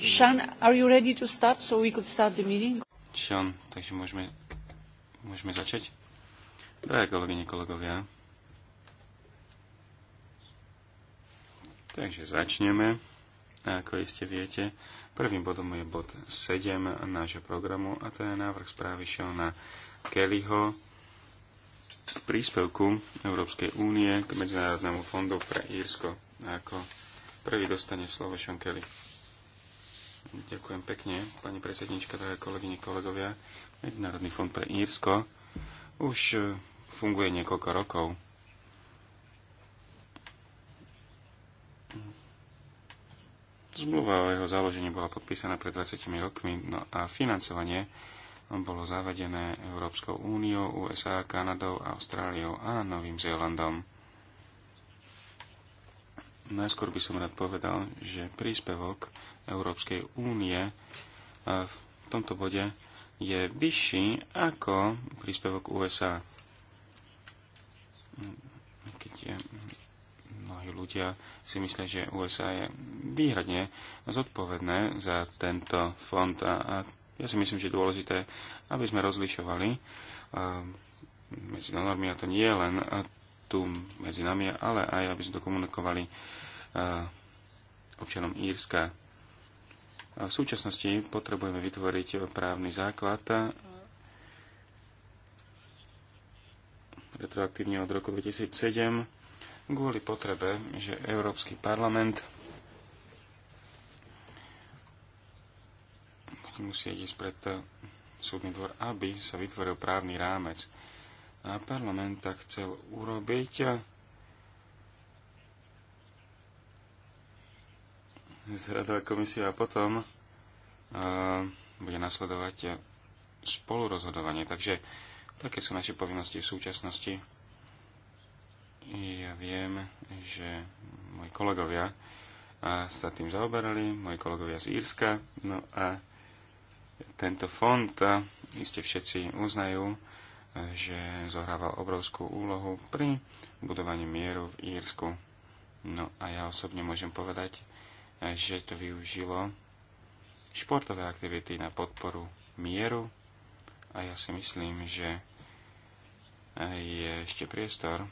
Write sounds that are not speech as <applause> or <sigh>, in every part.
Sean, are you ready to start so we could start the meeting? Sean, takže môžeme, môžeme začať. Drahé kolegyne, kolegovia. Takže začneme. A ako iste viete, prvým bodom je bod 7 nášho programu a to je návrh správy Šona Kellyho k príspevku Európskej únie k Medzinárodnému fondu pre Írsko. A ako prvý dostane slovo Sean Kelly. Ďakujem pekne, pani predsednička, drahé kolegyne, kolegovia. Medzinárodný fond pre Írsko už e, funguje niekoľko rokov. Zmluva o jeho založení bola podpísaná pred 20 rokmi no a financovanie bolo zavadené Európskou úniou, USA, Kanadou, Austráliou a Novým Zélandom. Najskôr by som rád povedal, že príspevok Európskej únie e, v tomto bode je vyšší ako príspevok USA. Keď je, mnohí ľudia si myslia, že USA je výhradne zodpovedné za tento fond a, a ja si myslím, že je dôležité, aby sme rozlišovali e, medzi normy a to nie je len tu medzi nami, ale aj aby sme to komunikovali eh, občanom Írska. V súčasnosti potrebujeme vytvoriť právny základ retroaktívne od roku 2007 kvôli potrebe, že Európsky parlament musí ísť pred súdny dvor, aby sa vytvoril právny rámec parlament tak chcel urobiť. Zradová komisia a potom bude nasledovať spolurozhodovanie. Takže také sú naše povinnosti v súčasnosti. Ja viem, že moji kolegovia sa tým zaoberali, moji kolegovia z Írska. No a tento fond iste všetci uznajú, že zohrával obrovskú úlohu pri budovaní mieru v Írsku. No a ja osobne môžem povedať, že to využilo športové aktivity na podporu mieru a ja si myslím, že je ešte priestor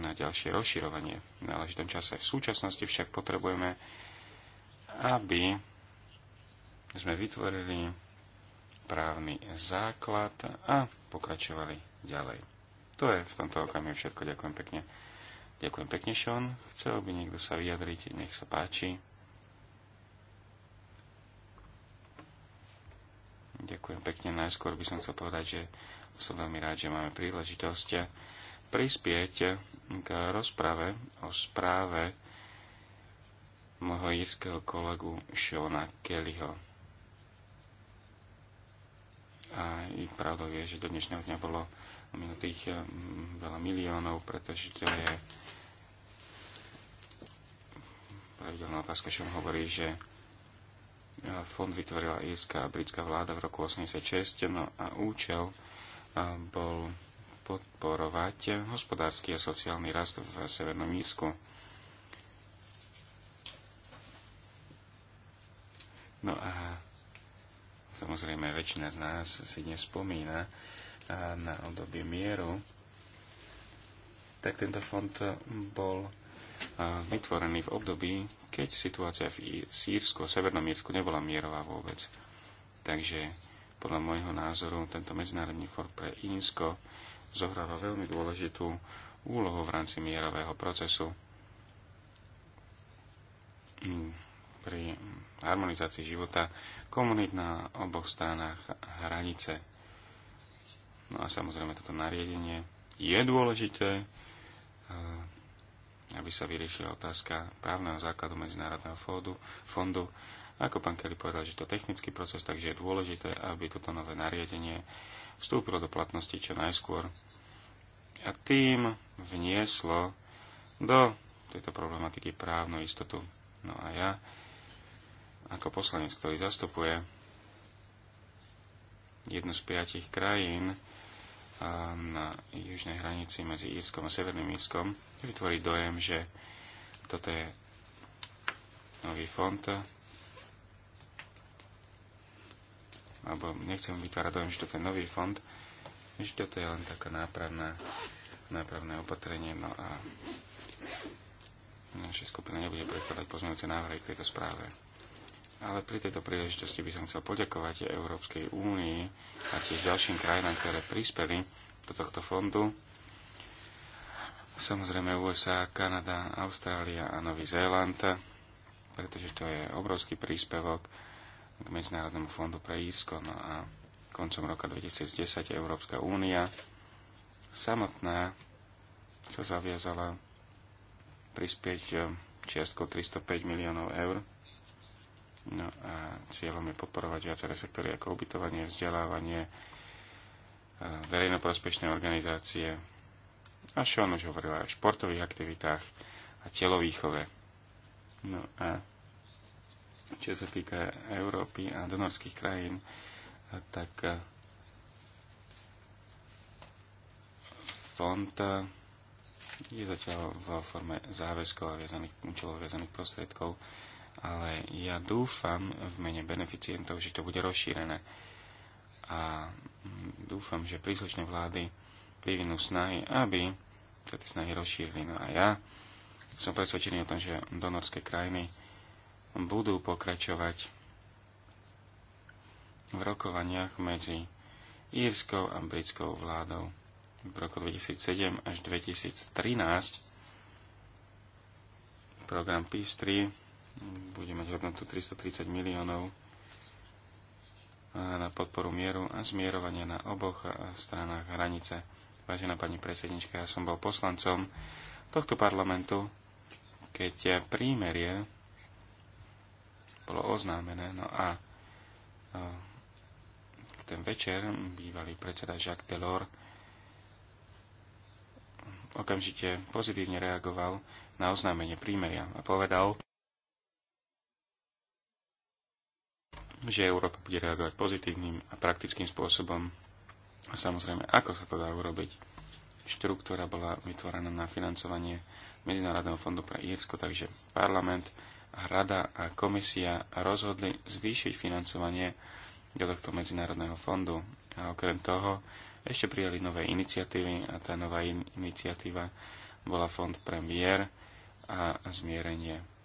na ďalšie rozširovanie v náležitom čase. V súčasnosti však potrebujeme, aby sme vytvorili právny základ a pokračovali ďalej. To je v tomto okamihu všetko. Ďakujem pekne. Ďakujem pekne, Sean. Chcel by niekto sa vyjadriť, nech sa páči. Ďakujem pekne. Najskôr by som chcel povedať, že som veľmi rád, že máme príležitosť prispieť k rozprave o správe môjho írskeho kolegu Šona Kellyho. A ich pravdou je, že do dnešného dňa bolo minutých eh, veľa miliónov, pretože to je pravidelná otázka, čo hovorí, že eh, fond vytvorila írska a britská vláda v roku 1986. no a účel eh, bol podporovať hospodársky a sociálny rast v Severnom Írsku. No a Samozrejme, väčšina z nás si dnes spomína na obdobie mieru, tak tento fond bol vytvorený v období, keď situácia v Sýrsku v Severnom Írsku nebola mierová vôbec. Takže podľa môjho názoru tento Medzinárodný fond pre Ínsko zohráva veľmi dôležitú úlohu v rámci mierového procesu mm, pri harmonizácii života komunít na oboch stranách hranice. No a samozrejme toto nariadenie je dôležité, eh, aby sa vyriešila otázka právneho základu Medzinárodného fondu, fondu. Ako pán Kelly povedal, že to je technický proces, takže je dôležité, aby toto nové nariadenie vstúpilo do platnosti čo najskôr a tým vnieslo do tejto problematiky právnu istotu. No a ja ako poslanec, ktorý zastupuje jednu z piatich krajín na južnej hranici medzi Írskom a Severným Írskom, vytvorí dojem, že toto je nový fond, alebo nechcem vytvárať dojem, že toto je nový fond, že toto je len taká nápravná, nápravné opatrenie. No a naša skupina nebude prekladať pozmeňujúce návrhy k tejto správe ale pri tejto príležitosti by som chcel poďakovať Európskej únii a tiež ďalším krajinám, ktoré prispeli do tohto fondu. Samozrejme USA, Kanada, Austrália a Nový Zéland, pretože to je obrovský príspevok k Medzinárodnému fondu pre Írsko. No a koncom roka 2010 Európska únia samotná sa zaviazala prispieť eh, čiastkou 305 miliónov eur a cieľom je podporovať viaceré sektory ako ubytovanie, vzdelávanie, verejnoprospešné organizácie. A on už hovoril aj o športových aktivitách a telovýchove. No a čo sa týka Európy a donorských krajín, tak fond je zatiaľ vo forme záväzkov a viazaných, účelov viazaných prostriedkov ale ja dúfam v mene beneficientov, že to bude rozšírené. A dúfam, že príslušné vlády vyvinú snahy, aby sa tie snahy rozšírili. No a ja som presvedčený o tom, že donorské krajiny budú pokračovať v rokovaniach medzi írskou a britskou vládou. V roku 2007 až 2013 program Peace 3 bude mať hodnotu 330 miliónov na podporu mieru a zmierovania na oboch stranách hranice. Vážená pani predsednička, ja som bol poslancom tohto parlamentu, keď prímerie bolo oznámené. No a no, ten večer bývalý predseda Jacques Delors okamžite pozitívne reagoval na oznámenie prímeria a povedal, že Európa bude reagovať pozitívnym a praktickým spôsobom. A samozrejme, ako sa to dá urobiť? Štruktúra bola vytvorená na financovanie Medzinárodného fondu pre Írsko, takže parlament, rada a komisia rozhodli zvýšiť financovanie do tohto Medzinárodného fondu. A okrem toho ešte prijali nové iniciatívy a tá nová iniciatíva bola Fond premier a zmierenie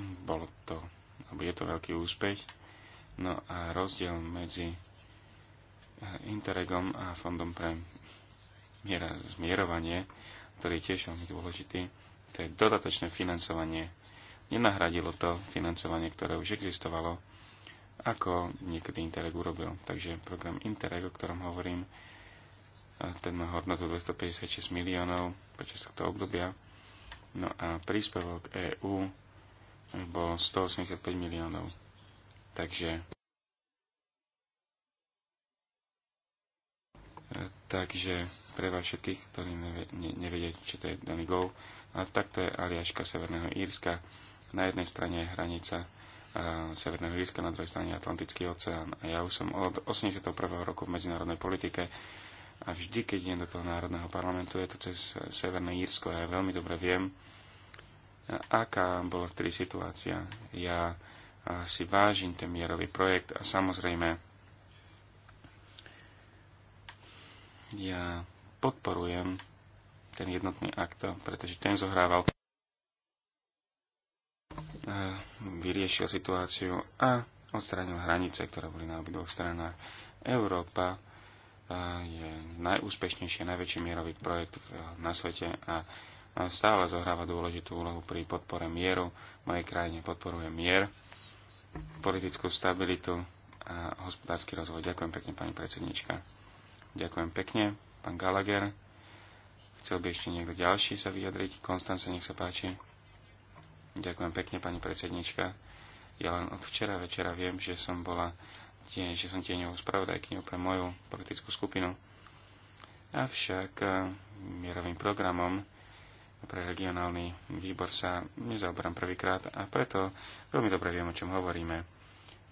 bolo to, alebo je to veľký úspech. No a rozdiel medzi eh, Interregom a Fondom pre miera, zmierovanie, ktorý je tiež veľmi dôležitý, to je dodatočné financovanie. Nenahradilo to financovanie, ktoré už existovalo, ako niekedy Interreg urobil. Takže program Interreg, o ktorom hovorím, eh, ten má hodnotu 256 miliónov počas tohto obdobia. No a príspevok EÚ bolo 185 miliónov. Takže takže pre vás všetkých, ktorí nevedia, čo to je daný gol, a takto je aliaška Severného Írska. Na jednej strane je hranica Severného Írska, na druhej strane Atlantický oceán. A ja už som od 81. roku v medzinárodnej politike a vždy, keď idem do toho Národného parlamentu, je to cez Severné Írsko a ja veľmi dobre viem, aká bola vtedy situácia. Ja si vážim ten mierový projekt a samozrejme ja podporujem ten jednotný akt, pretože ten zohrával vyriešil situáciu a odstránil hranice, ktoré boli na obidvoch stranách. Európa je najúspešnejší, najväčší mierový projekt na svete a stále zohráva dôležitú úlohu pri podpore mieru. V mojej krajine podporuje mier, politickú stabilitu a hospodársky rozvoj. Ďakujem pekne, pani predsednička. Ďakujem pekne, pán Gallagher. Chcel by ešte niekto ďalší sa vyjadriť? Konstance, nech sa páči. Ďakujem pekne, pani predsednička. Ja len od včera večera viem, že som bola tie, že som tieňovou spravodajkyňou pre moju politickú skupinu. Avšak eh, mierovým programom pre regionálny výbor sa nezaoberám prvýkrát a preto veľmi dobre viem, o čom hovoríme.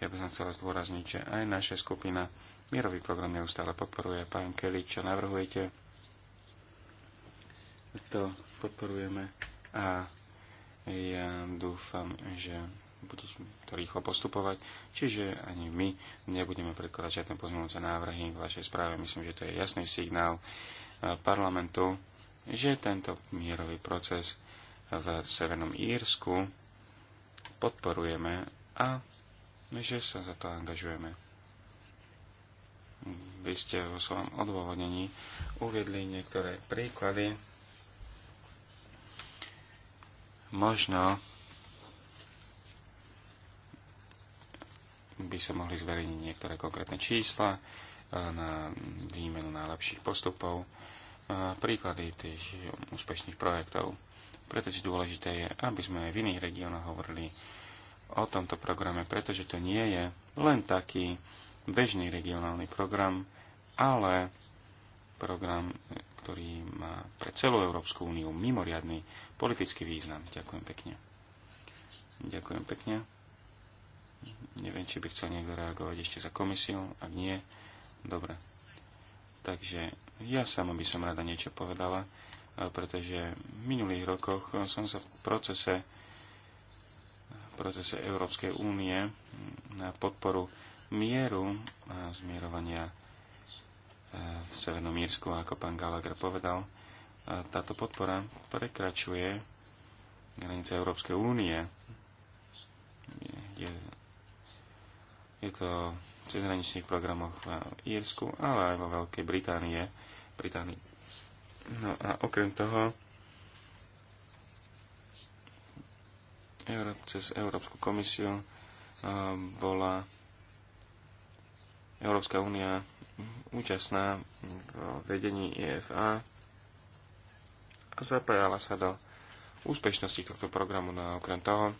Ja by som chcel zdôrazniť, že aj naša skupina mierový program neustále podporuje. Pán Kelly, čo navrhujete? To podporujeme a ja dúfam, že bude to rýchlo postupovať, čiže ani my nebudeme predkladať žiadne pozmeňujúce návrhy k vašej správe. Myslím, že to je jasný signál parlamentu že tento mierový proces v Severnom Írsku podporujeme a že sa za to angažujeme. Vy ste vo svojom odôvodnení uviedli niektoré príklady. Možno by sa mohli zverejniť niektoré konkrétne čísla eh, na výmenu najlepších postupov príklady tých úspešných projektov. Pretože dôležité je, aby sme aj v iných regiónoch hovorili o tomto programe, pretože to nie je len taký bežný regionálny program, ale program, ktorý má pre celú Európsku úniu mimoriadný politický význam. Ďakujem pekne. Ďakujem pekne. Neviem, či by chcel niekto reagovať ešte za komisiu. Ak nie, dobre. Takže ja sama by som rada niečo povedala, e, pretože v minulých rokoch som sa v procese, v procese Európskej únie na podporu mieru a zmierovania e, v Severnom Mírsku, ako pán Gallagher povedal, e, táto podpora prekračuje hranice Európskej únie. Je, je to cezhraničných programoch v Írsku, ale aj vo Veľkej Británie pridaný. No a okrem toho cez Európsku komisiu um, bola Európska únia účastná v vedení IFA e a zapájala sa do úspešnosti tohto programu. No a okrem toho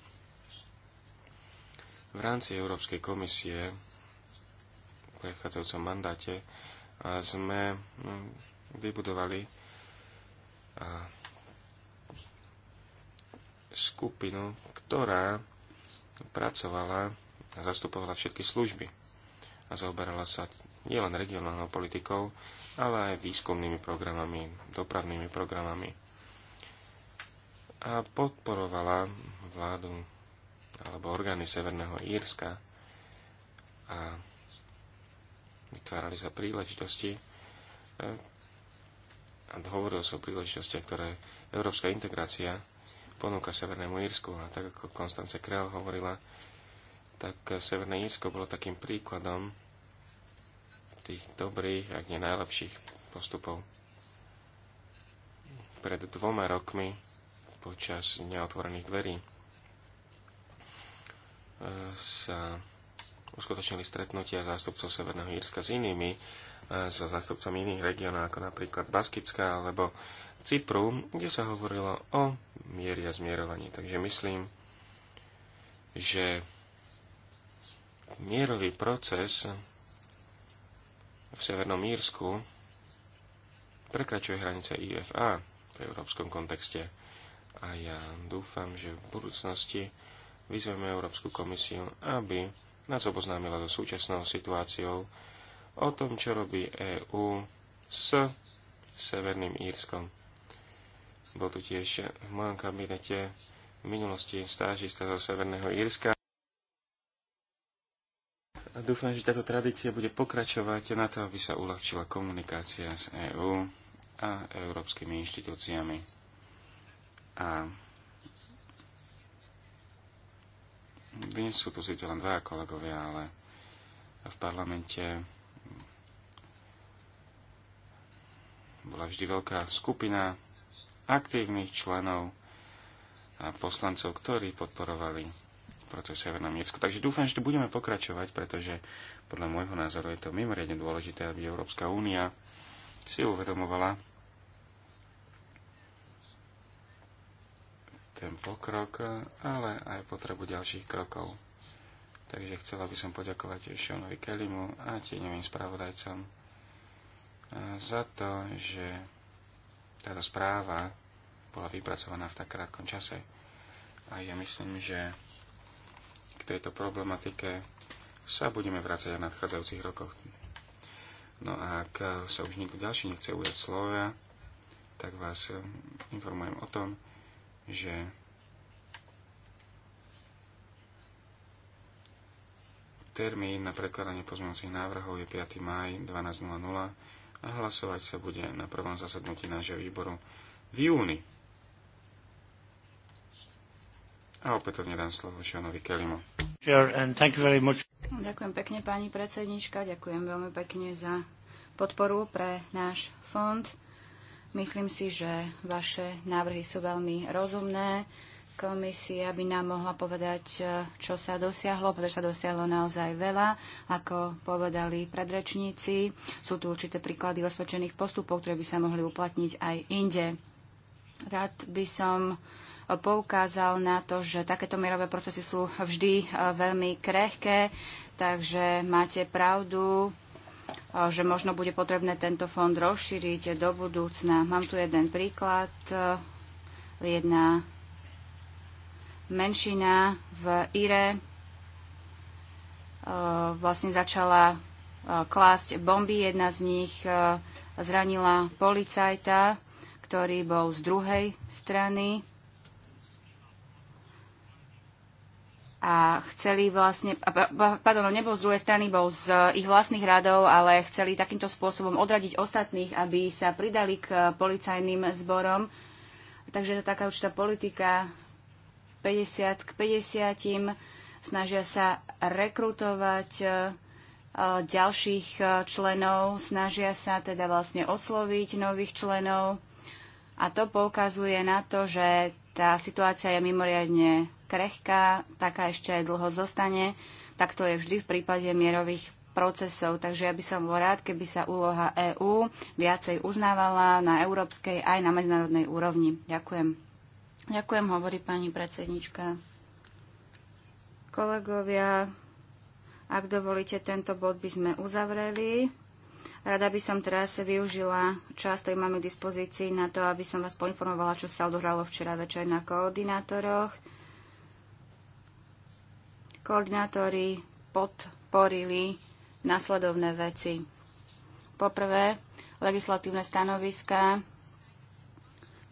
v rámci Európskej komisie v predchádzajúcom mandáte sme hm, vybudovali skupinu, ktorá pracovala a zastupovala všetky služby a zaoberala sa nielen regionálnou politikou, ale aj výskumnými programami, dopravnými programami. A podporovala vládu alebo orgány Severného Írska a vytvárali sa príležitosti, e, a hovoril som o príležitostiach, ktoré európska integrácia ponúka Severnému Írsku. A tak ako Konstance Kráľ hovorila, tak Severné Írsko bolo takým príkladom tých dobrých, ak nie najlepších postupov. Pred dvoma rokmi, počas neotvorených dverí, eh, sa uskutočnili stretnutia zástupcov Severného Írska s inými E, so zastupcom iných regiónov, ako napríklad Baskická alebo Cypru, kde sa hovorilo o mieri a zmierovaní. Takže myslím, že mierový proces v Severnom Mírsku prekračuje hranice IFA v európskom kontexte. A ja dúfam, že v budúcnosti vyzveme Európsku komisiu, aby nás oboznámila so súčasnou situáciou o tom, čo robí EÚ s Severným Írskom. Bol tu tiež v mojom kabinete v minulosti stážista zo Severného Írska. A dúfam, že táto tradícia bude pokračovať na to, aby sa uľahčila komunikácia s EÚ a európskymi inštitúciami. A dnes sú tu síce len dva kolegovia, ale v parlamente bola vždy veľká skupina aktívnych členov a poslancov, ktorí podporovali proces Severnom Írsku. Takže dúfam, že to budeme pokračovať, pretože podľa môjho názoru je to mimoriadne dôležité, aby Európska únia si uvedomovala ten pokrok, ale aj potrebu ďalších krokov. Takže chcela by som poďakovať Šonovi Kelimu a tieňovým spravodajcom za to, že táto správa bola vypracovaná v tak krátkom čase. A ja myslím, že k tejto problematike sa budeme vrácať aj v nadchádzajúcich rokoch. No a ak sa už nikto ďalší nechce ujať slova, tak vás informujem o tom, že termín na prekladanie pozmeňujúcich návrhov je 5. maj 12.00 a hlasovať sa bude na prvom zasadnutí nášho výboru v júni. A opätovne dám slovo Šanovi Kelimu. ďakujem pekne, pani predsednička. Ďakujem veľmi pekne za podporu pre náš fond. Myslím si, že vaše návrhy sú veľmi rozumné komisia by nám mohla povedať, e, čo sa dosiahlo, pretože sa dosiahlo naozaj veľa. Ako povedali predrečníci, sú tu určité príklady osvedčených postupov, ktoré by sa mohli uplatniť aj inde. Rád by som poukázal na to, že takéto mierové procesy sú vždy e, veľmi krehké, takže máte pravdu, e, že možno bude potrebné tento fond rozšíriť do budúcna. Mám tu jeden príklad. Jedna menšina v Ire e, vlastne začala e, klásť bomby. Jedna z nich e, zranila policajta, ktorý bol z druhej strany. a chceli vlastne, pardon, nebol z druhej strany, bol z ich vlastných radov, ale chceli takýmto spôsobom odradiť ostatných, aby sa pridali k policajným zborom. Takže to taká určitá politika 50 k 50, snažia sa rekrutovať e, ďalších e, členov, snažia sa teda vlastne osloviť nových členov a to poukazuje na to, že tá situácia je mimoriadne krehká, taká ešte aj dlho zostane, tak to je vždy v prípade mierových procesov. Takže ja by som bol rád, keby sa úloha EÚ viacej uznávala na európskej aj na medzinárodnej úrovni. Ďakujem. Ďakujem, hovorí pani predsednička. Kolegovia, ak dovolíte, tento bod by sme uzavreli. Rada by som teraz využila čas, ktorý máme k dispozícii na to, aby som vás poinformovala, čo sa odohralo včera večer na koordinátoroch. Koordinátori podporili nasledovné veci. Poprvé, legislatívne stanoviska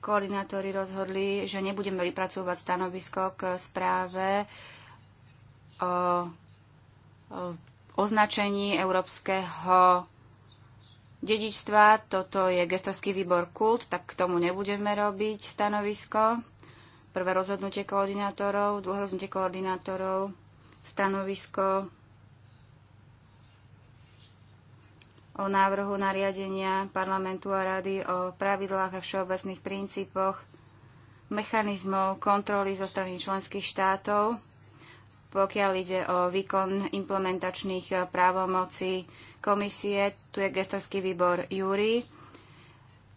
koordinátori rozhodli, že nebudeme vypracovať stanovisko k správe o, označení európskeho dedičstva. Toto je gestorský výbor kult, tak k tomu nebudeme robiť stanovisko. Prvé rozhodnutie koordinátorov, dlhé rozhodnutie koordinátorov, stanovisko o návrhu nariadenia parlamentu a rady o pravidlách a všeobecných princípoch mechanizmov kontroly zo strany členských štátov, pokiaľ ide o výkon implementačných eh, právomocí komisie. Tu je gestorský výbor Júri.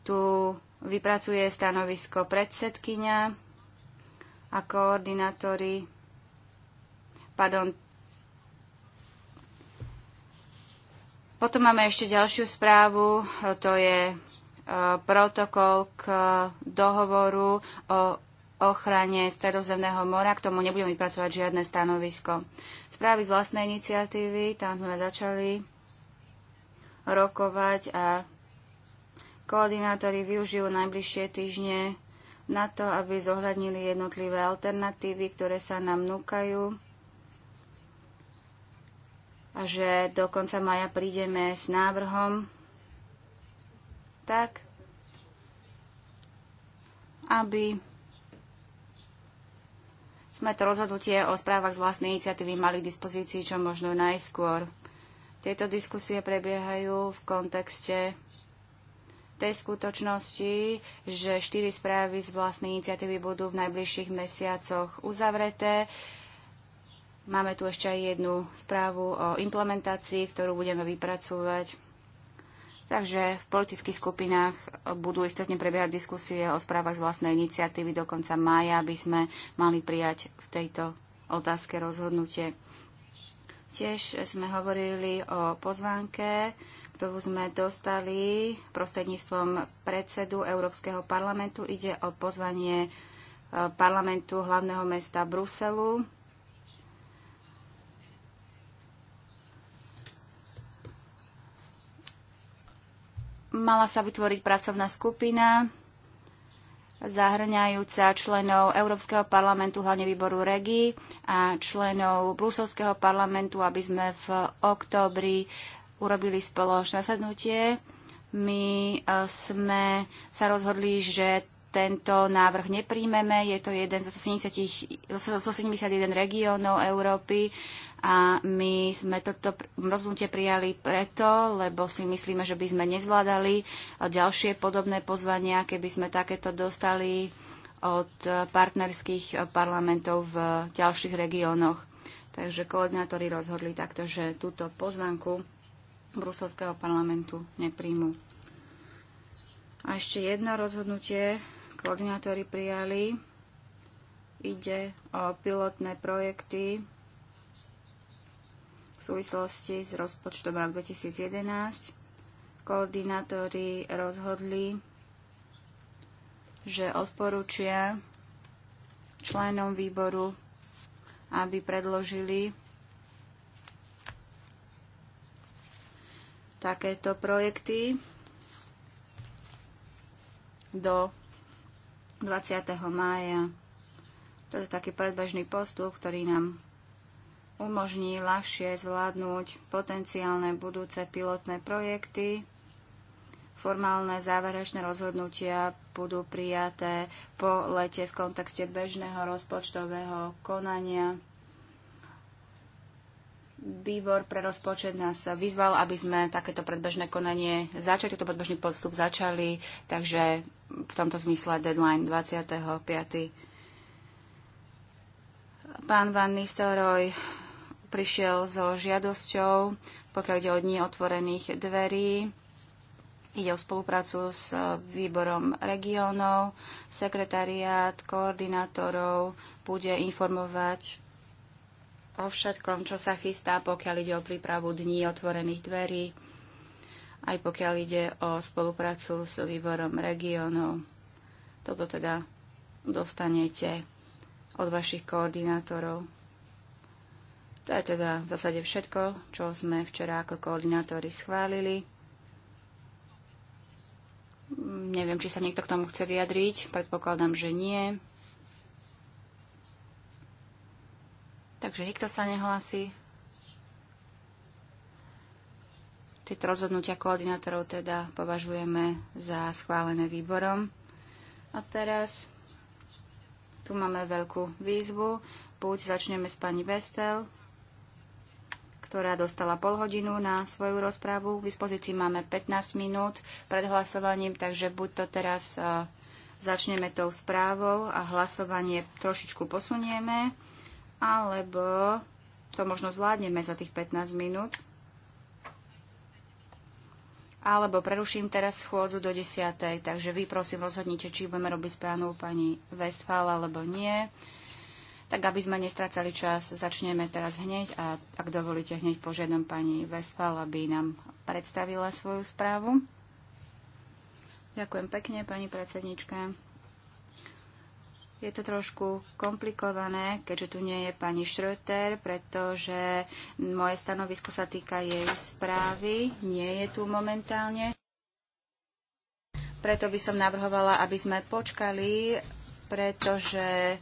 Tu vypracuje stanovisko predsedkynia a koordinátory. pardon, Potom máme ešte ďalšiu správu, to je e, protokol k e, dohovoru o ochrane Stredozemného mora. K tomu nebudeme vypracovať žiadne stanovisko. Správy z vlastnej iniciatívy, tam sme začali rokovať a koordinátori využijú najbližšie týždne na to, aby zohľadnili jednotlivé alternatívy, ktoré sa nám núkajú a že do konca maja prídeme s návrhom tak, aby sme to rozhodnutie o správach z vlastnej iniciatívy mali k dispozícii čo možno najskôr. Tieto diskusie prebiehajú v kontexte tej skutočnosti, že štyri správy z vlastnej iniciatívy budú v najbližších mesiacoch uzavreté. Máme tu ešte aj jednu správu o implementácii, ktorú budeme vypracovať. Takže v politických skupinách budú istotne prebiehať diskusie o správach z vlastnej iniciatívy do konca mája, aby sme mali prijať v tejto otázke rozhodnutie. Tiež sme hovorili o pozvánke, ktorú sme dostali prostredníctvom predsedu Európskeho parlamentu. Ide o pozvanie eh, parlamentu hlavného mesta Bruselu mala sa vytvoriť pracovná skupina zahrňajúca členov Európskeho parlamentu, hlavne výboru REGI a členov Brúsovského parlamentu, aby sme v októbri urobili spoločné sadnutie. My e, sme sa rozhodli, že tento návrh nepríjmeme. Je to jeden zo 70, 171 regiónov Európy a my sme toto rozhodnutie prijali preto, lebo si myslíme, že by sme nezvládali ďalšie podobné pozvania, keby sme takéto dostali od partnerských parlamentov v ďalších regiónoch. Takže koordinátori rozhodli takto, že túto pozvanku Bruselského parlamentu nepríjmu. A ešte jedno rozhodnutie koordinátori prijali. Ide o pilotné projekty v súvislosti s rozpočtom rok 2011. Koordinátori rozhodli, že odporúčia členom výboru, aby predložili takéto projekty do 20. mája. To je taký predbežný postup, ktorý nám umožní ľahšie zvládnuť potenciálne budúce pilotné projekty. Formálne záverečné rozhodnutia budú prijaté po lete v kontexte bežného rozpočtového konania Výbor pre rozpočet nás vyzval, aby sme takéto predbežné konanie začali, toto predbežný postup začali, takže v tomto zmysle deadline 25. Pán Van Nistelrooy prišiel so žiadosťou, pokiaľ ide o dní otvorených dverí. Ide o spoluprácu s výborom regiónov, sekretariát, koordinátorov bude informovať o všetkom, čo sa chystá, pokiaľ ide o prípravu dní otvorených dverí, aj pokiaľ ide o spoluprácu s výborom regionov. Toto teda dostanete od vašich koordinátorov. To je teda v zásade všetko, čo sme včera ako koordinátori schválili. Neviem, či sa niekto k tomu chce vyjadriť. Predpokladám, že nie. Takže nikto sa nehlási. Tieto rozhodnutia koordinátorov teda považujeme za schválené výborom. A teraz tu máme veľkú výzvu. Buď začneme s pani Vestel, ktorá dostala pol hodinu na svoju rozprávu. V dispozícii máme 15 minút pred hlasovaním, takže buď to teraz e, začneme tou správou a hlasovanie trošičku posunieme alebo to možno zvládneme za tých 15 minút. Alebo preruším teraz schôdzu do 10. Takže vy prosím rozhodnite, či budeme robiť správu pani Westphal alebo nie. Tak aby sme nestracali čas, začneme teraz hneď a ak dovolíte, hneď požiadam pani Westphal, aby nám predstavila svoju správu. Ďakujem pekne, pani predsednička. Je to trošku komplikované, keďže tu nie je pani Schröter, pretože moje stanovisko sa týka jej správy. Nie je tu momentálne. Preto by som navrhovala, aby sme počkali, pretože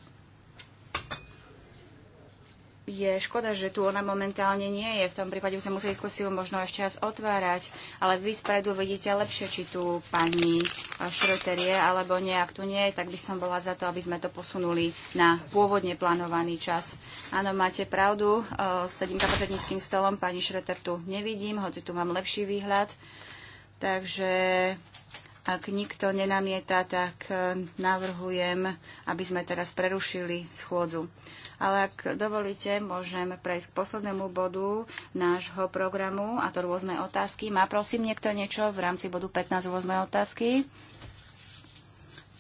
je škoda, že tu ona momentálne nie je. V tom prípade by sme museli diskusiu možno ešte raz otvárať, ale vy spredu vidíte lepšie, či tu pani Šroter je alebo nie. Ak tu nie je, tak by som bola za to, aby sme to posunuli na pôvodne plánovaný čas. Áno, máte pravdu, sedím za predsedníckým stolom, pani Šroter tu nevidím, hoci tu mám lepší výhľad. Takže ak nikto nenamieta, tak e, navrhujem, aby sme teraz prerušili schôdzu. Ale ak dovolíte, môžem prejsť k poslednému bodu nášho programu, a to rôzne otázky. Má prosím niekto niečo v rámci bodu 15 rôzne otázky?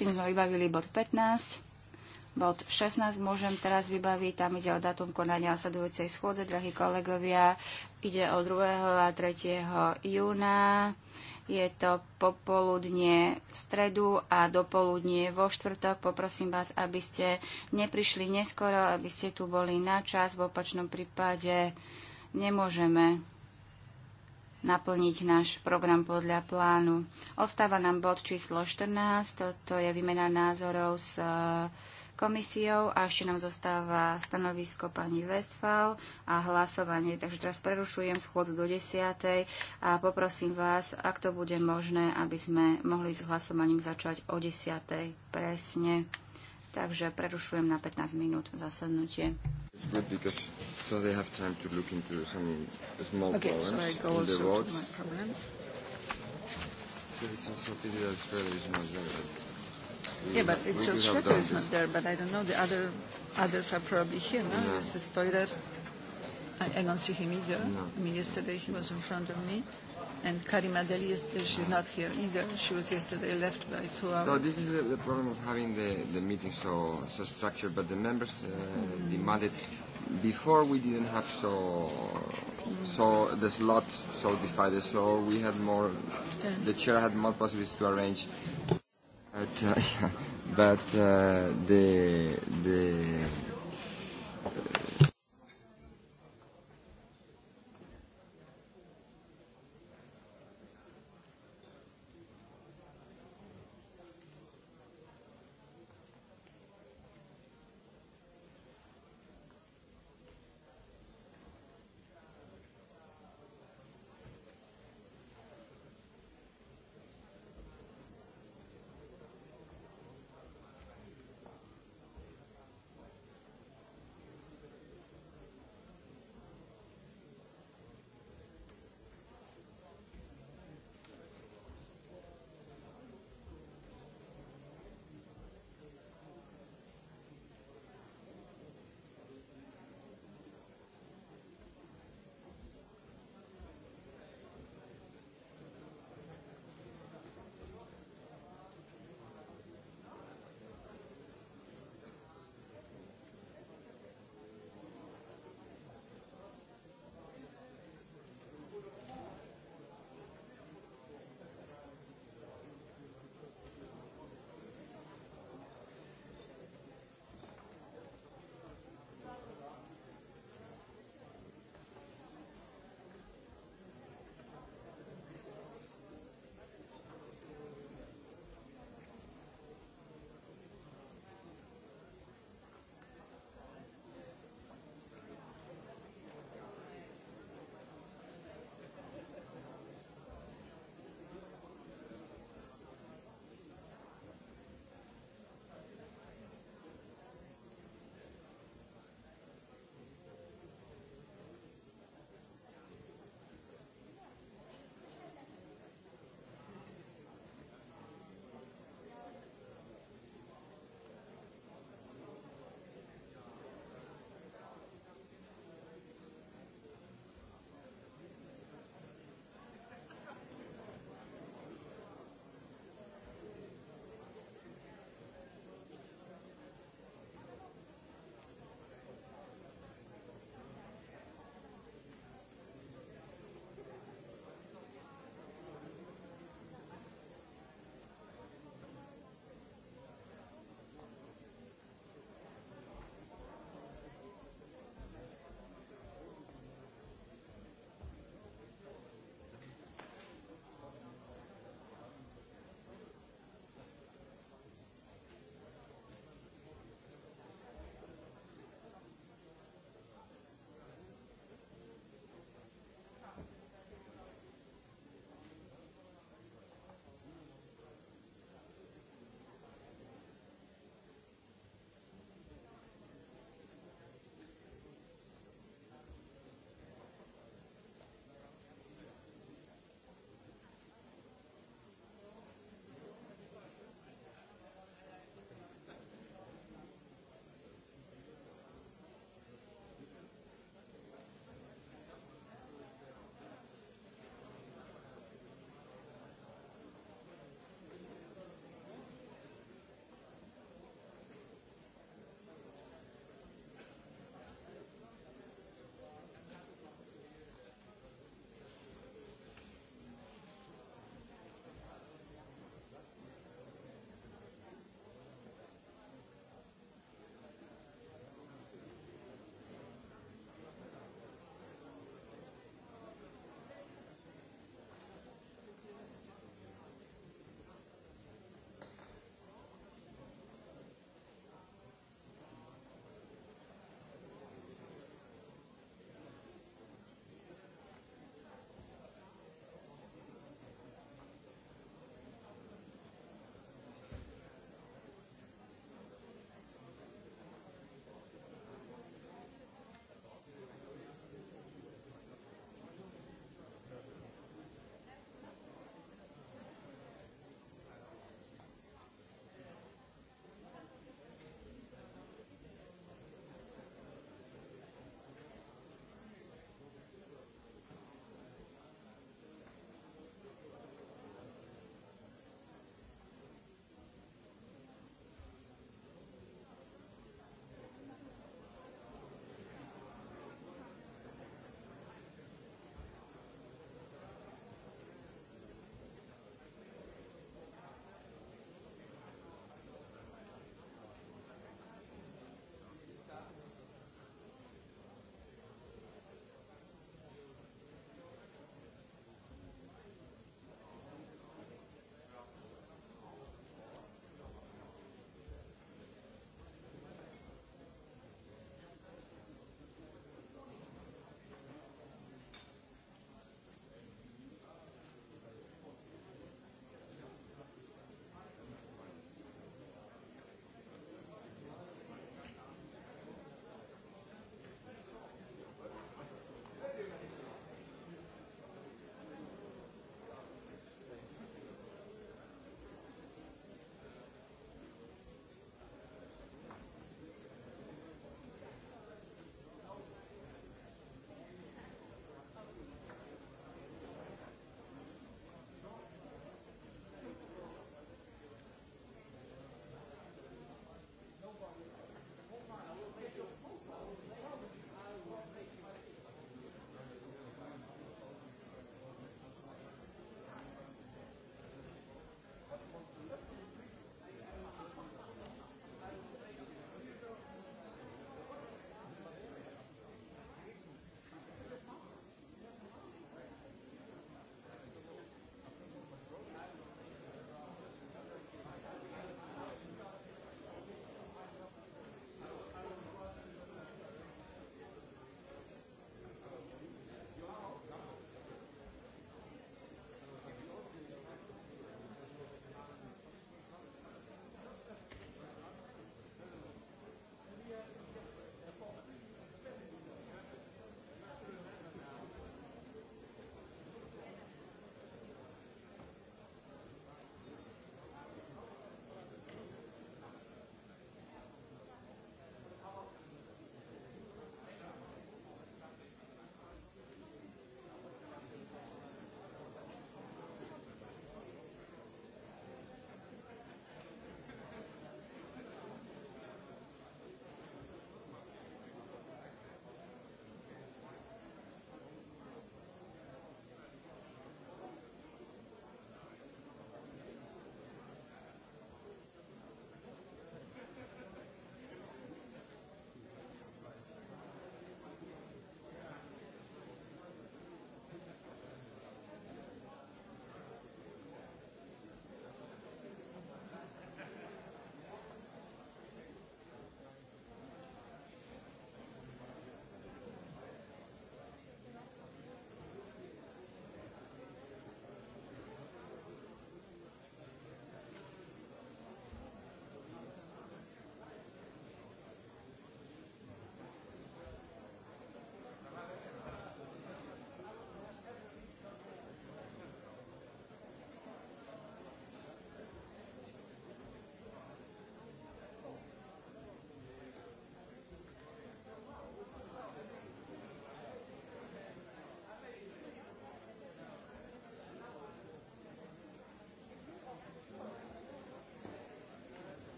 Tým sme vybavili bod 15. Bod 16 môžem teraz vybaviť, tam ide o datum konania sledujúcej schôdze, drahí kolegovia. Ide o 2. a 3. júna. Je to popoludne v stredu a dopoludne vo štvrtok. Poprosím vás, aby ste neprišli neskoro, aby ste tu boli na čas. V opačnom prípade nemôžeme naplniť náš program podľa plánu. Ostáva nám bod číslo 14, toto je výmena názorov s uh, komisiou a ešte nám zostáva stanovisko pani Westfall a hlasovanie. Takže teraz prerušujem schôdzu do 10. a poprosím vás, ak to bude možné, aby sme mohli s hlasovaním začať o 10. presne. Takže prerušujem na 15 minút zasadnutie. so it's also a that is not Yeah, but it just Schrecker is not there, but I don't know. The other others are probably here, no? no. This is Teurer. I, I don't see him either. No. I mean, yesterday he was in front of me. And Karima Deli, she's not here either. She was yesterday left by two no, hours. No, this is uh, the problem of having the, the meeting so, so structured, but the members uh, mm. demanded. Before we didn't have so so the slots so divided, so we had more, the chair had more possibilities to arrange But, uh, yeah, but uh, the, the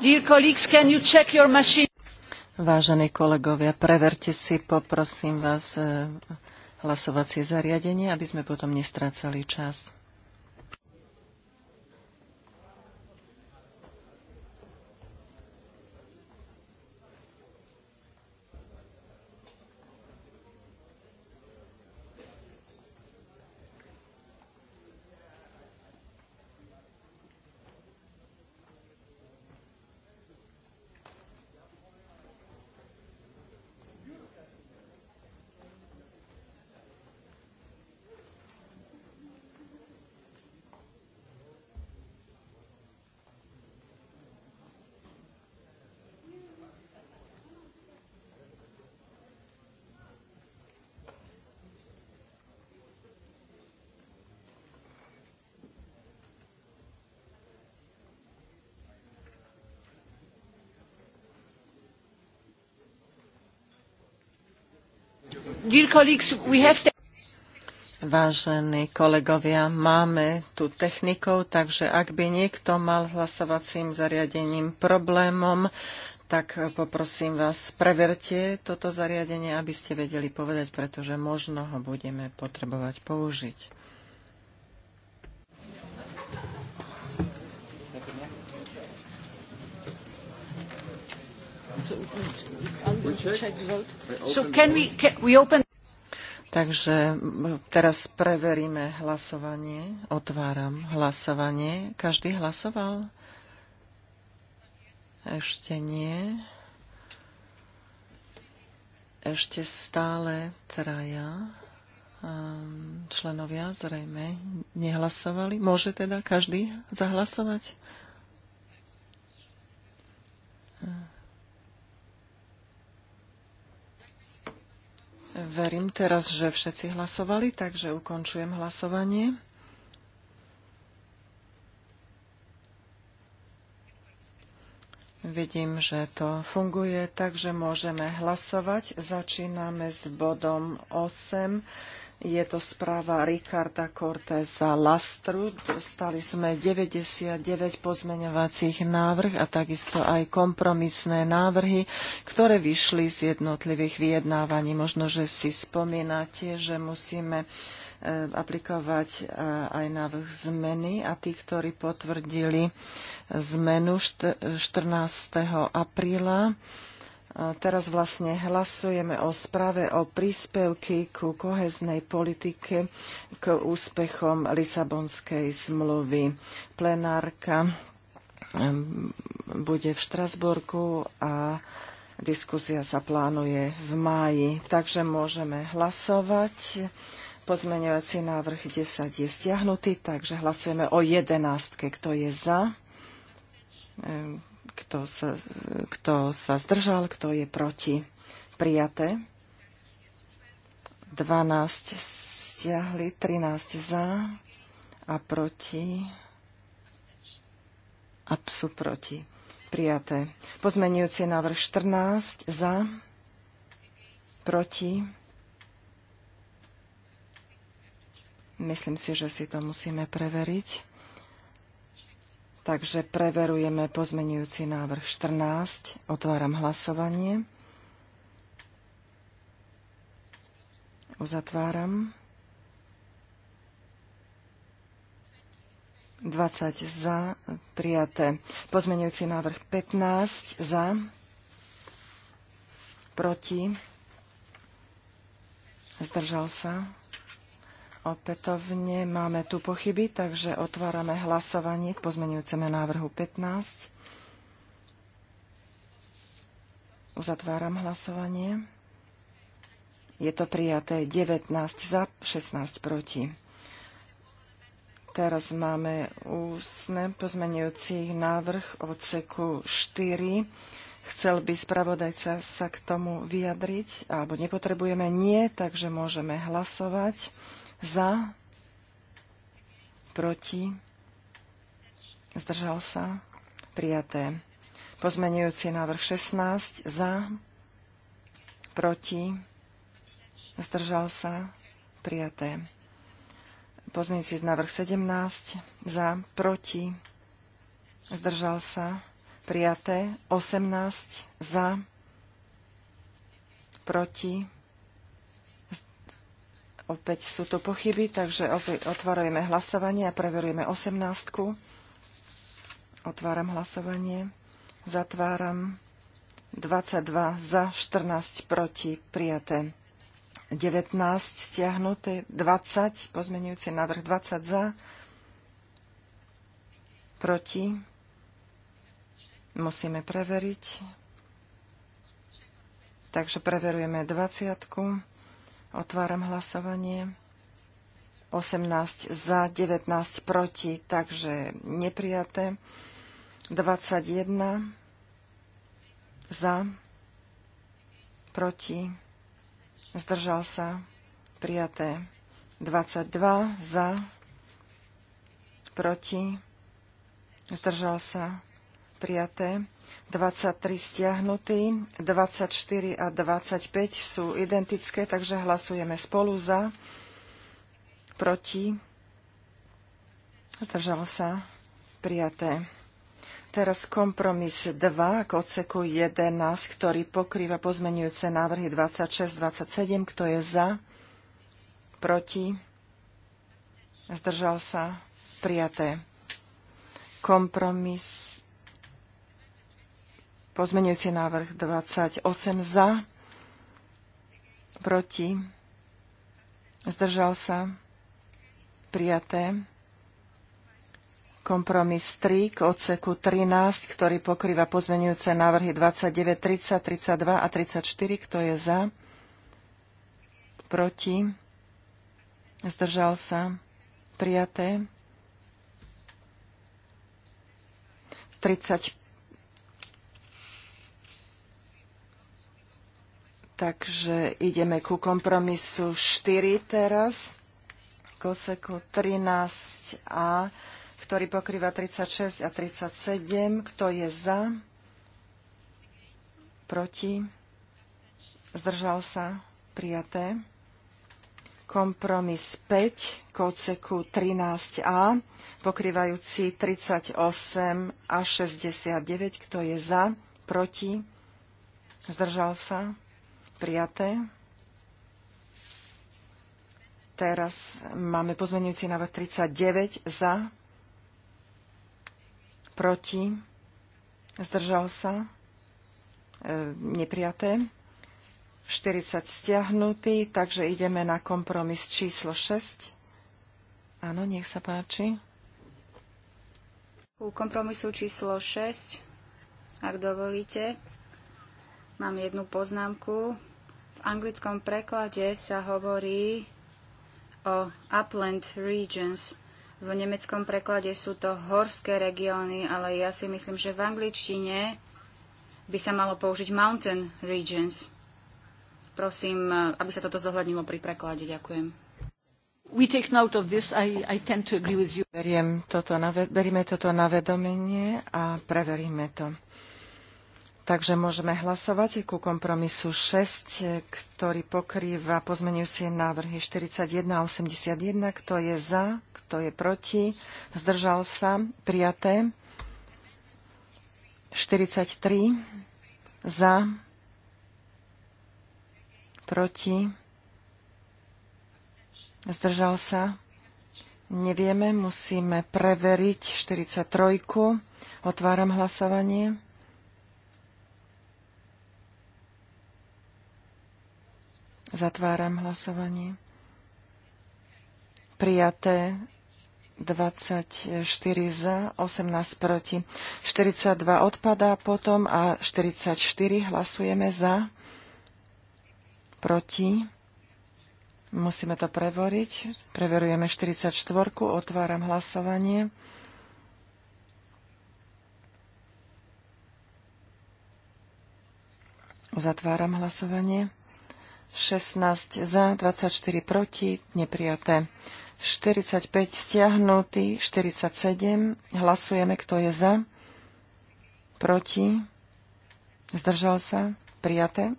Dear colleagues, can you check your machine? Vážení kolegovia, preverte si, poprosím vás, eh, hlasovacie zariadenie, aby sme potom nestrácali čas. Vážení kolegovia, máme tu technikov, takže ak by niekto mal hlasovacím zariadením problémom, tak poprosím vás, preverte toto zariadenie, aby ste vedeli povedať, pretože možno ho budeme potrebovať použiť. Takže teraz preveríme hlasovanie. Otváram hlasovanie. Každý hlasoval? Ešte nie. Ešte stále traja ehm, členovia zrejme nehlasovali. Môže teda každý zahlasovať? Verím teraz, že všetci hlasovali, takže ukončujem hlasovanie. Vidím, že to funguje, takže môžeme hlasovať. Začíname s bodom 8 je to správa Ricarda Cortesa Lastru. Dostali sme 99 pozmeňovacích návrh a takisto aj kompromisné návrhy, ktoré vyšli z jednotlivých vyjednávaní. Možno, že si spomínate, že musíme eh, aplikovať eh, aj návrh zmeny a tí, ktorí potvrdili zmenu 14. apríla, Teraz vlastne hlasujeme o správe o príspevky ku koheznej politike k úspechom Lisabonskej zmluvy. Plenárka bude v Štrasburgu a diskusia sa plánuje v máji. Takže môžeme hlasovať. Pozmeňovací návrh 10 je stiahnutý, takže hlasujeme o jedenástke. Kto je za? Kto sa, kto sa zdržal, kto je proti? Prijaté. 12 stiahli, 13 za a proti. A sú proti. Prijaté. Pozmenujúci návrh 14 za, proti. Myslím si, že si to musíme preveriť. Takže preverujeme pozmenujúci návrh 14. Otváram hlasovanie. Uzatváram. 20 za, prijaté. Pozmenujúci návrh 15 za, proti, zdržal sa. Opätovne máme tu pochyby, takže otvárame hlasovanie k pozmenujúcemu návrhu 15. Uzatváram hlasovanie. Je to prijaté 19 za, 16 proti. Teraz máme ústne pozmenujúci návrh odseku 4. Chcel by spravodajca sa k tomu vyjadriť, alebo nepotrebujeme nie, takže môžeme hlasovať. Za, proti, zdržal sa, prijaté. Pozmenujúci návrh 16, za, proti, zdržal sa, prijaté. Pozmenujúci návrh 17, za, proti, zdržal sa, prijaté. 18, za, proti, Opäť sú tu pochyby, takže opäť otvorujeme hlasovanie a preverujeme osemnástku. Otváram hlasovanie. Zatváram. 22 za, 14 proti, prijaté. 19 stiahnuté, 20, pozmenujúci návrh 20 za, proti. Musíme preveriť. Takže preverujeme 20. Otváram hlasovanie. 18 za, 19 proti, takže neprijaté. 21 za, proti, zdržal sa, prijaté. 22 za, proti, zdržal sa, prijaté. 23 stiahnutý, 24 a 25 sú identické, takže hlasujeme spolu za, proti, zdržal sa, prijaté. Teraz kompromis 2 k odseku 11, ktorý pokrýva pozmenujúce návrhy 26-27. Kto je za? Proti? Zdržal sa? Prijaté. Kompromis 3. Pozmenujúci návrh 28 za, proti, zdržal sa, prijaté. Kompromis 3 k odseku 13, ktorý pokrýva pozmenujúce návrhy 29, 30, 32 a 34. Kto je za? Proti? Zdržal sa? Prijaté? 35 Takže ideme ku kompromisu 4 teraz, koseku 13a, ktorý pokrýva 36 a 37. Kto je za? Proti? Zdržal sa? Prijaté. Kompromis 5 koseku 13a, pokrývajúci 38 a 69. Kto je za? Proti? Zdržal sa? Prijaté. Teraz máme pozmenujúci návrh 39 za, proti, zdržal sa, e, neprijaté, 40 stiahnutý, takže ideme na kompromis číslo 6. Áno, nech sa páči. U kompromisu číslo 6, ak dovolíte, Mám jednu poznámku. V anglickom preklade sa hovorí o upland regions. V nemeckom preklade sú to horské regióny, ale ja si myslím, že v angličtine by sa malo použiť mountain regions. Prosím, eh, aby sa toto zohľadnilo pri preklade. Ďakujem. toto berieme toto na vedomenie a preveríme to. Takže môžeme hlasovať ku kompromisu 6, ktorý pokrýva pozmenujúcie návrhy 41 a 81. Kto je za, kto je proti, zdržal sa, prijaté. 43 za, proti, zdržal sa. Nevieme, musíme preveriť 43. Otváram hlasovanie. Zatváram hlasovanie. Prijaté 24 za, 18 proti. 42 odpadá potom a 44 hlasujeme za, proti. Musíme to prevoriť. Preverujeme 44. Otváram hlasovanie. Uzatváram hlasovanie. 16 za, 24 proti, neprijaté. 45 stiahnutý, 47. Hlasujeme, kto je za, proti, zdržal sa, prijaté.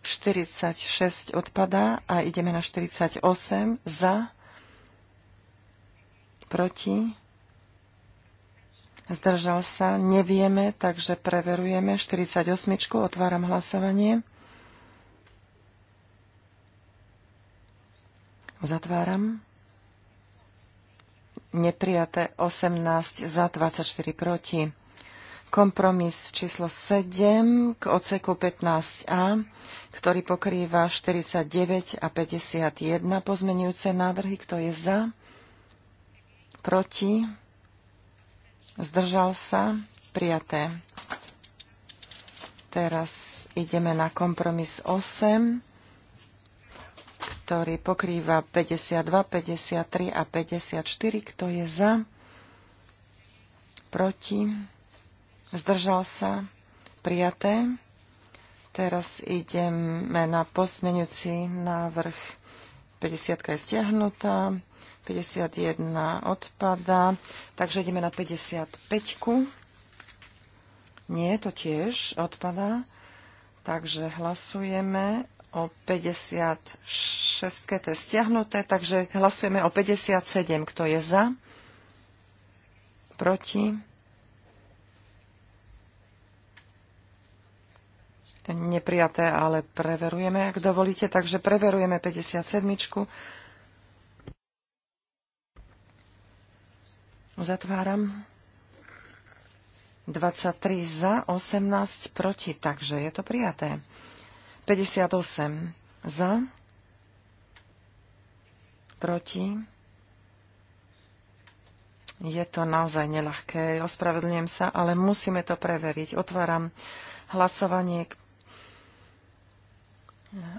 46 odpadá a ideme na 48 za, proti, zdržal sa, nevieme, takže preverujeme 48. Otváram hlasovanie. Zatváram. Neprijaté 18 za 24 proti. Kompromis číslo 7 k oceku 15a, ktorý pokrýva 49 a 51 pozmenujúce návrhy. Kto je za? Proti? Zdržal sa? Prijaté. Teraz ideme na kompromis 8 ktorý pokrýva 52, 53 a 54. Kto je za? Proti? Zdržal sa? Prijaté? Teraz ideme na posmenujúci návrh. 50 je stiahnutá, 51 odpada, takže ideme na 55. -ku. Nie, to tiež odpadá. Takže hlasujeme o 56, to je stiahnuté, takže hlasujeme o 57, kto je za, proti, neprijaté, ale preverujeme, ak dovolíte, takže preverujeme 57. Uzatváram. 23 za, 18 proti, takže je to prijaté. 58 za, proti. Je to naozaj nelahké, ospravedlňujem sa, ale musíme to preveriť. Otváram hlasovanie.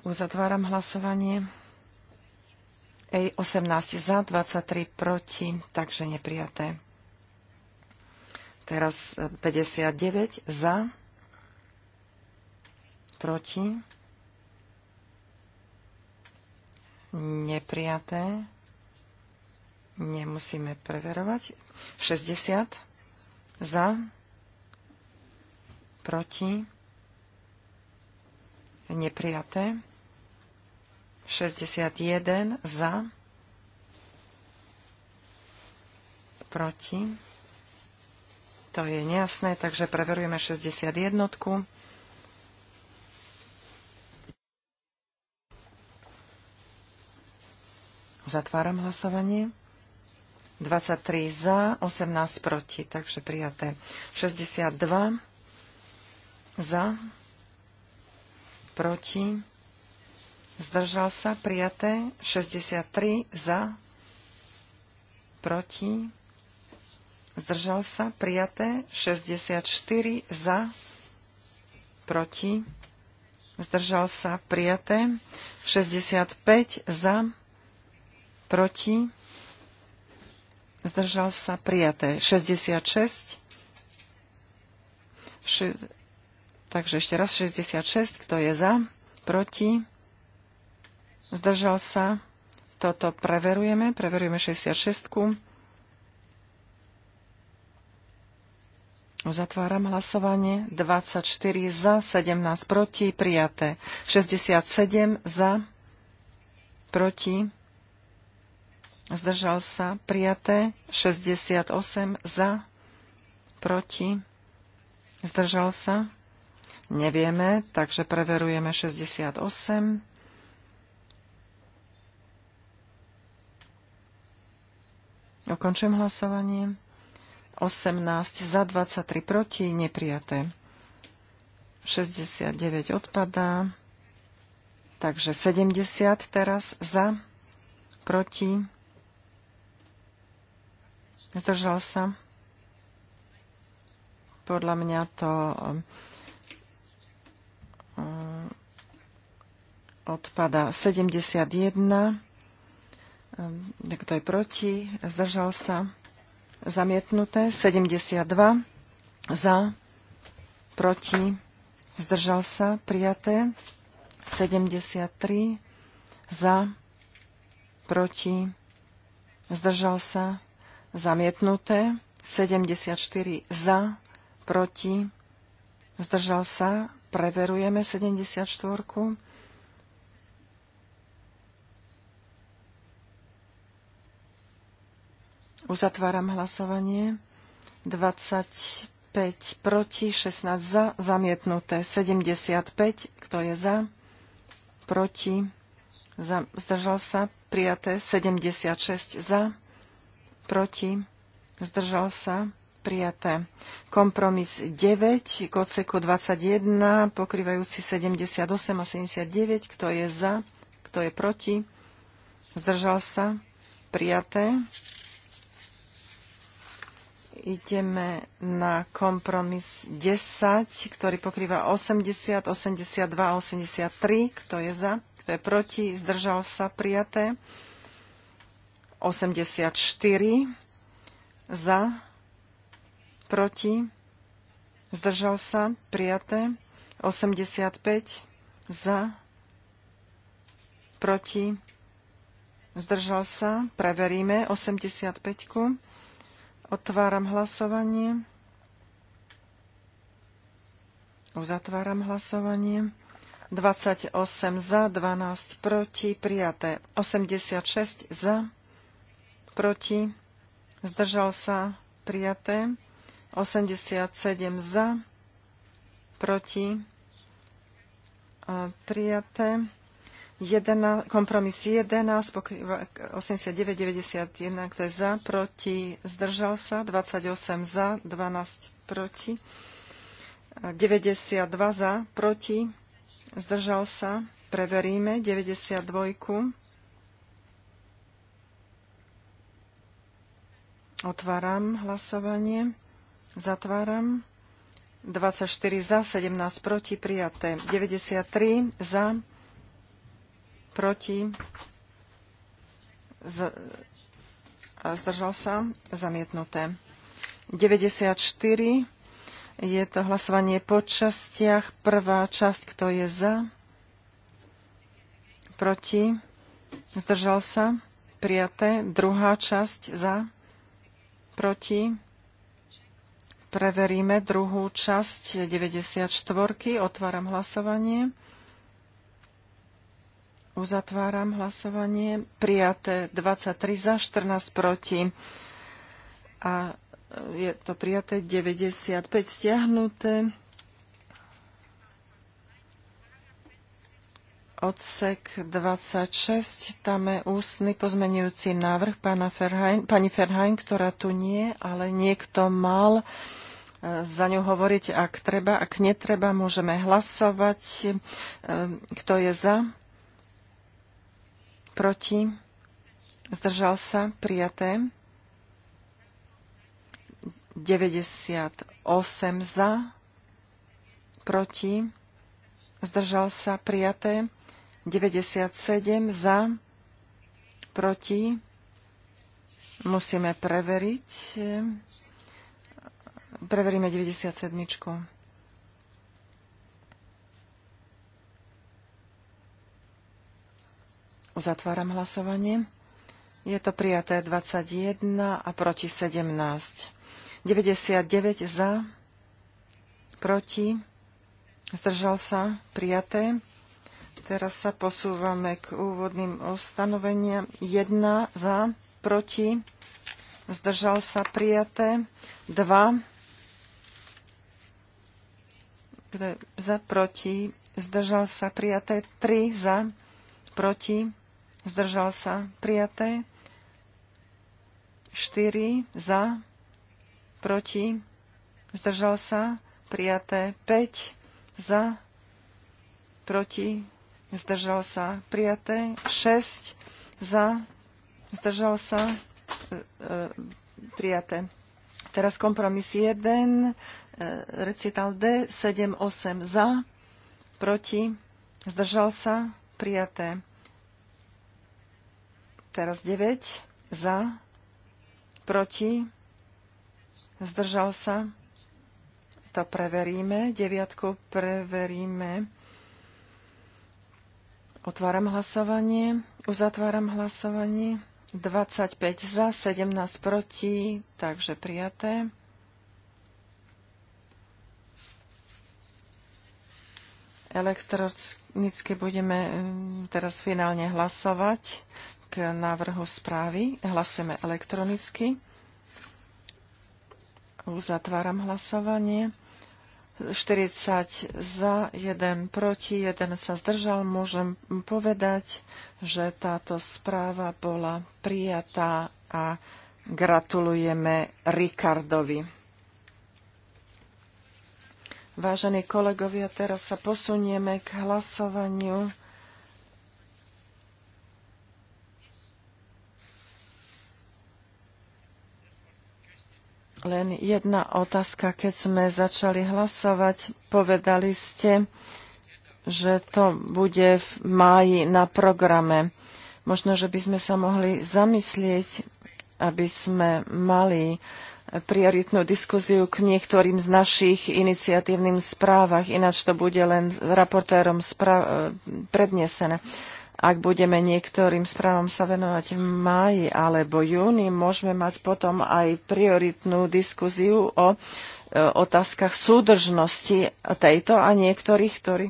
Uzatváram hlasovanie. Ej 18 za, 23 proti, takže neprijaté. Teraz 59 eh, za, proti neprijaté. Nemusíme preverovať. 60 za, proti, neprijaté. 61 za, proti. To je nejasné, takže preverujeme 61. -tku. Zatváram hlasovanie. 23 za, 18 proti, takže prijaté. 62 za, proti, zdržal sa, prijaté. 63 za, proti, zdržal sa, prijaté. 64 za, proti, zdržal sa, prijaté. 65 za, proti proti, zdržal sa prijaté 66, ši, takže ešte raz 66, kto je za, proti, zdržal sa, toto preverujeme, preverujeme 66. -ku. Uzatváram hlasovanie. 24 za, 17 proti, prijaté. 67 za, proti, zdržal sa, prijaté 68 za, proti, zdržal sa, nevieme, takže preverujeme 68. Ukončujem hlasovanie. 18 za 23 proti, neprijaté. 69 odpadá, takže 70 teraz za, proti, Zdržal sa. Podľa mňa to eh, odpada 71. Eh, kto je proti? Zdržal sa. Zamietnuté 72. Za. Proti. Zdržal sa. Prijaté 73. Za. Proti. Zdržal sa zamietnuté, 74 za, proti, zdržal sa, preverujeme 74. Uzatváram hlasovanie. 25 proti, 16 za, zamietnuté. 75, kto je za, proti, za, zdržal sa, prijaté. 76 za, proti, zdržal sa, prijaté. Kompromis 9 k odseku 21, pokrývajúci 78 a 79. Kto je za? Kto je proti? Zdržal sa? Prijaté. Ideme na kompromis 10, ktorý pokrýva 80, 82 a 83. Kto je za? Kto je proti? Zdržal sa? Prijaté. 84 za, proti, zdržal sa, prijaté. 85 za, proti, zdržal sa, preveríme 85. Otváram hlasovanie. Uzatváram hlasovanie. 28 za, 12 proti, prijaté. 86 za proti, zdržal sa, prijaté. 87 za, proti, prijaté. 11, kompromis 11, 89, 91, kto je za, proti, zdržal sa, 28 za, 12 proti, 92 za, proti, zdržal sa, preveríme, 92. Otváram hlasovanie. Zatváram. 24 za, 17 proti, prijaté. 93 za, proti, z, zdržal sa, zamietnuté. 94 je to hlasovanie po častiach. Prvá časť, kto je za, proti, zdržal sa, prijaté. Druhá časť za, proti. Preveríme druhú časť 94. Otváram hlasovanie. Uzatváram hlasovanie. Prijaté 23 za, 14 proti. A je to prijaté 95 stiahnuté. odsek 26, tam je ústny pozmenujúci návrh pána Ferhajn, pani Ferhajn, ktorá tu nie, ale niekto mal e, za ňu hovoriť, ak treba, ak netreba, môžeme hlasovať. E, kto je za? Proti? Zdržal sa? Prijaté? 98 za? Proti? Zdržal sa? Prijaté? 97 za, proti. Musíme preveriť. Preveríme 97. Uzatváram hlasovanie. Je to prijaté 21 a proti 17. 99 za, proti, zdržal sa, prijaté. Teraz sa posúvame k úvodným ustanoveniam. 1 za, proti, zdržal sa prijaté. dva. za, proti, zdržal sa prijaté. 3 za, proti, zdržal sa prijaté. Štyri za, proti, zdržal sa prijaté. 5 za, proti, zdržal sa prijaté, 6 za, zdržal sa e, e, prijaté. Teraz kompromis 1, e, recital D, 7, 8 za, proti, zdržal sa prijaté. Teraz 9 za, proti, zdržal sa. To preveríme. Deviatku preveríme Otváram hlasovanie. Uzatváram hlasovanie. 25 za, 17 proti, takže prijaté. Elektronicky budeme mm, teraz finálne hlasovať k návrhu správy. Hlasujeme elektronicky. Uzatváram hlasovanie. 40 za, 1 proti, 1 sa zdržal. Môžem povedať, že táto správa bola prijatá a gratulujeme Rikardovi. Vážení kolegovia, teraz sa posunieme k hlasovaniu Len jedna otázka, keď sme začali hlasovať, povedali ste, že to bude v máji na programe. Možno, že by sme sa mohli zamyslieť, aby sme mali prioritnú diskuziu k niektorým z našich iniciatívnym správach, ináč to bude len raportérom prednesené. Ak budeme niektorým správam sa venovať v máji alebo júni, môžeme mať potom aj prioritnú diskuziu o e, otázkach súdržnosti tejto a niektorých, ktorí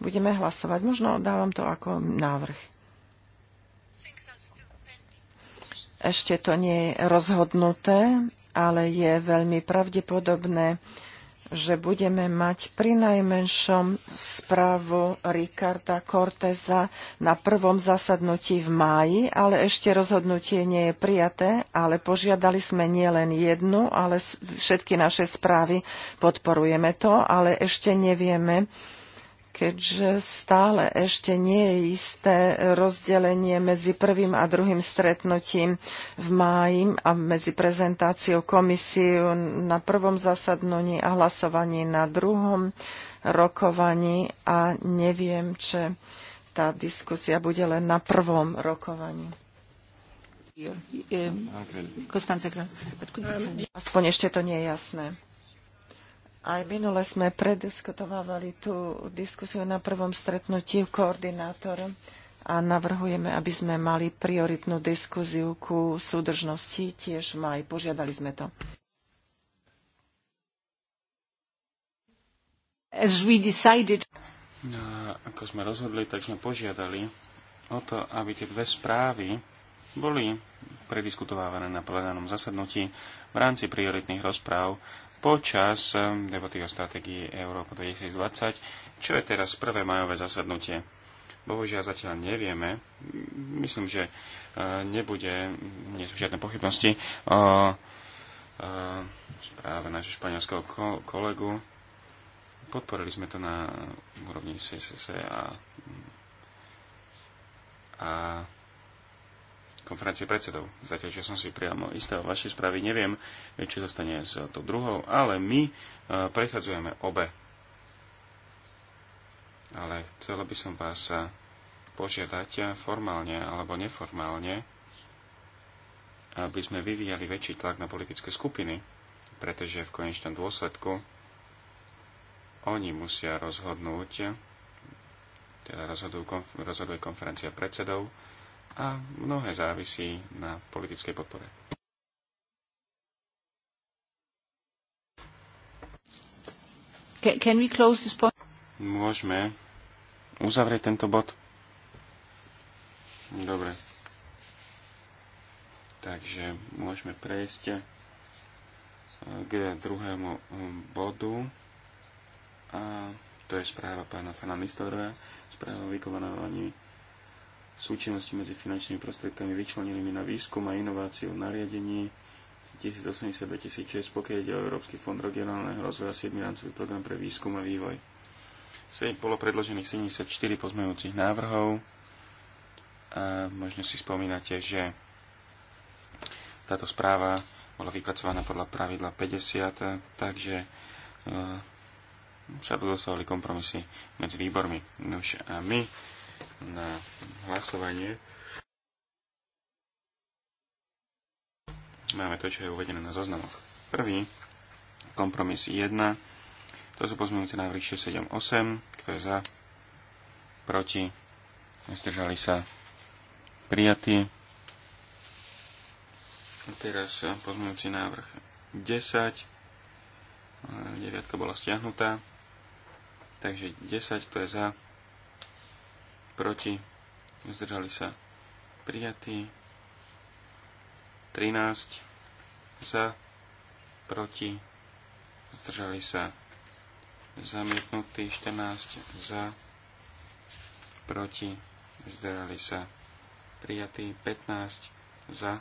budeme hlasovať. Možno dávam to ako návrh. Ešte to nie je rozhodnuté, ale je veľmi pravdepodobné, že budeme mať pri najmenšom správu Ricarda Corteza na prvom zasadnutí v máji, ale ešte rozhodnutie nie je prijaté, ale požiadali sme nielen jednu, ale všetky naše správy podporujeme to, ale ešte nevieme, keďže stále ešte nie je isté rozdelenie medzi prvým a druhým stretnutím v máji a medzi prezentáciou komisiu na prvom zasadnutí a hlasovaní na druhom rokovaní a neviem, či tá diskusia bude len na prvom rokovaní. Aspoň ešte to nie je jasné. Aj minule sme prediskutovali tú diskusiu na prvom stretnutí koordinátor a navrhujeme, aby sme mali prioritnú diskuziu ku súdržnosti tiež maj, Požiadali sme to. As we decided... A ako sme rozhodli, tak sme požiadali o to, aby tie dve správy boli prediskutovávané na plenárnom zasadnutí v rámci prioritných rozpráv počas debaty o stratégii Európa 2020, čo je teraz prvé majové zasadnutie. Bohužiaľ zatiaľ nevieme. Myslím, že e, nebude, nie sú žiadne pochybnosti o e, správe nášho španielského kolegu. Podporili sme to na úrovni CCC a, a konferencie predsedov. Zatiaľ, čo som si priamo isté o vašej správy, neviem, čo zostane s tou druhou, ale my e, presadzujeme obe. Ale chcela by som vás e, požiadať e, formálne alebo neformálne, aby sme vyvíjali väčší tlak na politické skupiny, pretože v konečnom dôsledku oni musia rozhodnúť, teda rozhoduje konferencia predsedov, a mnohé závisí na politickej podpore. Can we close this point? Môžeme uzavrieť tento bod. Dobre. Takže môžeme prejsť eh, k druhému hm, bodu. A to je správa pána Fana Nistelroja, správa vykonávaní súčinnosti medzi finančnými prostriedkami vyčlenenými na výskum a inováciu nariadení 1080-2006, pokiaľ ide o Európsky fond regionálneho rozvoja 7. rámcový program pre výskum a vývoj. Bolo predložených 74 pozmejúcich návrhov a možno si spomínate, že táto správa bola vypracovaná podľa pravidla 50, takže e, sa dosahovali kompromisy medzi výbormi. Nož a my na hlasovanie. Máme to, čo je uvedené na zoznamoch. Prvý, kompromis 1. To sú pozmeňujúce návrhy 6, 7, 8. Kto je za? Proti? Zdržali sa? Prijatí. A teraz eh, pozmeňujúci návrh 10. 9 eh, bola stiahnutá. Takže 10, kto je za, proti, zdržali sa prijatí, 13 za, proti, zdržali sa zamietnutí, 14 za, proti, zdržali sa prijatí, 15 za,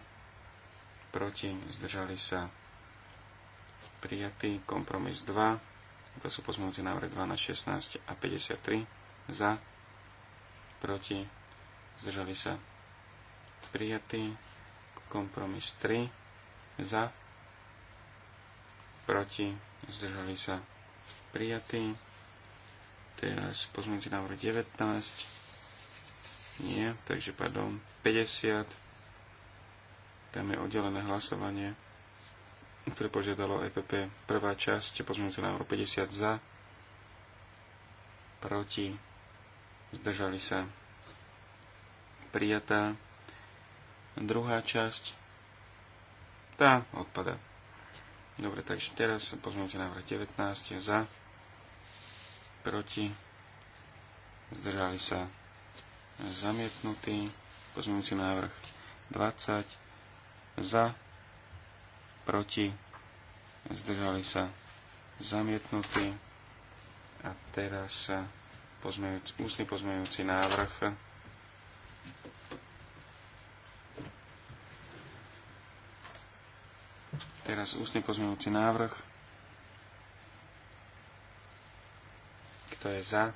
proti, zdržali sa prijatý kompromis 2, to sú pozmúci návrh 12, 16 a 53, za, proti, zdržali sa prijatí, kompromis 3, za, proti, zdržali sa prijatí. Teraz pozmúte návrh 19, nie, takže pardon, 50, tam je oddelené hlasovanie, ktoré požiadalo EPP. Prvá časť, pozmúte návrh 50 za, proti, zdržali sa prijatá. Druhá časť, tá odpada. Dobre, takže teraz pozmite návrh 19 za, proti, zdržali sa zamietnutý, pozmite návrh 20 za, proti, zdržali sa zamietnutý a teraz sa pozmeňujúci, ústny pozmeňujúci návrh. Teraz ústny pozmeňujúci návrh. Kto je za?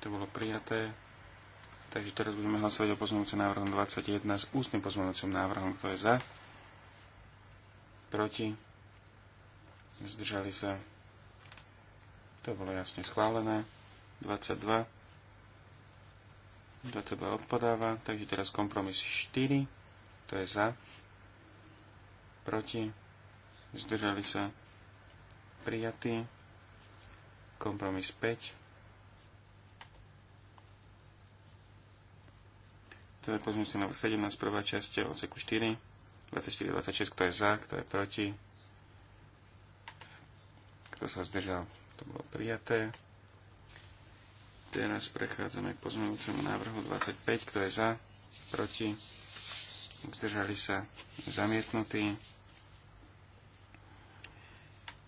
To bolo prijaté. Takže teraz budeme hlasovať o pozmeňujúcom návrhu 21 s ústnym pozmeňujúcim návrhom. Kto je za? Proti? zdržali sa, to bolo jasne schválené, 22, 22 odpadáva, takže teraz kompromis 4, to je za, proti, zdržali sa, prijatý, kompromis 5, to je pozmúci na 17, prvá časť, odseku 4, 24, 26, kto je za, kto je proti, kto sa zdržal, to bolo prijaté. Teraz prechádzame k pozmeňujúcemu návrhu 25, kto je za, proti, zdržali sa, zamietnutí.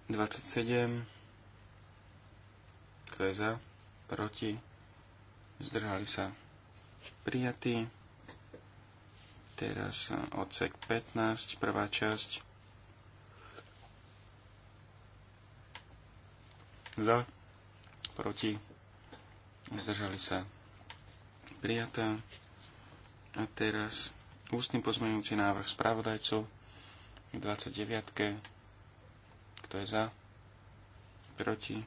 27, kto je za, proti, zdržali sa, prijatí. Teraz odsek 15, prvá časť, za, proti, zdržali sa prijatá. A teraz ústny pozmeňujúci návrh spravodajcov v 29. Kto je za? Proti?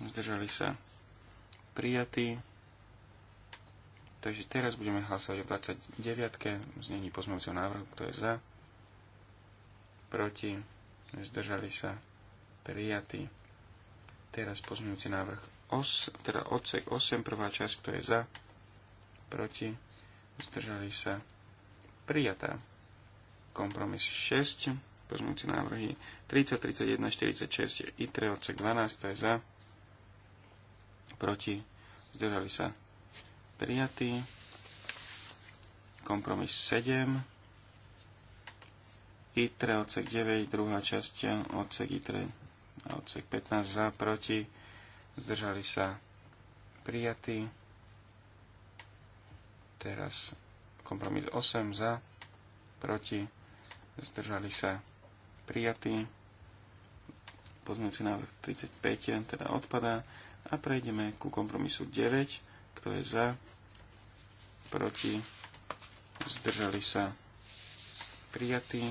Zdržali sa? Prijatí. Takže teraz budeme hlasovať o 29. znení pozmeňujúceho návrhu. Kto je za? Proti? Zdržali sa? Prijatí. Teraz pozmeňujúci návrh os, teda odsek 8, prvá časť, kto je za, proti, zdržali sa, prijatá. Kompromis 6, pozmeňujúci návrhy 30, 31, 46, ITRE odsek 12, kto je za, proti, zdržali sa, prijatý. Kompromis 7, ITRE odsek 9, druhá časť odsek ITRE odsek 15 za, proti, zdržali sa prijatí. Teraz kompromis 8 za, proti, zdržali sa prijatí. Pozmeňujúci návrh 35 teda odpadá a prejdeme ku kompromisu 9, kto je za, proti, zdržali sa prijatí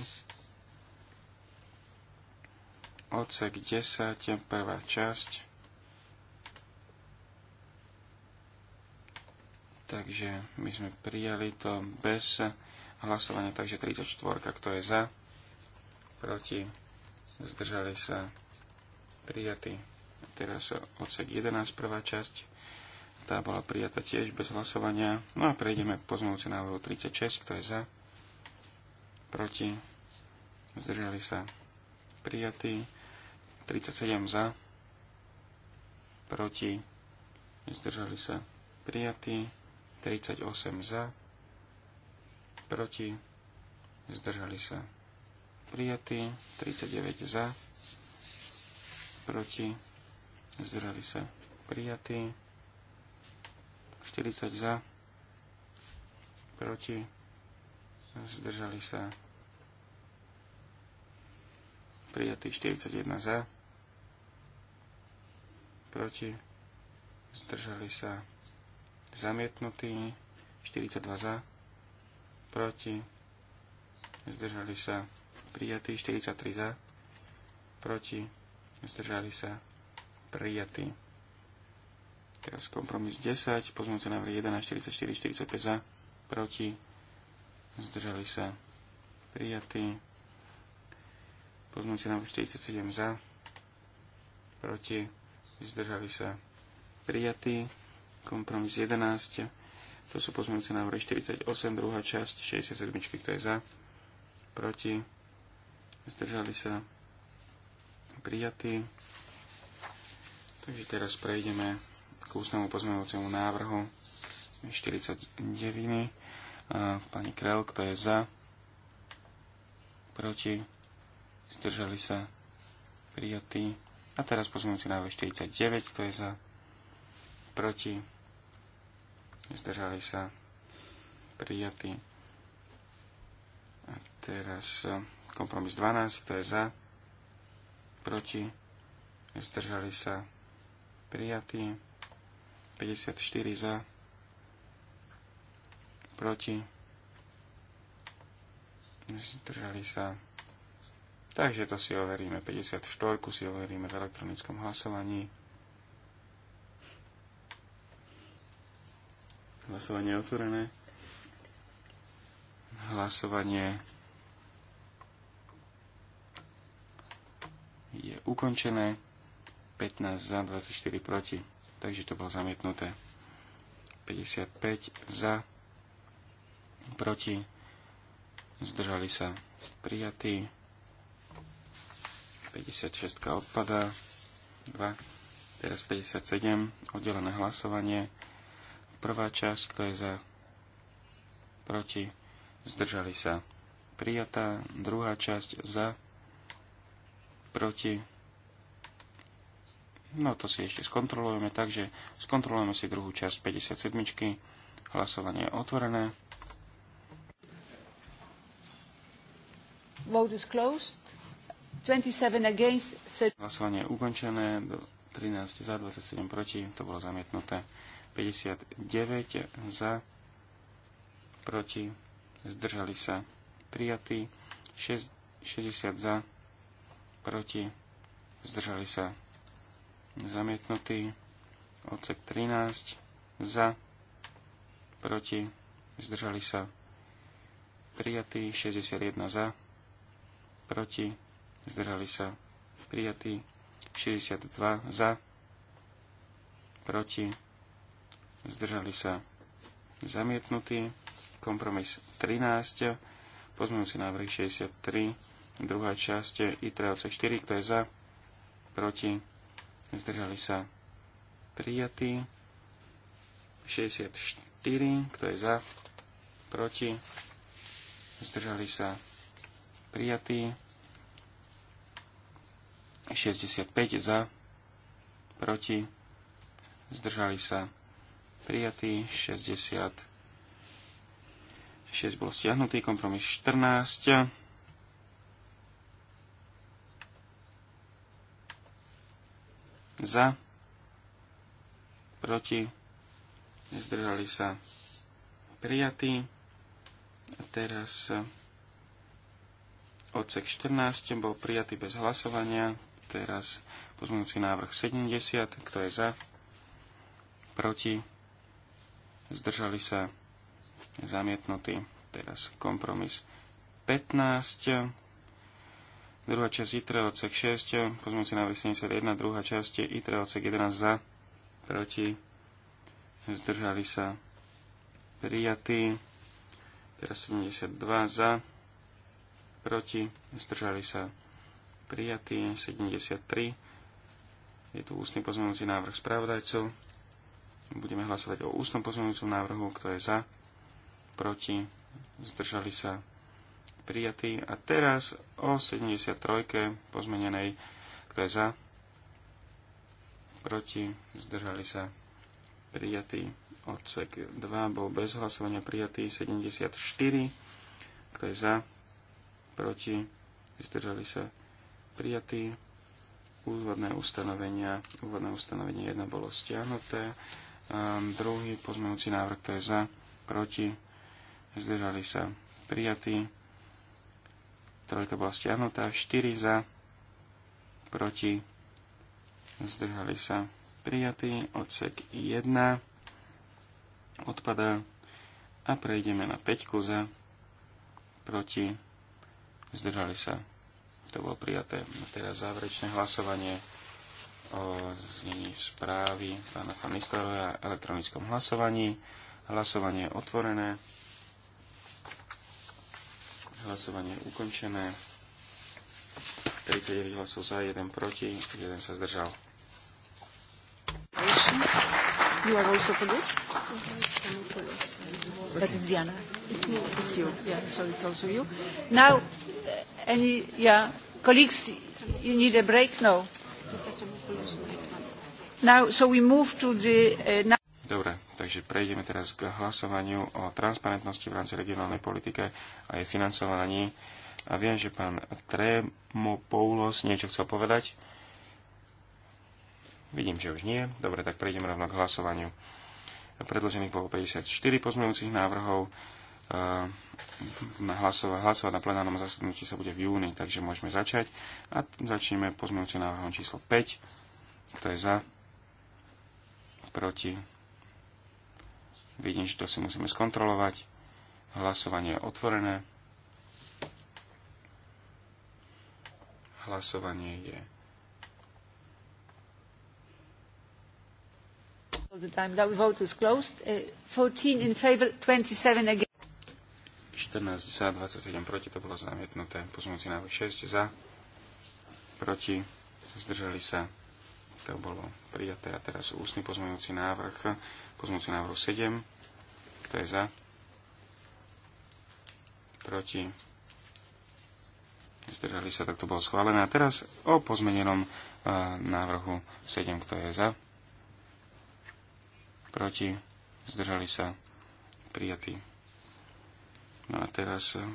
odsek 10, prvá časť. Takže my sme prijali to bez hlasovania, takže 34, kto je za, proti, zdržali sa, prijatí. Teraz odsek 11, prvá časť. Tá bola prijata tiež bez hlasovania. No a prejdeme k pozmúci návrhu 36, kto je za, proti, zdržali sa, prijatí. 37 za, proti, zdržali sa prijatí, 38 za, proti, zdržali sa prijatí, 39 za, proti, zdržali sa prijatí, 40 za, proti, zdržali sa prijatí, 41 za, proti, zdržali sa zamietnutí, 42 za, proti, zdržali sa prijatí, 43 za, proti, zdržali sa prijatí. Teraz kompromis 10, pozmúce návrhy 1 44, 45 za, proti, zdržali sa prijatí. Pozmúce návrhy 47 za, proti, zdržali sa prijatí, kompromis 11, to sú pozmeňujúce návrhy 48, druhá časť 67, kto je za, proti, zdržali sa prijatí. Takže teraz prejdeme k ústnemu pozmeňujúcemu návrhu 49. Pani Krel, kto je za, proti, zdržali sa prijatí. A teraz pozmeňujúci návrh 49, kto je za, proti, zdržali sa, prijatý. A teraz e, kompromis 12, kto je za, proti, zdržali sa, prijatý. 54 za, proti, zdržali sa, prijatí Takže to si overíme. 54 si overíme v elektronickom hlasovaní. Hlasovanie je otvorené. Hlasovanie je ukončené. 15 za, 24 proti. Takže to bolo zamietnuté. 55 za, proti. Zdržali sa prijatí. 56 odpadá. 2. Teraz 57. Oddelené hlasovanie. Prvá časť, kto je za, proti, zdržali sa. Prijatá. Druhá časť za, proti. No to si ešte skontrolujeme, takže skontrolujeme si druhú časť 57. Hlasovanie je otvorené. Vote is closed. Hlasovanie je ukončené, 13 za, 27 proti, to bolo zamietnuté. 59 za, proti, zdržali sa prijatí, 60 za, proti, zdržali sa zamietnutí, odsek 13 za, proti, zdržali sa prijatí, 61 za, proti, zdržali sa prijatí, 62 za, proti, zdržali sa zamietnutí, kompromis 13, pozmeňujúci návrh 63, druhá časť ITRA 4, kto je za, proti, zdržali sa prijatí, 64, kto je za, proti, zdržali sa prijatí, 65 za, proti, zdržali sa prijatí, 60, 6 bol stiahnutý, kompromis 14, za, proti, zdržali sa prijatí. A teraz odsek 14 bol prijatý bez hlasovania. Teraz pozmeňujúci návrh 70. Kto je za? Proti? Zdržali sa zamietnutí. Teraz kompromis 15. Druhá časť ITRE odsek 6. Pozmeňujúci návrh 71. Druhá časť ITRE odsek 11 za. Proti? Zdržali sa prijatí. Teraz 72 za. Proti? Zdržali sa prijatý 73. Je tu ústny pozmeňujúci návrh spravodajcov. Budeme hlasovať o ústnom pozmeňujúcom návrhu, kto je za, proti, zdržali sa prijatý. A teraz o 73. pozmenenej, kto je za, proti, zdržali sa prijatý. Odsek 2 bol bez hlasovania prijatý 74. Kto je za, proti, zdržali sa prijatý prijatý. Úvodné ustanovenia, úvodné ustanovenie 1 bolo stiahnuté. Druhý pozmeňujúci návrh, to je za, proti, zdržali sa prijatí. Trojka bola stiahnutá, 4 za, proti, zdržali sa prijatý, Odsek 1 odpadá a prejdeme na 5 za, proti, zdržali sa to bolo prijaté. Teraz záverečné hlasovanie o znení správy pána Fanistorova a elektronickom hlasovaní. Hlasovanie je otvorené. Hlasovanie je ukončené. 39 hlasov za, 1 proti, 1 sa zdržal. You are Diana. It's me. It's you. Yeah, so it's also you. Now, uh, any, yeah, Colleagues, you need a break? No. Now, so we move to the, uh, Dobre, takže prejdeme teraz k hlasovaniu o transparentnosti v rámci regionálnej politike a jej financovaní. A viem, že pán Tremopoulos niečo chcel povedať. Vidím, že už nie. Dobre, tak prejdeme rovno k hlasovaniu. Predložených bolo 54 pozmeňujúcich návrhov na hlasovať, hlasovať na plenárnom zasadnutí sa bude v júni, takže môžeme začať. A začneme pozmeňujúcim návrhom číslo 5. Kto je za? Proti? Vidím, že to si musíme skontrolovať. Hlasovanie je otvorené. Hlasovanie je the time. The vote is closed. Uh, 14 in favor, 27 against. 14 za, 27 proti, to bolo zamietnuté. Pozmúci návrh 6 za, proti, zdržali sa, to bolo prijaté. A teraz ústny pozmúci návrh, pozmúci návrh 7, kto je za, proti, zdržali sa, tak to bolo schválené. A teraz o pozmenenom e, návrhu 7, kto je za, proti, zdržali sa, prijatý. No a teraz eh,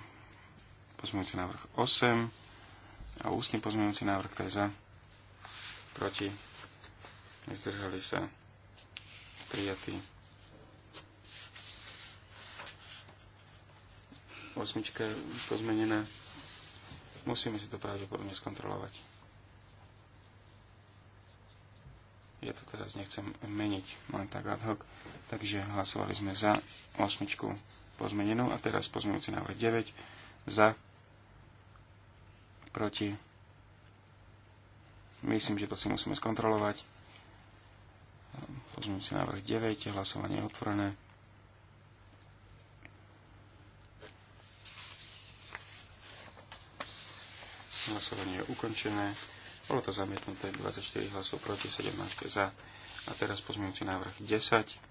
pozmeňujúci návrh 8 a ústny pozmeňujúci návrh, kto je za, proti, zdržali sa, prijatý. Osmička je pozmenená. Musíme si to pravdepodobne skontrolovať. Ja to teraz nechcem meniť, len tak ad hoc. Takže hlasovali sme za osmičku pozmenenú. A teraz pozmenujúci návrh 9 za, proti. Myslím, že to si musíme skontrolovať. Pozmenujúci návrh 9, hlasovanie je otvorené. Hlasovanie je ukončené. Bolo to zamietnuté 24 hlasov proti 17 za. A teraz pozmenujúci návrh 10.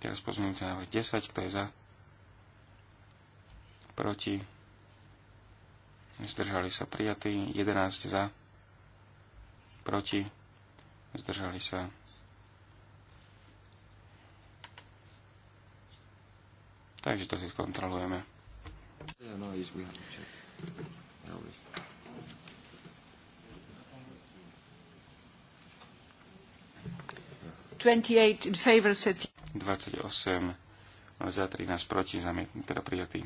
Teraz pozmeňujúci návrh 10, kto je za? Proti? Zdržali sa prijatí. 11 za? Proti? Zdržali sa Takže to si skontrolujeme. Twenty-eight in favor, said. 28 za, 13 proti, zamietnutý, teda prijatý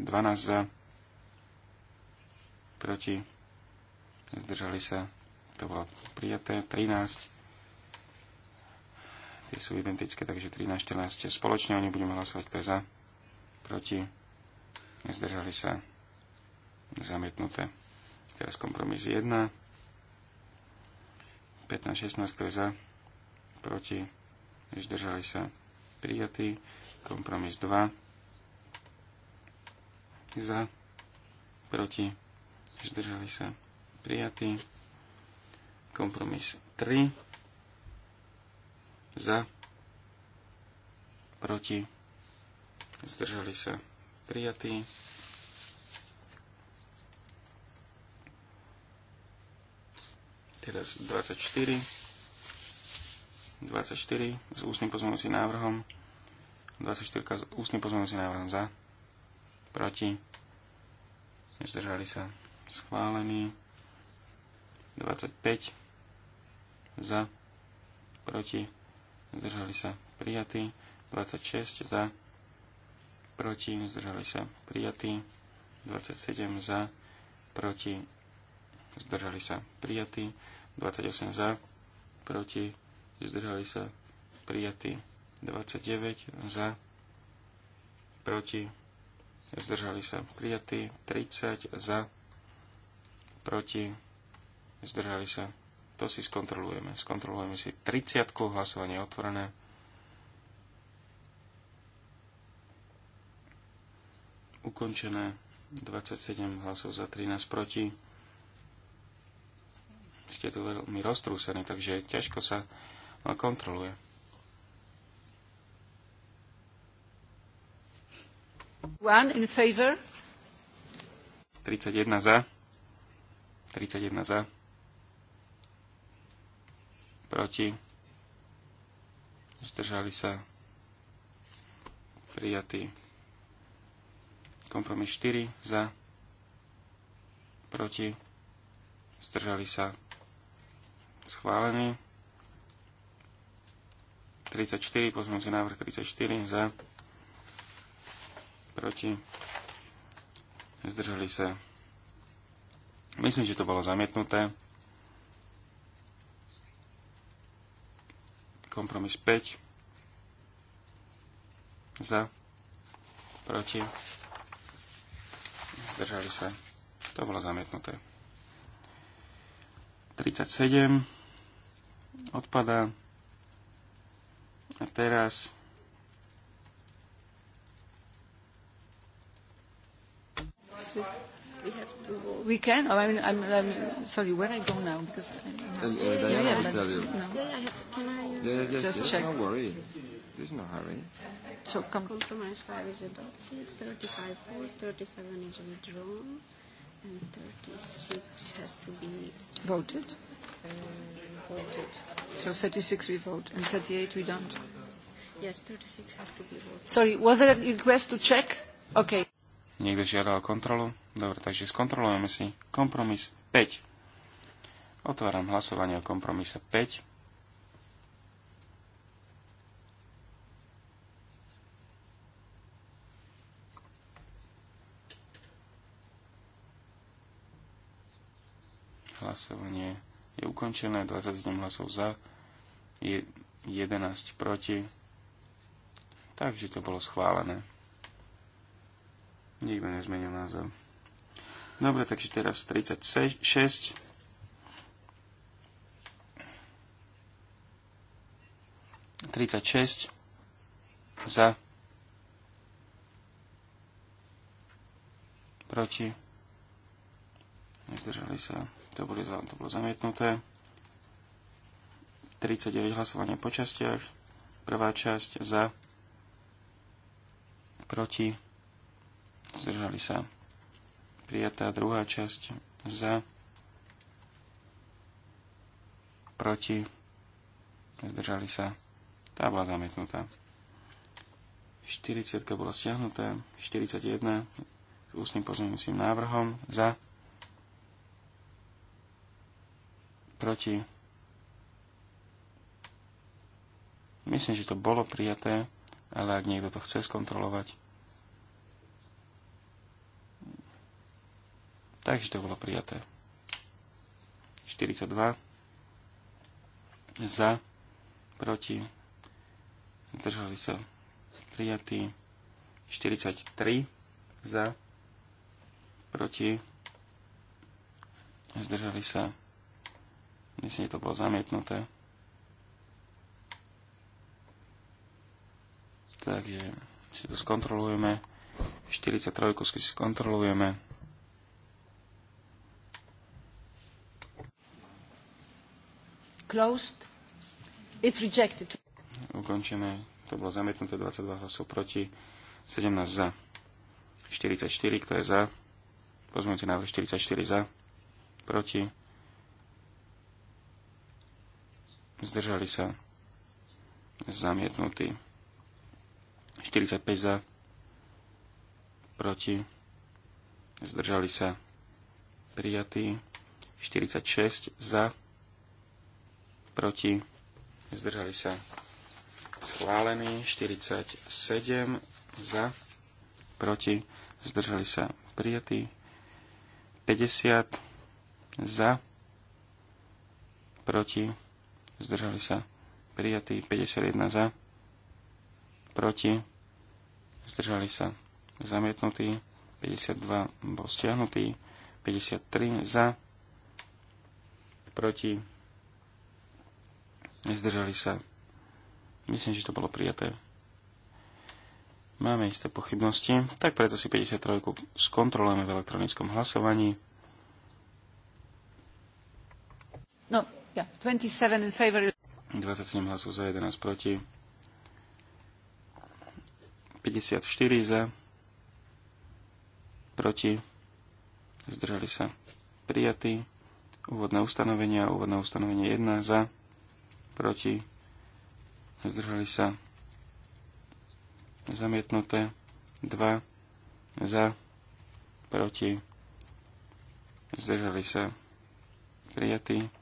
12 za, proti, zdržali sa, to bolo prijaté, 13 tie sú identické, takže 13, 14 spoločne, oni budeme hlasovať, kto je za, proti, zdržali sa, zamietnuté. Teraz kompromis 1, 15, 16, kto je za, proti, zdržali sa prijatí, kompromis 2, za, proti, zdržali sa prijatí, kompromis 3, za, proti, zdržali sa prijatý, Teraz 24. 24 s ústnym pozmeňujúcim návrhom. 24 s ústnym pozmeňujúcim návrhom za. Proti. Zdržali sa. Schválený. 25 za. Proti. Zdržali sa. Prijatý. 26 za. Proti. Zdržali sa. Prijatý. 27 za. Proti. Zdržali sa. Prijatý. 28 za. Proti zdržali sa prijatí 29 za, proti, zdržali sa prijatí 30 za, proti, zdržali sa. To si skontrolujeme. Skontrolujeme si 30, hlasovanie otvorené. Ukončené 27 hlasov za 13 proti ste tu veľmi roztrúsení, takže ťažko sa a kontroluje. One in favor. 31 za. 31 za. Proti. Zdržali sa. Prijatý. Kompromis 4 za. Proti. Zdržali sa. Schválený. 34, si návrh 34 za, proti, zdržali sa. Myslím, že to bolo zamietnuté. Kompromis 5 za, proti, zdržali sa. To bolo zamietnuté. 37 odpadá. A teraz We can. Oh, I mean, I'm, I'm sorry. Where I go now? Because I'm not, uh, uh, Diana yeah, will tell you. No. Yeah, yeah. can I? Uh, yeah, yeah, just yes, check. worry. There's no hurry. So come. Compromise five is adopted. Thirty-five Thirty-seven is withdrawn, and thirty-six has to be voted. voted. So thirty-six we vote, and thirty-eight we don't. Yes, 36 has to be voted. Sorry, was there a request to check? Okay. Niekto žiadal kontrolu? Dobre, takže skontrolujeme si kompromis 5. Otváram hlasovanie o kompromise 5. Hlasovanie je ukončené, 27 hlasov za, 11 proti, Takže to bolo schválené. Nikto nezmenil názor. Dobre, takže teraz 36. 36 za proti nezdržali sa to bolo, za, to bolo zamietnuté 39 hlasovanie po častiach prvá časť za proti, zdržali sa. Prijatá druhá časť za, proti, zdržali sa. Tá bola zamietnutá. 40 bola stiahnutá, 41 s ústnym pozmeňujúcim návrhom za, proti. Myslím, že to bolo prijaté ale ak niekto to chce skontrolovať. Takže to bolo prijaté. 42 za, proti, držali sa prijatí 43 za, proti, zdržali sa, myslím, že to bolo zamietnuté takže si to skontrolujeme. 43 si skontrolujeme. Closed. It's rejected. Ukončené. To bolo zamietnuté 22 hlasov proti, 17 za. 44, kto je za? si návrh 44 za. Proti. Zdržali sa. Zamietnutý. 45 za, proti, zdržali sa prijatí, 46 za, proti, zdržali sa schválený, 47 za, proti, zdržali sa prijatí, 50 za, proti, zdržali sa prijatí, 51 za, proti, zdržali sa zamietnutí, 52 bol stiahnutý, 53 za, proti, zdržali sa. Myslím, že to bolo prijaté. Máme isté pochybnosti, tak preto si 53 skontrolujeme v elektronickom hlasovaní. No, yeah, 27 in favor. 27 hlasov za 11 proti. 54 za, proti, zdržali sa prijatí. Úvodné ustanovenia, úvodné ustanovenie 1 za, proti, zdržali sa zamietnuté 2 za, proti, zdržali sa prijatí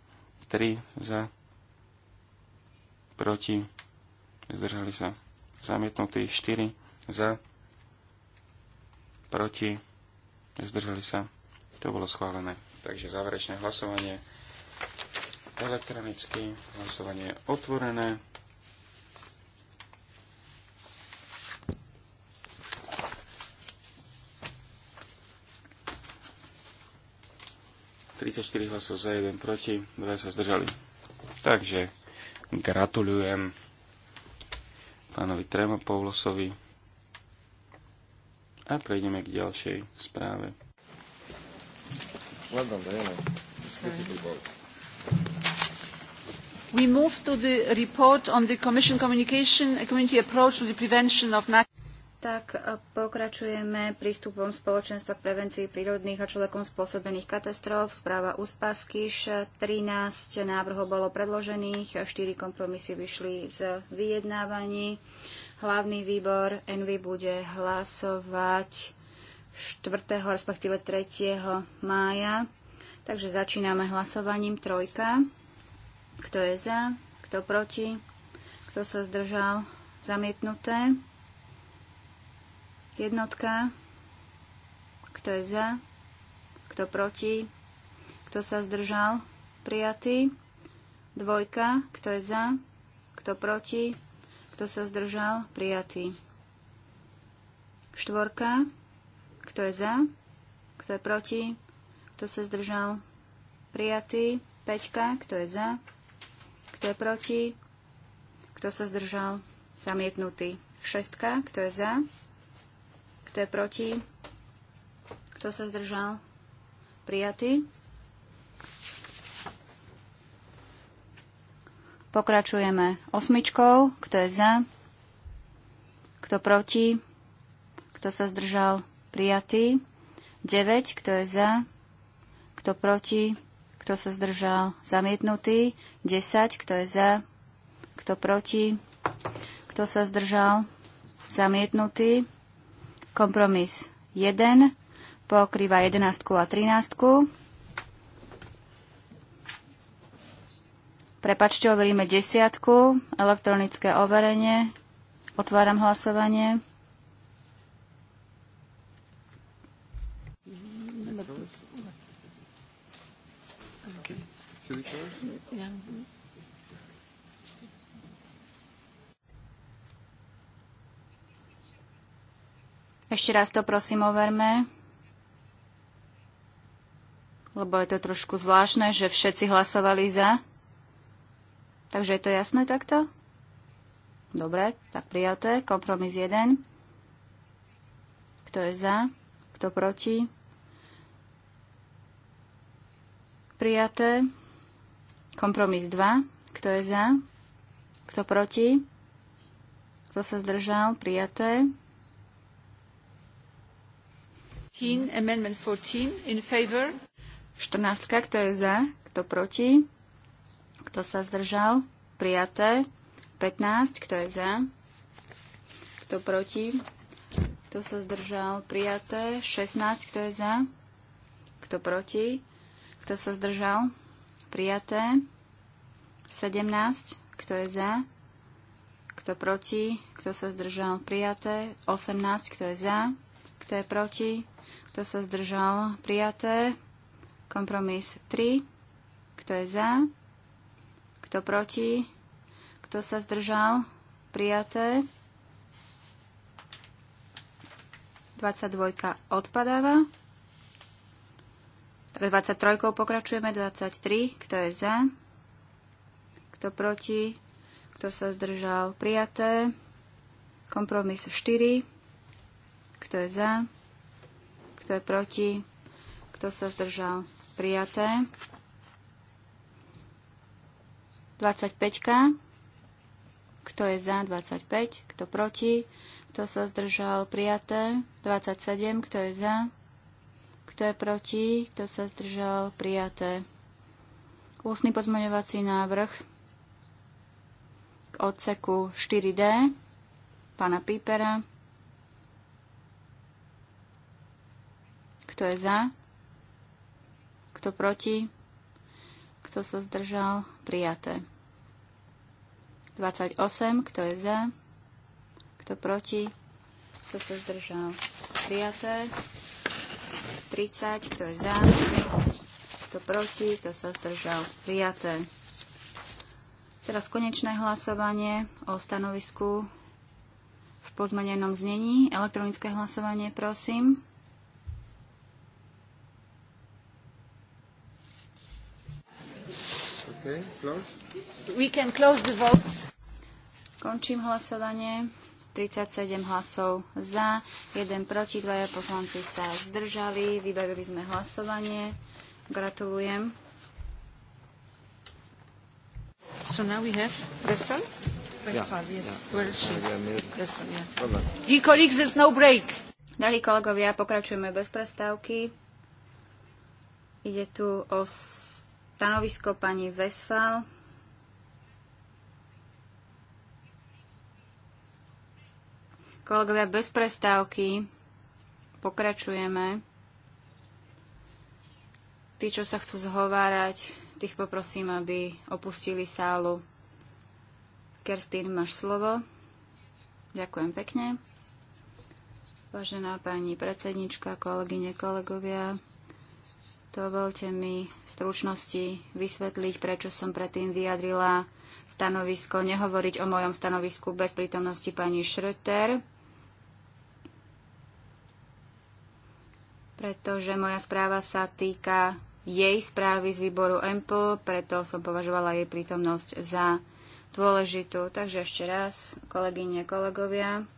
3 za, proti, zdržali sa zamietnutí 4 za, proti, zdržali sa. To bolo schválené. Takže záverečné hlasovanie elektronicky, hlasovanie je otvorené. ...34 hlasov za, 1 proti, 2 sa zdržali. Takže gratulujem pánovi Tremopoulosovi a prejdeme k ďalšej správe. We move to the report on the Commission communication, a community approach to the prevention of tak e, pokračujeme prístupom spoločenstva k prevencii prírodných a človekom spôsobených katastrof. Správa Uspaskyš. 13 návrhov bolo predložených, 4 kompromisy vyšli z vyjednávaní. Hlavný výbor Envy bude hlasovať 4. respektíve 3. mája. Takže začíname hlasovaním trojka. Kto je za? Kto proti? Kto sa zdržal? Zamietnuté. Jednotka. Kto je za? Kto proti? Kto sa zdržal? Prijatý. Dvojka. Kto je za? Kto proti? Kto sa zdržal? Prijatý. Štvorka. Kto je za? Kto je proti? Kto sa zdržal? Prijatý. Peťka. Kto je za? Kto je proti? Kto sa zdržal? Zamietnutý. Šestka. Kto je za? Kto je proti? Kto sa zdržal? Prijatý. Pokračujeme osmičkou. Kto je za? Kto proti? Kto sa zdržal? Prijatý. 9. Kto je za? Kto proti? Kto sa zdržal? Zamietnutý. 10. Kto je za? Kto proti? Kto sa zdržal? Zamietnutý. Kompromis 1 pokrýva 11 a 13. Prepačte, overíme desiatku. Elektronické overenie. Otváram hlasovanie. Ešte raz to prosím overme, lebo je to trošku zvláštne, že všetci hlasovali za. Takže je to jasné takto? Dobre, tak prijaté. Kompromis 1. Kto je za? Kto proti? Prijaté. Kompromis 2. Kto je za? Kto proti? Kto sa zdržal? Prijaté. 14, amendment 14, in favor. 14. Kto je za? Kto proti? Kto sa zdržal? Prijaté. 15. Kto je za? Kto proti? Kto sa zdržal? Prijaté. 16. Kto je za? Kto proti? Kto sa zdržal? Prijaté. 17. Kto je za? Kto proti? Kto sa zdržal? Prijaté. 18. Kto je za? Kto je proti? Kto sa zdržal? Prijaté. Kompromis 3. Kto je za? Kto proti? Kto sa zdržal? Prijaté. 22 odpadáva. 23 teda pokračujeme. 23. Kto je za? Kto proti? Kto sa zdržal? Prijaté. Kompromis 4. Kto je za? Kto je proti? Kto sa zdržal? Prijaté. 25. Kto je za 25? Kto proti? Kto sa zdržal? Prijaté. 27. Kto je za? Kto je proti? Kto sa zdržal? Prijaté. Ústny pozmeňovací návrh k odseku 4D pána Pípera. Kto je za? Kto proti? Kto sa zdržal? Prijaté. 28, kto je za, kto proti, kto sa zdržal. Prijaté. 30, kto je za, kto proti, kto sa zdržal. Prijaté. Teraz konečné hlasovanie o stanovisku v pozmenenom znení. Elektronické hlasovanie, prosím. Okay, close. We can close the vote. Končím hlasovanie. 37 hlasov za, 1 proti, 2 poslanci sa zdržali. Vybavili sme hlasovanie. Gratulujem. So now we have Preston? Preston, yeah, yes. Yeah. Where is she? Preston, yeah. Dear colleagues, there's no break. Drahí kolegovia, pokračujeme bez prestávky. Ide tu o stanovisko pani Vesfal. Kolegovia, bez prestávky pokračujeme. Tí, čo sa chcú zhovárať, tých poprosím, aby opustili sálu. Kerstín, máš slovo. Ďakujem pekne. Vážená pani predsednička, kolegyne, kolegovia, Dovolte mi v stručnosti vysvetliť, prečo som predtým vyjadrila stanovisko, nehovoriť o mojom stanovisku bez prítomnosti pani Schröter, pretože moja správa sa týka jej správy z výboru EMPO, preto som považovala jej prítomnosť za dôležitú. Takže ešte raz, kolegyne, kolegovia,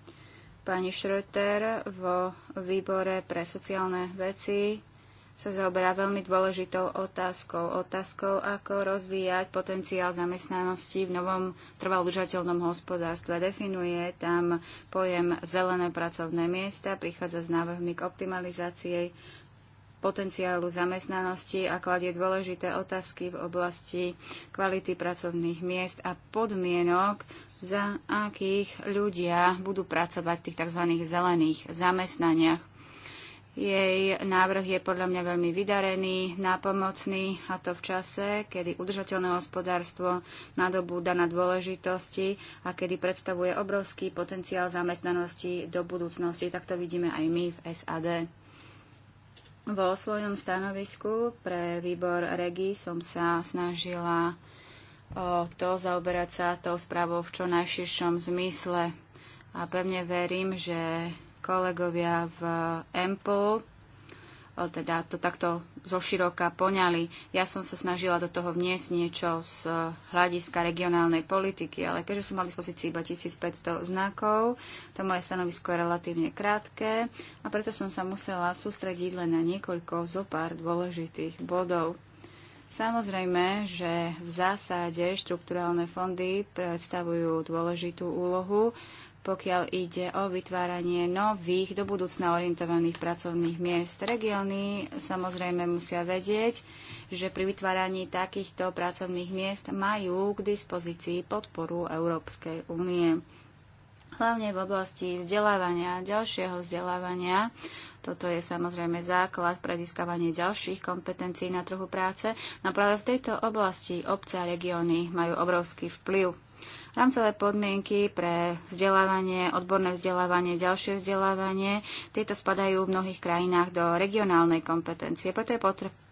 pani Schröter vo výbore pre sociálne veci sa zaoberá veľmi dôležitou otázkou. Otázkou, ako rozvíjať potenciál zamestnanosti v novom trvalúžateľnom hospodárstve. Definuje tam pojem zelené pracovné miesta, prichádza s návrhmi k optimalizácii potenciálu zamestnanosti a kladie dôležité otázky v oblasti kvality pracovných miest a podmienok, za akých ľudia budú pracovať v tých tzv. zelených zamestnaniach. Jej návrh je podľa mňa veľmi vydarený, nápomocný a to v čase, kedy udržateľné hospodárstvo nadobúda na dôležitosti a kedy predstavuje obrovský potenciál zamestnanosti do budúcnosti. Tak to vidíme aj my v SAD. Vo svojom stanovisku pre výbor REGI som sa snažila o to zaoberať sa tou správou v čo najširšom zmysle a pevne verím, že kolegovia v EMPO teda to takto zoširoka poňali. Ja som sa snažila do toho vniesť niečo z e, hľadiska regionálnej politiky, ale keďže som mal dispozícii iba 1500 znakov, to moje stanovisko je relatívne krátke a preto som sa musela sústrediť len na niekoľko zo pár dôležitých bodov. Samozrejme, že v zásade štruktúrálne fondy predstavujú dôležitú úlohu, pokiaľ ide o vytváranie nových, do budúcna orientovaných pracovných miest. Regióny samozrejme musia vedieť, že pri vytváraní takýchto pracovných miest majú k dispozícii podporu Európskej únie. Hlavne v oblasti vzdelávania, ďalšieho vzdelávania. Toto je samozrejme základ pre získavanie ďalších kompetencií na trhu práce. No práve v tejto oblasti obce a regióny majú obrovský vplyv. Rámcové podmienky pre vzdelávanie, odborné vzdelávanie, ďalšie vzdelávanie, tieto spadajú v mnohých krajinách do regionálnej kompetencie. Preto je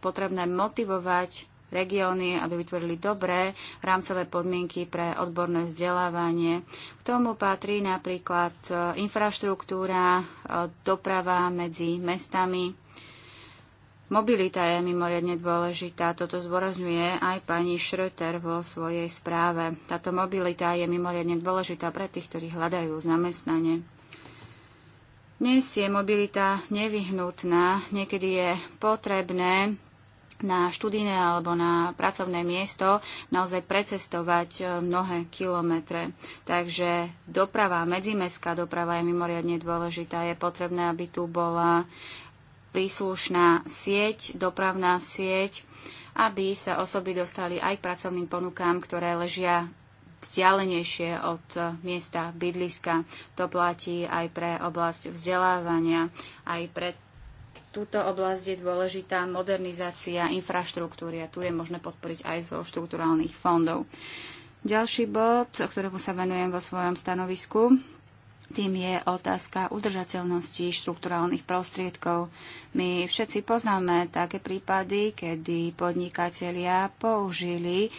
potrebné motivovať regióny, aby vytvorili dobré rámcové podmienky pre odborné vzdelávanie. K tomu patrí napríklad e, infraštruktúra, e, doprava medzi mestami, Mobilita je mimoriadne dôležitá, toto zvorazňuje aj pani Schröter vo svojej správe. Táto mobilita je mimoriadne dôležitá pre tých, ktorí hľadajú zamestnanie. Dnes je mobilita nevyhnutná, niekedy je potrebné na študijné alebo na pracovné miesto naozaj precestovať e, mnohé kilometre. Takže doprava, medzimestská doprava je mimoriadne dôležitá. Je potrebné, aby tu bola príslušná sieť, dopravná sieť, aby sa osoby dostali aj k pracovným ponukám, ktoré ležia vzdialenejšie od miesta bydliska. To platí aj pre oblasť vzdelávania, aj pre túto oblasť je dôležitá modernizácia infraštruktúry a tu je možné podporiť aj zo štruktúrálnych fondov. Ďalší bod, ktorému sa venujem vo svojom stanovisku, tým je otázka udržateľnosti štrukturálnych prostriedkov. My všetci poznáme také prípady, kedy podnikatelia použili e,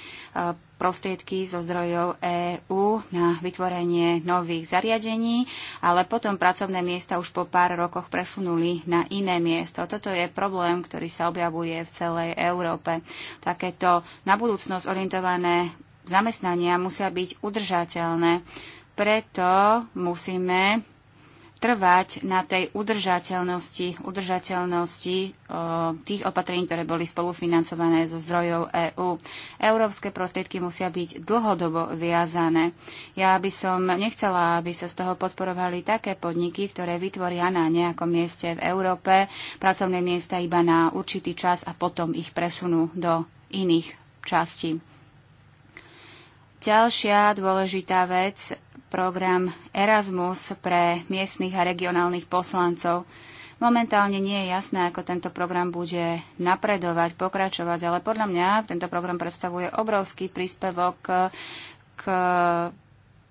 prostriedky zo zdrojov EÚ na vytvorenie nových zariadení, ale potom pracovné miesta už po pár rokoch presunuli na iné miesto. Toto je problém, ktorý sa objavuje v celej Európe. Takéto na budúcnosť orientované zamestnania musia byť udržateľné. Preto musíme trvať na tej udržateľnosti, udržateľnosti o, tých opatrení, ktoré boli spolufinancované zo zdrojov EÚ. Európske prostriedky musia byť dlhodobo viazané. Ja by som nechcela, aby sa z toho podporovali také podniky, ktoré vytvoria na nejakom mieste v Európe pracovné miesta iba na určitý čas a potom ich presunú do iných častí. Ďalšia dôležitá vec, program Erasmus pre miestnych a regionálnych poslancov. Momentálne nie je jasné, ako tento program bude napredovať, pokračovať, ale podľa mňa tento program predstavuje obrovský príspevok k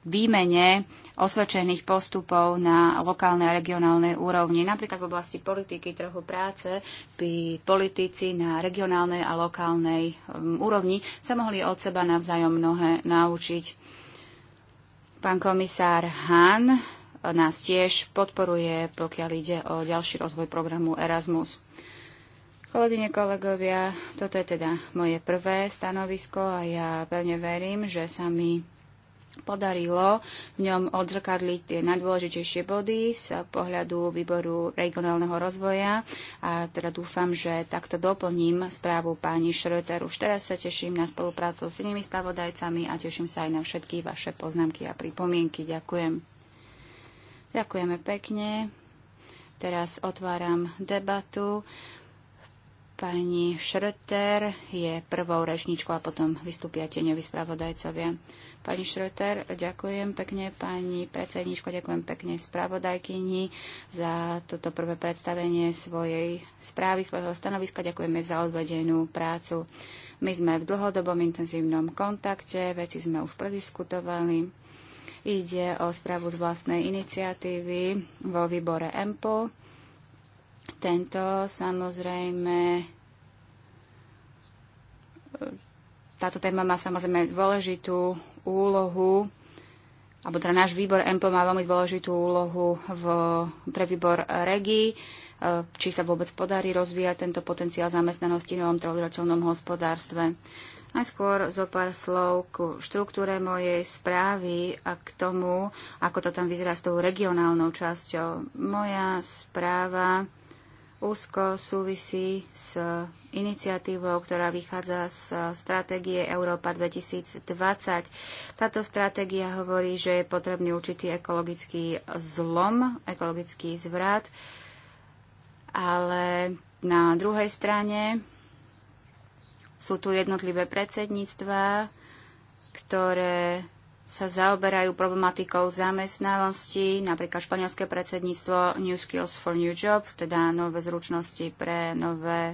výmene osvedčených postupov na lokálnej a regionálnej úrovni. Napríklad v oblasti politiky trhu práce by politici na regionálnej a lokálnej um, úrovni sa mohli od seba navzájom mnohé naučiť. Pán komisár Hahn nás tiež podporuje, pokiaľ ide o ďalší rozvoj programu Erasmus. Kolegyne, kolegovia, toto je teda moje prvé stanovisko a ja pevne verím, že sa mi podarilo v ňom odzrkadliť tie najdôležitejšie body z pohľadu výboru regionálneho rozvoja a teda dúfam, že takto doplním správu pani Šröter. Už teraz sa teším na spoluprácu s inými spravodajcami a teším sa aj na všetky vaše poznámky a pripomienky. Ďakujem. Ďakujeme pekne. Teraz otváram debatu. Pani Šröter je prvou rečničkou a potom vystúpia tieňoví spravodajcovia. Pani Šröter, ďakujem pekne, pani predsedničko, ďakujem pekne spravodajkyni za toto prvé predstavenie svojej správy, svojho stanoviska. Ďakujeme za odvedenú prácu. My sme v dlhodobom intenzívnom kontakte, veci sme už prediskutovali. Ide o správu z vlastnej iniciatívy vo výbore EMPO tento samozrejme táto téma má samozrejme dôležitú úlohu, alebo teda náš výbor EMPL má veľmi dôležitú úlohu v, pre výbor REGI, e, či sa vôbec podarí rozvíjať tento potenciál zamestnanosti v novom trojročilnom hospodárstve. Najskôr zo pár slov k štruktúre mojej správy a k tomu, ako to tam vyzerá s tou regionálnou časťou. Moja správa úzko súvisí s iniciatívou, ktorá vychádza z stratégie Európa 2020. Táto stratégia hovorí, že je potrebný určitý ekologický zlom, ekologický zvrat, ale na druhej strane sú tu jednotlivé predsedníctva, ktoré sa zaoberajú problematikou zamestnávosti, napríklad španielské predsedníctvo New Skills for New Jobs, teda nové zručnosti pre nové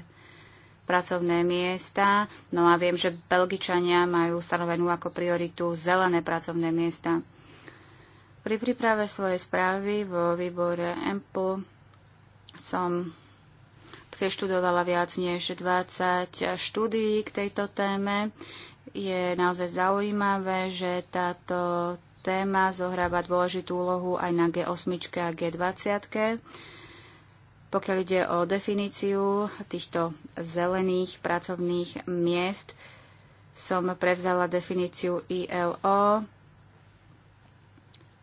pracovné miesta. No a viem, že Belgičania majú stanovenú ako prioritu zelené pracovné miesta. Pri príprave svojej správy vo výbore EMPL som preštudovala viac než 20 štúdií k tejto téme. Je naozaj zaujímavé, že táto téma zohráva dôležitú úlohu aj na G8 a G20. Pokiaľ ide o definíciu týchto zelených pracovných miest, som prevzala definíciu ILO,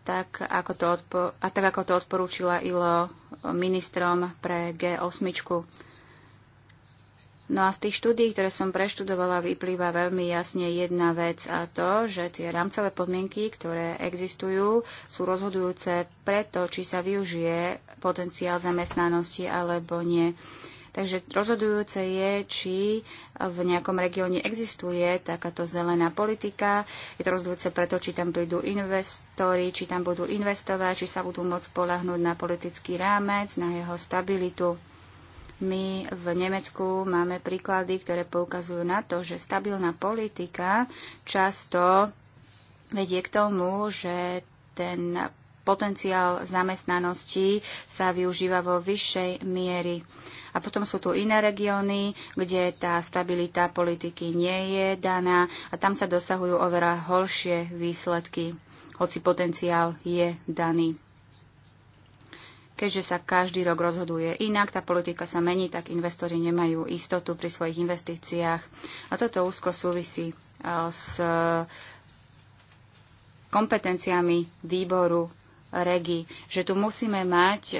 tak ako to, odpo- a tak ako to odporúčila ILO ministrom pre G8. No a z tých štúdií, ktoré som preštudovala, vyplýva veľmi jasne jedna vec a to, že tie rámcové podmienky, ktoré existujú, sú rozhodujúce preto, či sa využije potenciál zamestnanosti alebo nie. Takže rozhodujúce je, či v nejakom regióne existuje takáto zelená politika. Je to rozhodujúce preto, či tam prídu investori, či tam budú investovať, či sa budú môcť spolahnúť na politický rámec, na jeho stabilitu. My v Nemecku máme príklady, ktoré poukazujú na to, že stabilná politika často vedie k tomu, že ten potenciál zamestnanosti sa využíva vo vyššej miery. A potom sú tu iné regióny, kde tá stabilita politiky nie je daná a tam sa dosahujú oveľa horšie výsledky, hoci potenciál je daný. Keďže sa každý rok rozhoduje inak, tá politika sa mení, tak investori nemajú istotu pri svojich investíciách. A toto úzko súvisí e, s kompetenciami výboru REGI, že tu musíme mať e,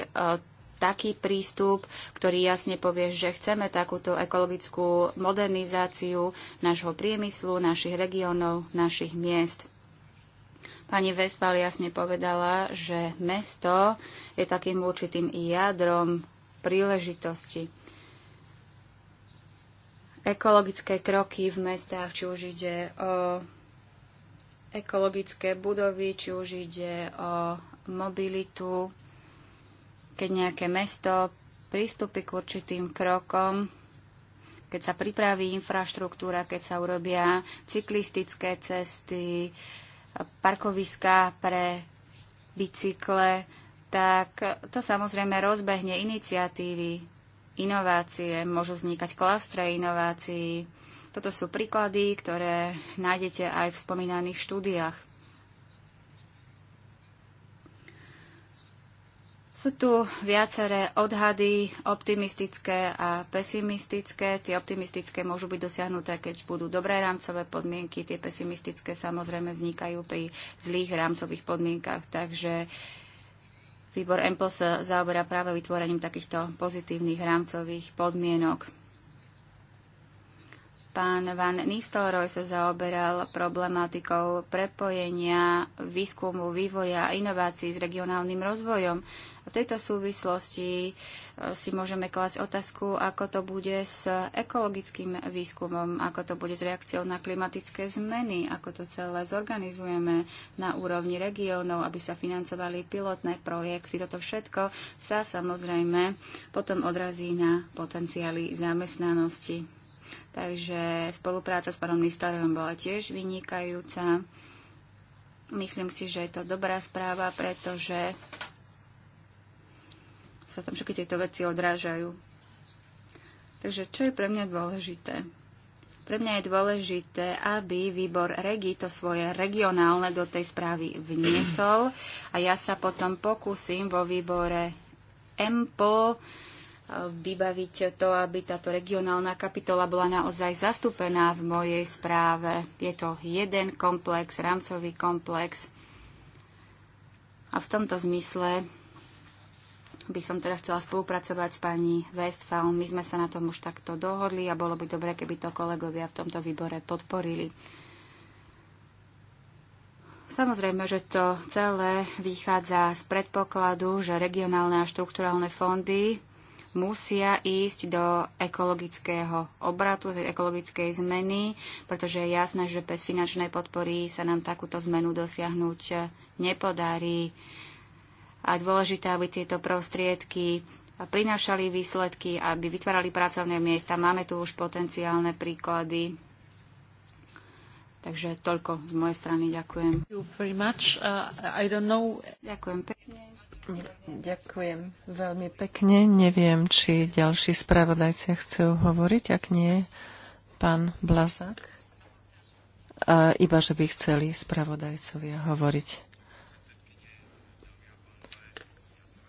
taký prístup, ktorý jasne povie, že chceme takúto ekologickú modernizáciu nášho priemyslu, našich regiónov, našich miest. Pani Vespal jasne povedala, že mesto je takým určitým jadrom príležitosti. Ekologické kroky v mestách, či už ide o ekologické budovy, či už ide o mobilitu, keď nejaké mesto prístupy k určitým krokom, keď sa pripraví infraštruktúra, keď sa urobia cyklistické cesty, parkoviska pre bicykle, tak to samozrejme rozbehne iniciatívy, inovácie, môžu vznikať klastre inovácií. Toto sú príklady, ktoré nájdete aj v spomínaných štúdiách. Sú tu viaceré odhady, optimistické a pesimistické. Tie optimistické môžu byť dosiahnuté, keď budú dobré rámcové podmienky. Tie pesimistické samozrejme vznikajú pri zlých rámcových podmienkach. Takže výbor MPOS sa zaoberá práve vytvorením takýchto pozitívnych rámcových podmienok. Pán Van Nistelrooy sa zaoberal problematikou prepojenia výskumu, vývoja a inovácií s regionálnym rozvojom. V tejto súvislosti e, si môžeme klásť otázku, ako to bude s ekologickým výskumom, ako to bude s reakciou na klimatické zmeny, ako to celé zorganizujeme na úrovni regiónov, aby sa financovali pilotné projekty. Toto všetko sa samozrejme potom odrazí na potenciály zamestnanosti. Takže spolupráca s pánom Nistarovom bola tiež vynikajúca. Myslím si, že je to dobrá správa, pretože sa tam všetky tieto veci odrážajú. Takže čo je pre mňa dôležité? Pre mňa je dôležité, aby výbor REGI to svoje regionálne do tej správy vniesol a ja sa potom pokúsim vo výbore EMPO vybaviť to, aby táto regionálna kapitola bola naozaj zastúpená v mojej správe. Je to jeden komplex, rámcový komplex. A v tomto zmysle by som teda chcela spolupracovať s pani Westfalm. My sme sa na tom už takto dohodli a bolo by dobre, keby to kolegovia v tomto výbore podporili. Samozrejme, že to celé vychádza z predpokladu, že regionálne a štruktúrálne fondy musia ísť do ekologického obratu, tej ekologickej zmeny, pretože je jasné, že bez finančnej podpory sa nám takúto zmenu dosiahnuť nepodarí. A dôležité, aby tieto prostriedky prinášali výsledky, aby vytvárali pracovné miesta. Máme tu už potenciálne príklady. Takže toľko z mojej strany. Ďakujem. Uh, Ďakujem pekne. Ďakujem veľmi pekne. Neviem, či ďalší spravodajcia chcú hovoriť. Ak nie, pán Blazak. iba, že by chceli spravodajcovia hovoriť.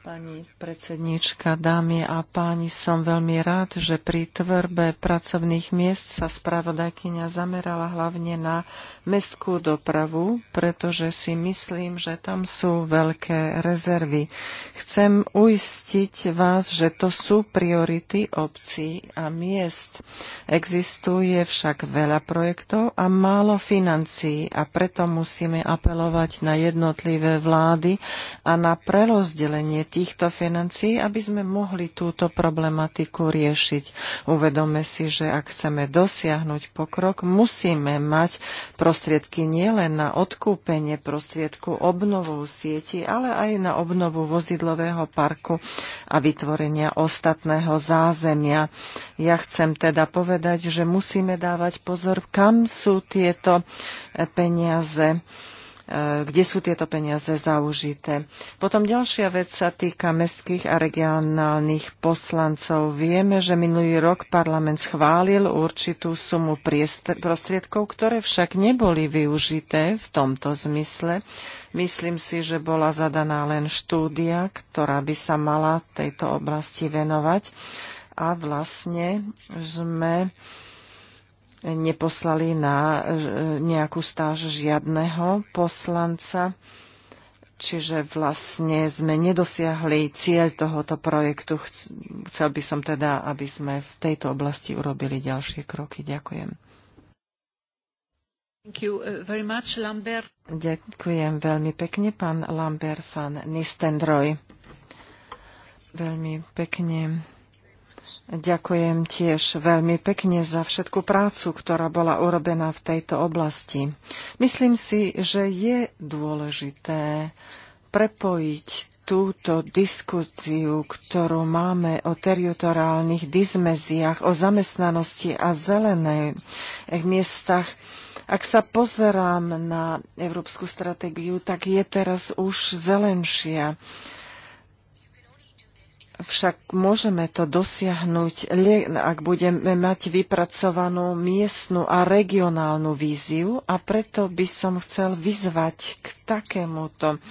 Pani predsednička, dámy a páni, som veľmi rád, že pri tvorbe pracovných miest sa spravodajkyňa zamerala hlavne na mestskú dopravu, pretože si myslím, že tam sú veľké rezervy. Chcem uistiť vás, že to sú priority obcí a miest. Existuje však veľa projektov a málo financií a preto musíme apelovať na jednotlivé vlády a na prerozdelenie týchto financií, aby sme mohli túto problematiku riešiť. Uvedome si, že ak chceme dosiahnuť pokrok, musíme mať prostriedky nielen na odkúpenie prostriedku obnovu sieti, ale aj na obnovu vozidlového parku a vytvorenia ostatného zázemia. Ja chcem teda povedať, že musíme dávať pozor, kam sú tieto peniaze kde sú tieto peniaze zaužité. Potom ďalšia vec sa týka mestských a regionálnych poslancov. Vieme, že minulý rok parlament schválil určitú sumu prostriedkov, ktoré však neboli využité v tomto zmysle. Myslím si, že bola zadaná len štúdia, ktorá by sa mala tejto oblasti venovať. A vlastne sme neposlali na e, nejakú stáž žiadneho poslanca, čiže vlastne sme nedosiahli cieľ tohoto projektu. Chcel by som teda, aby sme v tejto oblasti urobili ďalšie kroky. Ďakujem. Uh, much, Ďakujem veľmi pekne, pán Lambert van Nistendroj. Veľmi pekne Ďakujem tiež veľmi pekne za všetku prácu, ktorá bola urobená v tejto oblasti. Myslím si, že je dôležité prepojiť túto diskusiu, ktorú máme o teritoriálnych dizmeziách, o zamestnanosti a zelených eh, miestach. Ak sa pozerám na európsku stratégiu, tak je teraz už zelenšia. Však môžeme to dosiahnuť ak budeme mať vypracovanú miestnu a regionálnu víziu a preto by som chcel vyzvať k takémuto,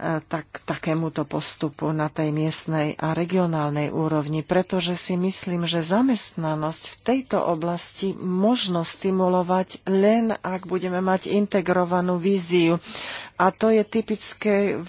e, tak, takémuto postupu na tej miestnej a regionálnej úrovni, pretože si myslím, že zamestnanosť v tejto oblasti možno stimulovať len, ak budeme mať integrovanú víziu a to je typické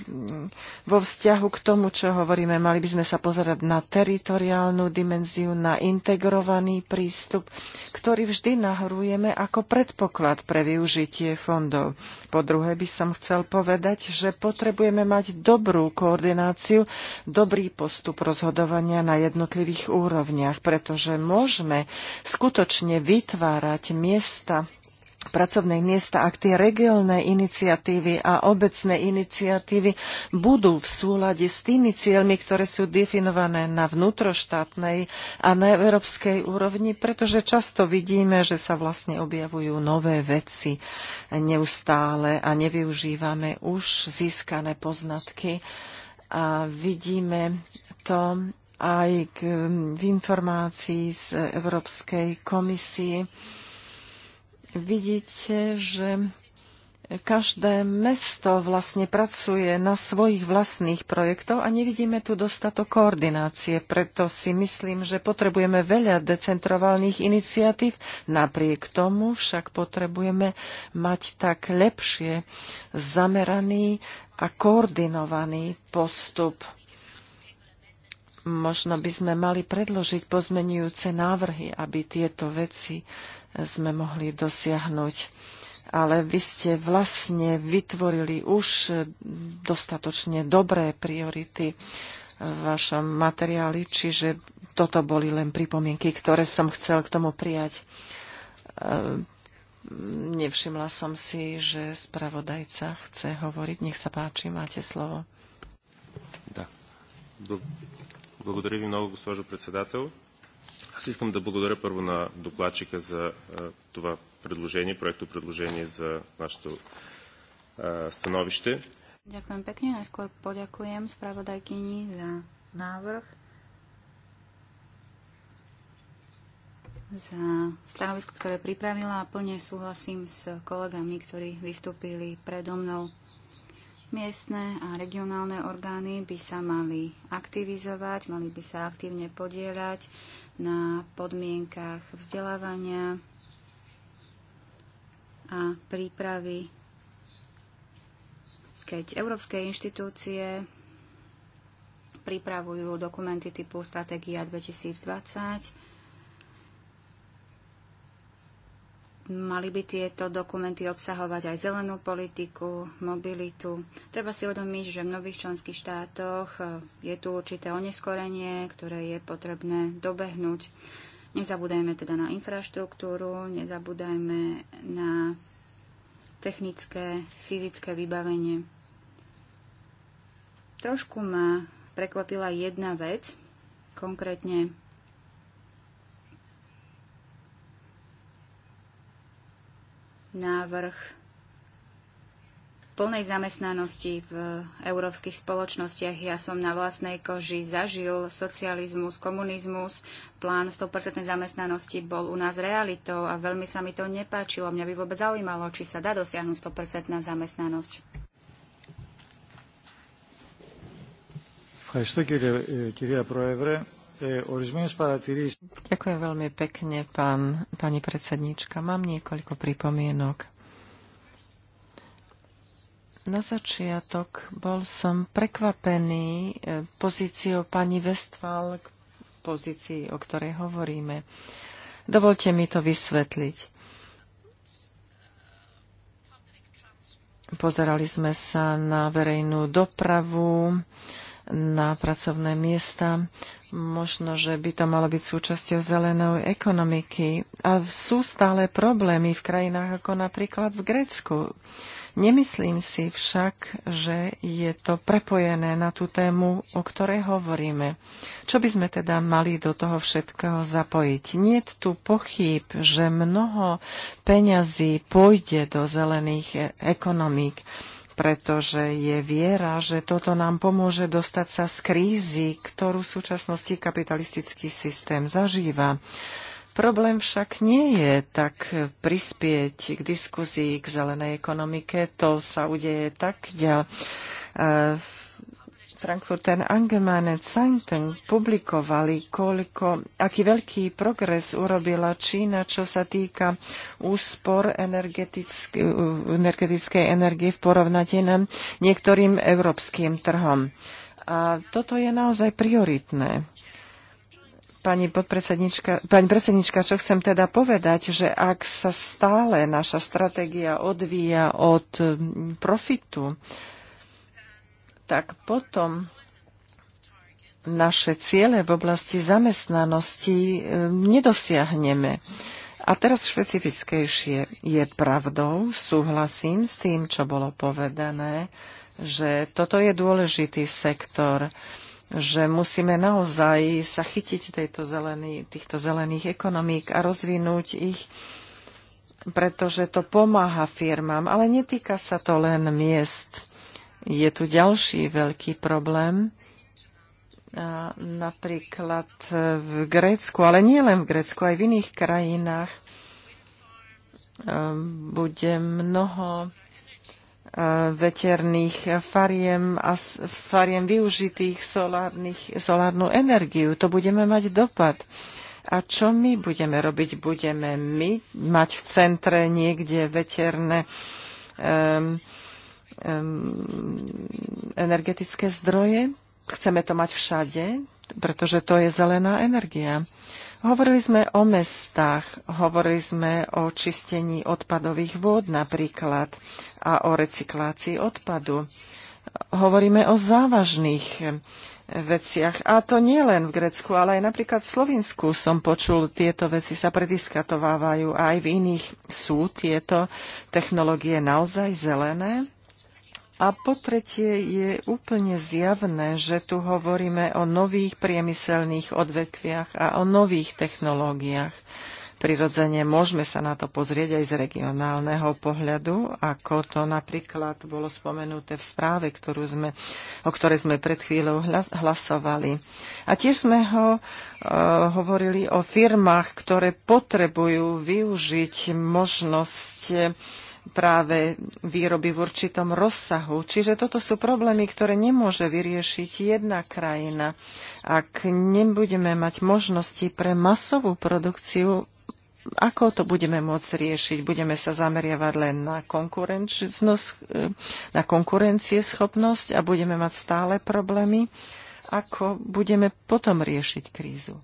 vo vzťahu k tomu, čo hovoríme. Mali by sme sa pozerať na teritoriálnu dimenziu, na integrovaný prístup, ktorý vždy nahrujeme ako predpoklad pre využitie fondov. Po druhé by som chcel povedať, že potrebujeme mať dobrú koordináciu, dobrý postup rozhodovania na jednotlivých úrovniach, pretože môžeme skutočne vytvárať miesta, pracovné miesta, ak tie regionálne iniciatívy a obecné iniciatívy budú v súlade s tými cieľmi, ktoré sú definované na vnútroštátnej a na európskej úrovni, pretože často vidíme, že sa vlastne objavujú nové veci neustále a nevyužívame už získané poznatky a vidíme to aj k, v informácii z Európskej komisii vidíte, že každé mesto vlastne pracuje na svojich vlastných projektoch a nevidíme tu dostatok koordinácie. Preto si myslím, že potrebujeme veľa decentrovalných iniciatív. Napriek tomu však potrebujeme mať tak lepšie zameraný a koordinovaný postup. Možno by sme mali predložiť pozmenujúce návrhy, aby tieto veci sme mohli dosiahnuť. Ale vy ste vlastne vytvorili už dostatočne dobré priority v vašom materiáli, čiže toto boli len pripomienky, ktoré som chcel k tomu prijať. Ehm, nevšimla som si, že spravodajca chce hovoriť. Nech sa páči, máte slovo. Да. много, госпожо председател. Аз искам да благодаря първо на докладчика за това предложение, проекто предложение за нашето stanovište. Ďakujem pekne. Najskôr poďakujem spravodajkyni za návrh, za stanovisko, ktoré pripravila a plne súhlasím s kolegami, ktorí vystúpili predo mnou. Miestne a regionálne orgány by sa mali aktivizovať, mali by sa aktívne podielať na podmienkach vzdelávania a prípravy. Keď európske inštitúcie pripravujú dokumenty typu Stratégia 2020, Mali by tieto dokumenty obsahovať aj zelenú politiku, mobilitu. Treba si uvedomiť, že v nových členských štátoch e, je tu určité oneskorenie, ktoré je potrebné dobehnúť. Nezabúdajme teda na infraštruktúru, nezabúdajme na technické, fyzické vybavenie. Trošku ma prekvapila jedna vec, konkrétne návrh plnej zamestnanosti v európskych spoločnostiach. Ja som na vlastnej koži zažil socializmus, komunizmus. Plán 100% zamestnanosti bol u nás realitou a veľmi sa mi to nepáčilo. Mňa by vôbec zaujímalo, či sa dá dosiahnuť 100% zamestnanosť. Ευχαριστώ Ďakujem veľmi pekne, pán, pani predsedníčka. Mám niekoľko pripomienok. Na začiatok bol som prekvapený e, pozíciou pani Vestval k pozícii, o ktorej hovoríme. Dovolte mi to vysvetliť. Pozerali sme sa na verejnú dopravu, na pracovné miesta. Možno, že by to malo byť súčasťou zelenej ekonomiky. A sú stále problémy v krajinách ako napríklad v Grécku. Nemyslím si však, že je to prepojené na tú tému, o ktorej hovoríme. Čo by sme teda mali do toho všetkého zapojiť? Nie je tu pochyb, že mnoho peňazí pôjde do zelených ekonomík pretože je viera, že toto nám pomôže dostať sa z krízy, ktorú v súčasnosti kapitalistický systém zažíva. Problém však nie je tak prispieť k diskusii k zelenej ekonomike, to sa udeje tak ďal. E, Frankfurter Allgemeine Zeitung publikovali, koľko, aký veľký progres urobila Čína, čo sa týka úspor energetickej energie v porovnaní na niektorým európskym trhom. A toto je naozaj prioritné pani podpredsednička, pani predsednička, čo chcem teda povedať, že ak sa stále naša stratégia odvíja od profitu tak potom naše ciele v oblasti zamestnanosti ehm, nedosiahneme. A teraz špecifickejšie. Je pravdou, súhlasím s tým, čo bolo povedané, že toto je dôležitý sektor, že musíme naozaj sa chytiť tejto zelený, týchto zelených ekonomík a rozvinúť ich, pretože to pomáha firmám, ale netýka sa to len miest je tu ďalší veľký problém, napríklad v Grécku, ale nie len v Grécku, aj v iných krajinách e, bude mnoho e, veterných fariem a fariem využitých solárnych, solárnu energiu. To budeme mať dopad. A čo my budeme robiť? Budeme my mať v centre niekde veterné um, energetické zdroje. Chceme to mať všade, pretože to je zelená energia. Hovorili sme o mestách, hovorili sme o čistení odpadových vôd napríklad a o recyklácii odpadu. Hovoríme o závažných veciach. A to nie len v Grécku, ale aj napríklad v Slovinsku som počul, tieto veci sa prediskatovávajú a aj v iných sú tieto technológie naozaj zelené. A po tretie je úplne zjavné, že tu hovoríme o nových priemyselných odvekviach a o nových technológiách. Prirodzene môžeme sa na to pozrieť aj z regionálneho pohľadu, ako to napríklad bolo spomenuté v správe, ktorú sme, o ktorej sme pred chvíľou hlasovali. A tiež sme ho, e, hovorili o firmách, ktoré potrebujú využiť možnosť práve výroby v určitom rozsahu. Čiže toto sú problémy, ktoré nemôže vyriešiť jedna krajina. Ak nebudeme mať možnosti pre masovú produkciu, ako to budeme môcť riešiť? Budeme sa zameriavať len na, eh, na konkurencieschopnosť a budeme mať stále problémy? Ako budeme potom riešiť krízu?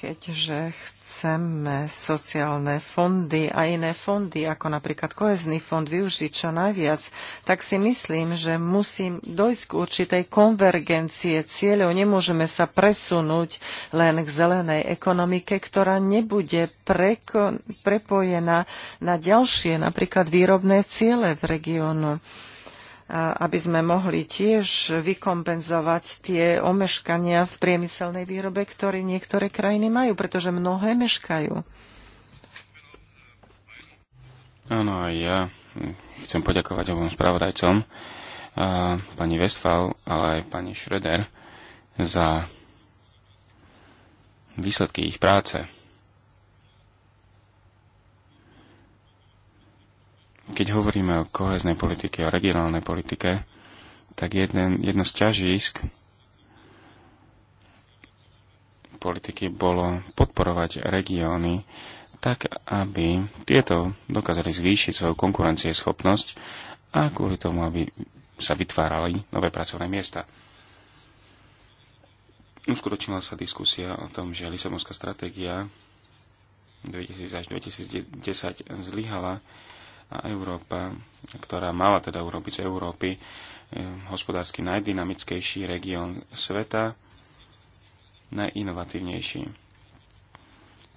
keďže chceme sociálne fondy a iné fondy, ako napríklad kohezný fond, využiť čo najviac, tak si myslím, že musím dojsť k určitej konvergencie cieľov. Nemôžeme sa presunúť len k zelenej ekonomike, ktorá nebude preko- prepojená na ďalšie, napríklad výrobné ciele v regiónu aby sme mohli tiež vykompenzovať tie omeškania v priemyselnej výrobe, ktoré niektoré krajiny majú, pretože mnohé meškajú. Áno, aj ja chcem poďakovať obom spravodajcom, pani Westphal, ale aj pani Schröder za výsledky ich práce. Keď hovoríme o koheznej politike, o regionálnej politike, tak jeden, jedno z ťažísk politiky bolo podporovať regióny tak, aby tieto dokázali zvýšiť svoju konkurencieschopnosť a kvôli tomu, aby sa vytvárali nové pracovné miesta. Uskutočnila sa diskusia o tom, že Lisabonská stratégia 2000 až 2010 zlyhala a Európa, ktorá mala teda urobiť z Európy eh, hospodársky najdynamickejší región sveta, najinovatívnejší.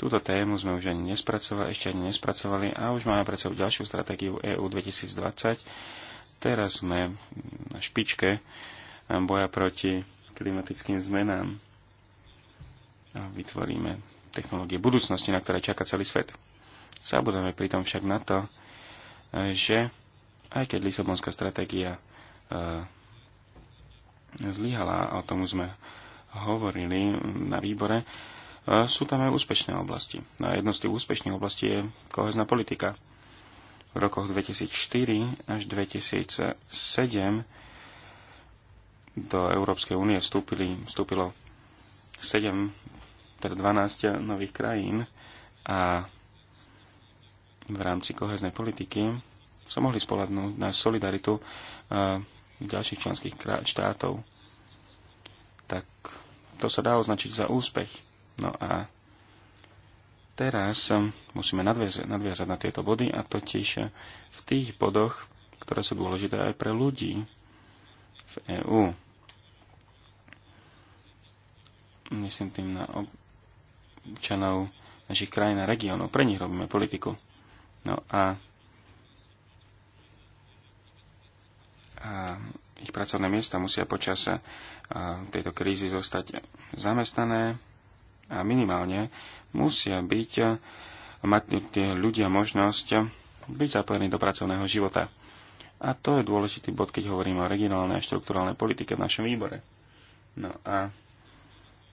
Túto tému sme už ani nespracovali, ešte ani nespracovali a už máme pred sebou ďalšiu stratégiu EU 2020. Teraz sme na špičke boja proti klimatickým zmenám a vytvoríme technológie budúcnosti, na ktoré čaká celý svet. Zabudeme pritom však na to, že aj keď Lisabonská stratégia e, zlyhala, o tom sme hovorili na výbore, e, sú tam aj úspešné oblasti. A jedno z tých úspešných oblastí je kohezná politika. V rokoch 2004 až 2007 do Európskej únie vstúpili, vstúpilo 7, teda 12 nových krajín a v rámci koheznej politiky sa mohli spoladnúť na solidaritu eh, ďalších členských štátov. Tak to sa dá označiť za úspech. No a teraz eh, musíme nadviazať, nadviazať na tieto body a totiž eh, v tých bodoch, ktoré sú dôležité aj pre ľudí v EÚ. Myslím tým na občanov našich krajín a regiónov. Pre nich robíme politiku. No a, a ich pracovné miesta musia počas tejto krízy zostať zamestnané a minimálne musia byť mať tie ľudia možnosť byť zapojení do pracovného života. A to je dôležitý bod, keď hovoríme o regionálnej a štruktúrálnej politike v našom výbore. No a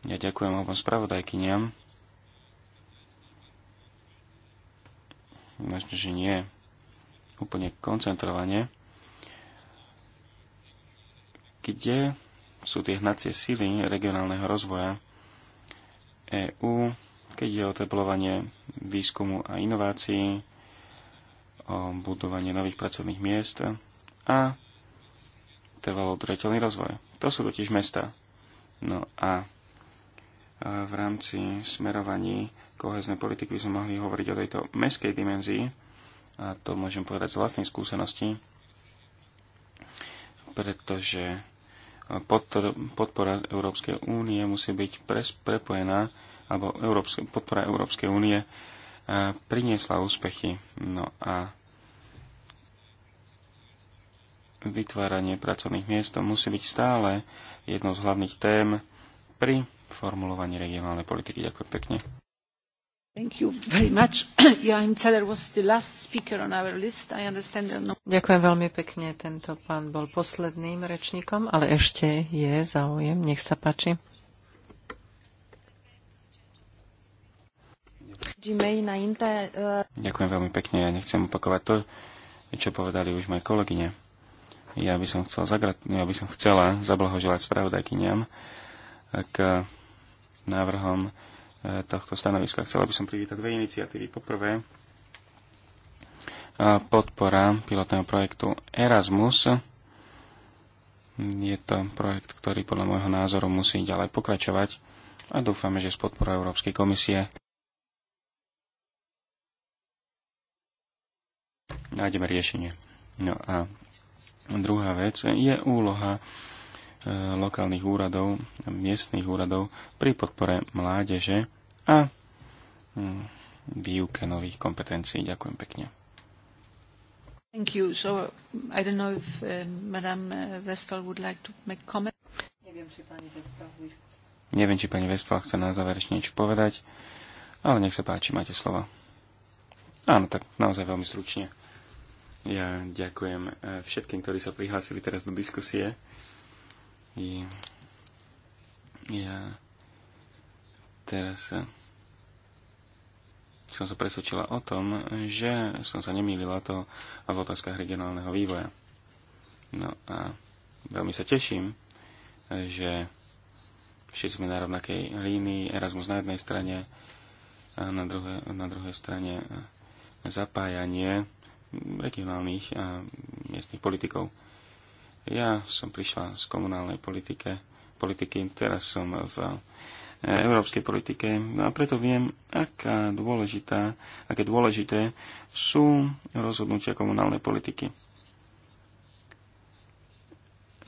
ja ďakujem obom spravodajkyniam že nie úplne koncentrovanie, kde sú tie hnacie sily regionálneho rozvoja EÚ, keď je o teplovanie výskumu a inovácií, o budovanie nových pracovných miest a trvalo udržateľný rozvoj. To sú totiž mesta. No a v rámci smerovaní kohezné politiky by sme mohli hovoriť o tejto meskej dimenzii, a to môžem povedať z vlastnej skúsenosti, pretože podpora Európskej únie musí byť pres, prepojená, alebo Európske, podpora Európskej únie priniesla úspechy. No a vytváranie pracovných miest musí byť stále jednou z hlavných tém pri formulovaní regionálnej politiky. Ďakujem pekne. <clears throat> No- Ďakujem veľmi pekne. Tento pán bol posledným rečníkom, ale ešte je záujem. Nech sa páči. Ďakujem veľmi pekne. Ja nechcem opakovať to, čo povedali už moje kolegyne. Ja by som, chcela zagrat- ja by som chcela zablahoželať spravodajkyniam k návrhom e, tohto stanoviska. Chcela by som privítať dve iniciatívy. Poprvé, e, podpora pilotného projektu Erasmus. Je to projekt, ktorý podľa môjho názoru musí ďalej pokračovať a dúfame, že s podporou Európskej komisie nájdeme riešenie. No a druhá vec je úloha Eh, lokálnych úradov, miestnych úradov pri podpore mládeže a mm, výuke nových kompetencií. Ďakujem pekne. Thank you. So I don't know if uh, Madame eh, Vestal would like to make comment. Neviem, či pani Vestal, chce na záverečne niečo povedať, ale nech sa páči, máte slova. Áno, tak naozaj veľmi stručne. Ja ďakujem všetkým, ktorí sa prihlásili teraz do diskusie. I ja teraz som sa presvedčila o tom, že som sa nemýlila to v otázkach regionálneho vývoja. No a veľmi sa teším, že všetci sme na rovnakej línii, Erasmus na jednej strane, a na, druhé, na druhej strane zapájanie regionálnych a miestnych politikov. Ja som prišla z komunálnej politike, politiky, teraz som v e, európskej politike no a preto viem, aká dôležitá, aké dôležité sú rozhodnutia komunálnej politiky.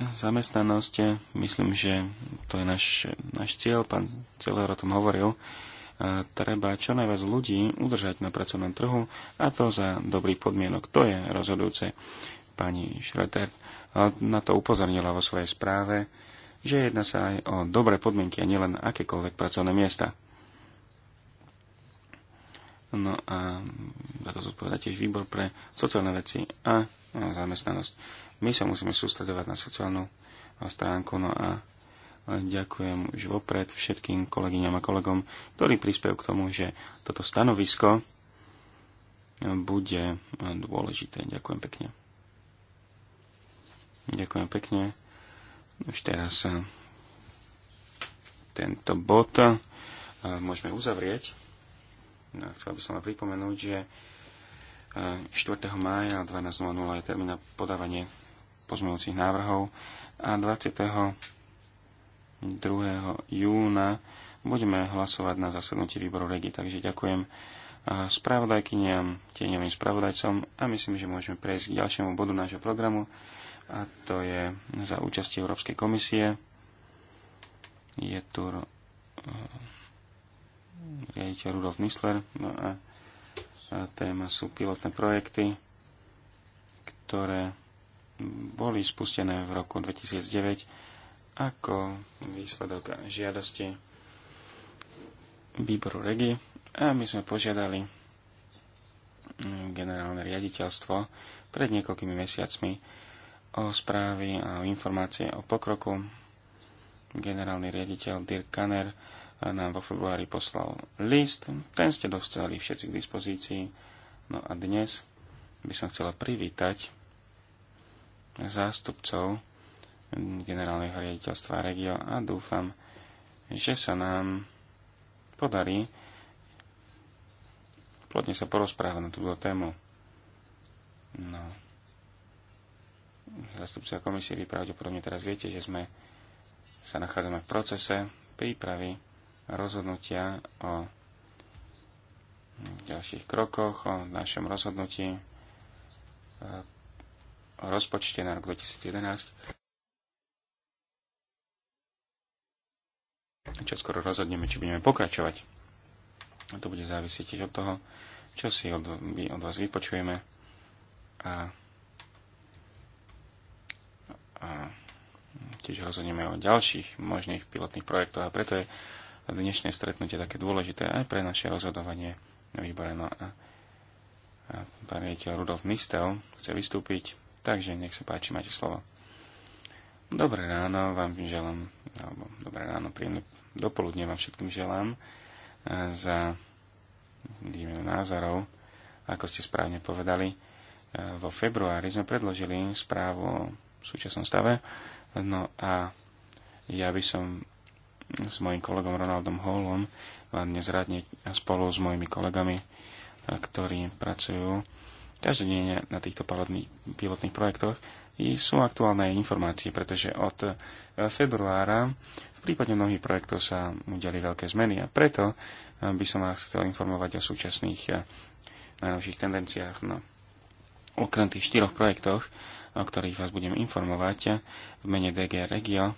Zamestnanosť, myslím, že to je náš, náš cieľ, pán celého o tom hovoril, e, treba čo najviac ľudí udržať na pracovnom trhu a to za dobrých podmienok. To je rozhodujúce. Pani Schroeder na to upozornila vo svojej správe, že jedná sa aj o dobré podmienky a nielen akékoľvek pracovné miesta. No a za to zodpovedá tiež výbor pre sociálne veci a zamestnanosť. My sa musíme sústredovať na sociálnu stránku, no a ďakujem už vopred všetkým kolegyňam a kolegom, ktorí prispejú k tomu, že toto stanovisko bude dôležité. Ďakujem pekne. Ďakujem pekne. Už teraz eh, tento bod eh, môžeme uzavrieť. No, chcel by som vám pripomenúť, že 4. Eh, mája 12.00 je termín na podávanie pozmeňujúcich návrhov a 22. júna budeme hlasovať na zasadnutí výboru regi. Takže ďakujem spravodajkyniam, tieňovým spravodajcom a myslím, že môžeme prejsť k ďalšiemu bodu nášho programu a to je za účasti Európskej komisie. Je tu eh, riaditeľ Rudolf Nisler. No a, a téma sú pilotné projekty, ktoré boli spustené v roku 2009 ako výsledok žiadosti výboru REGI a my sme požiadali mm, generálne riaditeľstvo pred niekoľkými mesiacmi o správy a o informácie o pokroku. Generálny riaditeľ Dirk Kanner eh, nám vo februári poslal list. Ten ste dostali všetci k dispozícii. No a dnes by som chcela privítať zástupcov generálneho riaditeľstva Regio a dúfam, že sa nám podarí plodne sa porozprávať na túto tému. No, zastupca komisie, vy pravdepodobne teraz viete, že sme sa nachádzame v procese prípravy rozhodnutia o ďalších krokoch, o našom rozhodnutí e, o rozpočte na rok 2011. Čo skoro rozhodneme, či budeme pokračovať. A to bude závisieť tiež od toho, čo si od, od vás vypočujeme a a tiež rozhodneme o ďalších možných pilotných projektoch a preto je dnešné stretnutie také dôležité aj pre naše rozhodovanie výbore. No a, a pán riaditeľ Rudolf Mistel chce vystúpiť, takže nech sa páči, máte slovo. Dobré ráno vám želám, alebo dobré ráno, príjemné dopoludne vám všetkým želám za výmenu názorov. Ako ste správne povedali, vo februári sme predložili správu v súčasnom stave. No a ja by som s mojim kolegom Ronaldom Hallom vám radne spolu s mojimi kolegami, ktorí pracujú každodenne na týchto pilotných projektoch, i sú aktuálne informácie, pretože od februára v prípade mnohých projektov sa udiali veľké zmeny a preto by som vás chcel informovať o súčasných eh, najnovších tendenciách. No, okrem tých štyroch projektoch, o ktorých vás budem informovať v mene DG Regio.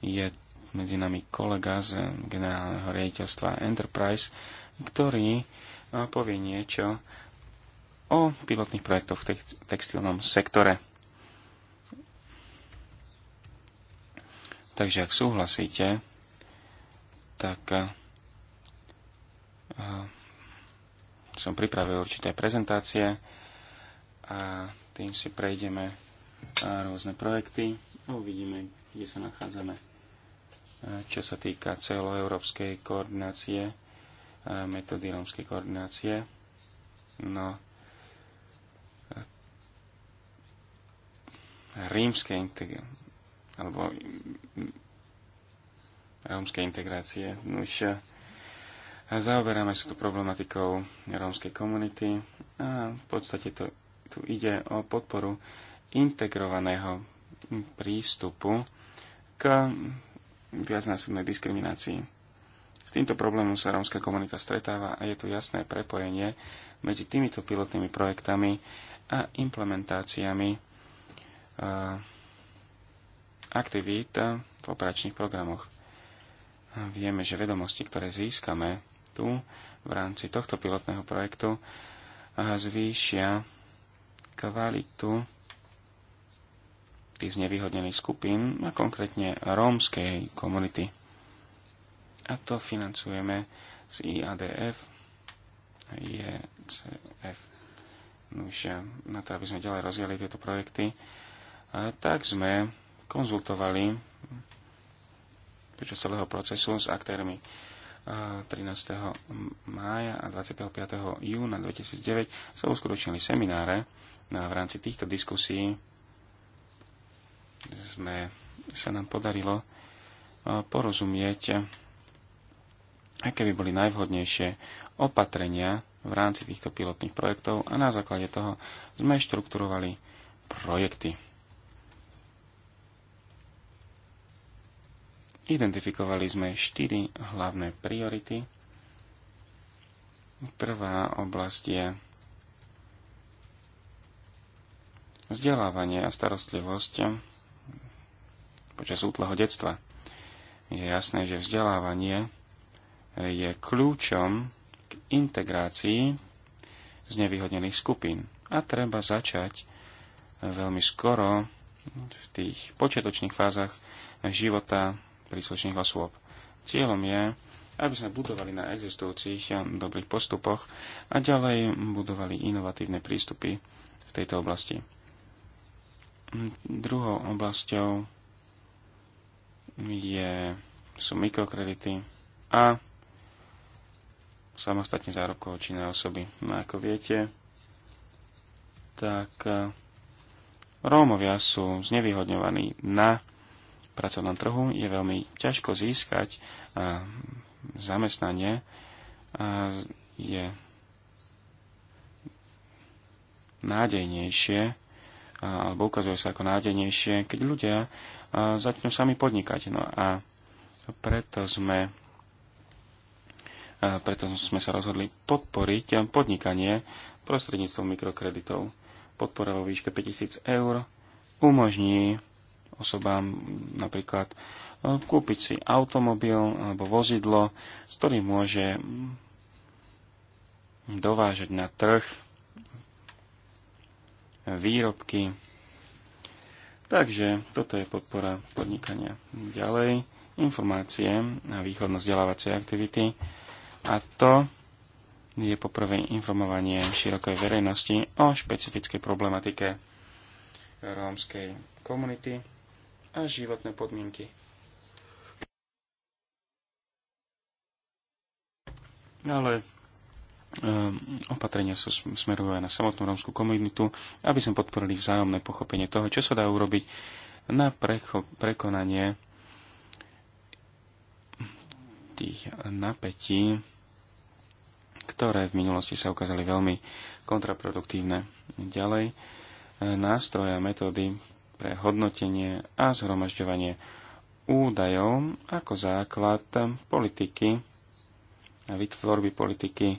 Je medzi nami kolega z generálneho riaditeľstva Enterprise, ktorý povie niečo o pilotných projektoch v textilnom sektore. Takže ak súhlasíte, tak som pripravil určité prezentácie a tým si prejdeme rôzne projekty a uvidíme, kde sa nachádzame. Čo sa týka celoeurópskej koordinácie, metódy rómskej koordinácie, no rímske integrácie, alebo no, rómskej integrácie. Už zaoberáme sa tu problematikou rómskej komunity a v podstate to tu ide o podporu integrovaného prístupu k viacnásobnej diskriminácii. S týmto problémom sa rómska komunita stretáva a je tu jasné prepojenie medzi týmito pilotnými projektami a implementáciami e, aktivít v operačných programoch. Vieme, že vedomosti, ktoré získame tu v rámci tohto pilotného projektu, zvýšia kvalitu tých znevýhodnených skupín, a konkrétne rómskej komunity. A to financujeme z IADF, IECF. Už no, na to, aby sme ďalej rozjeli tieto projekty, a tak sme konzultovali počas celého procesu s aktérmi 13. mája a 25. júna 2009 sa uskutočnili semináre. No a v rámci týchto diskusí sme, sa nám podarilo e, porozumieť, aké by boli najvhodnejšie opatrenia v rámci týchto pilotných projektov a na základe toho sme štrukturovali projekty. Identifikovali sme štyri hlavné priority. Prvá oblasť je vzdelávanie a starostlivosť počas útleho detstva. Je jasné, že vzdelávanie je kľúčom k integrácii z nevyhodnených skupín. A treba začať veľmi skoro v tých počiatočných fázach života príslušných osôb. Cieľom je, aby sme budovali na existujúcich eh, dobrých postupoch a ďalej budovali inovatívne prístupy v tejto oblasti. Druhou oblasťou je, sú mikrokredity a samostatne zárobkovo činné osoby. No ako viete, tak eh, Rómovia sú znevýhodňovaní na pracovnom trhu je veľmi ťažko získať eh, zamestnanie. Je nádejnejšie, alebo ukazuje sa ako nádejnejšie, keď ľudia eh, začnú sami podnikať. No a preto sme eh, preto sme sa rozhodli podporiť podnikanie prostredníctvom mikrokreditov. Podpora vo výške 5000 eur umožní osobám napríklad e, kúpiť si automobil alebo vozidlo, s ktorým môže mm, dovážať na trh výrobky. Takže toto je podpora podnikania. Ďalej informácie na východno-vzdelávacie aktivity a to je poprvé informovanie širokej verejnosti o špecifickej problematike rómskej komunity a životné podmienky. Ale um, opatrenia sa smerujú aj na samotnú rómskú komunitu, aby sme podporili vzájomné pochopenie toho, čo sa dá urobiť na prekonanie tých napätí, ktoré v minulosti sa ukázali veľmi kontraproduktívne. Ďalej, e, nástroje a metódy pre hodnotenie a zhromažďovanie údajov ako základ politiky a vytvorby politiky eh,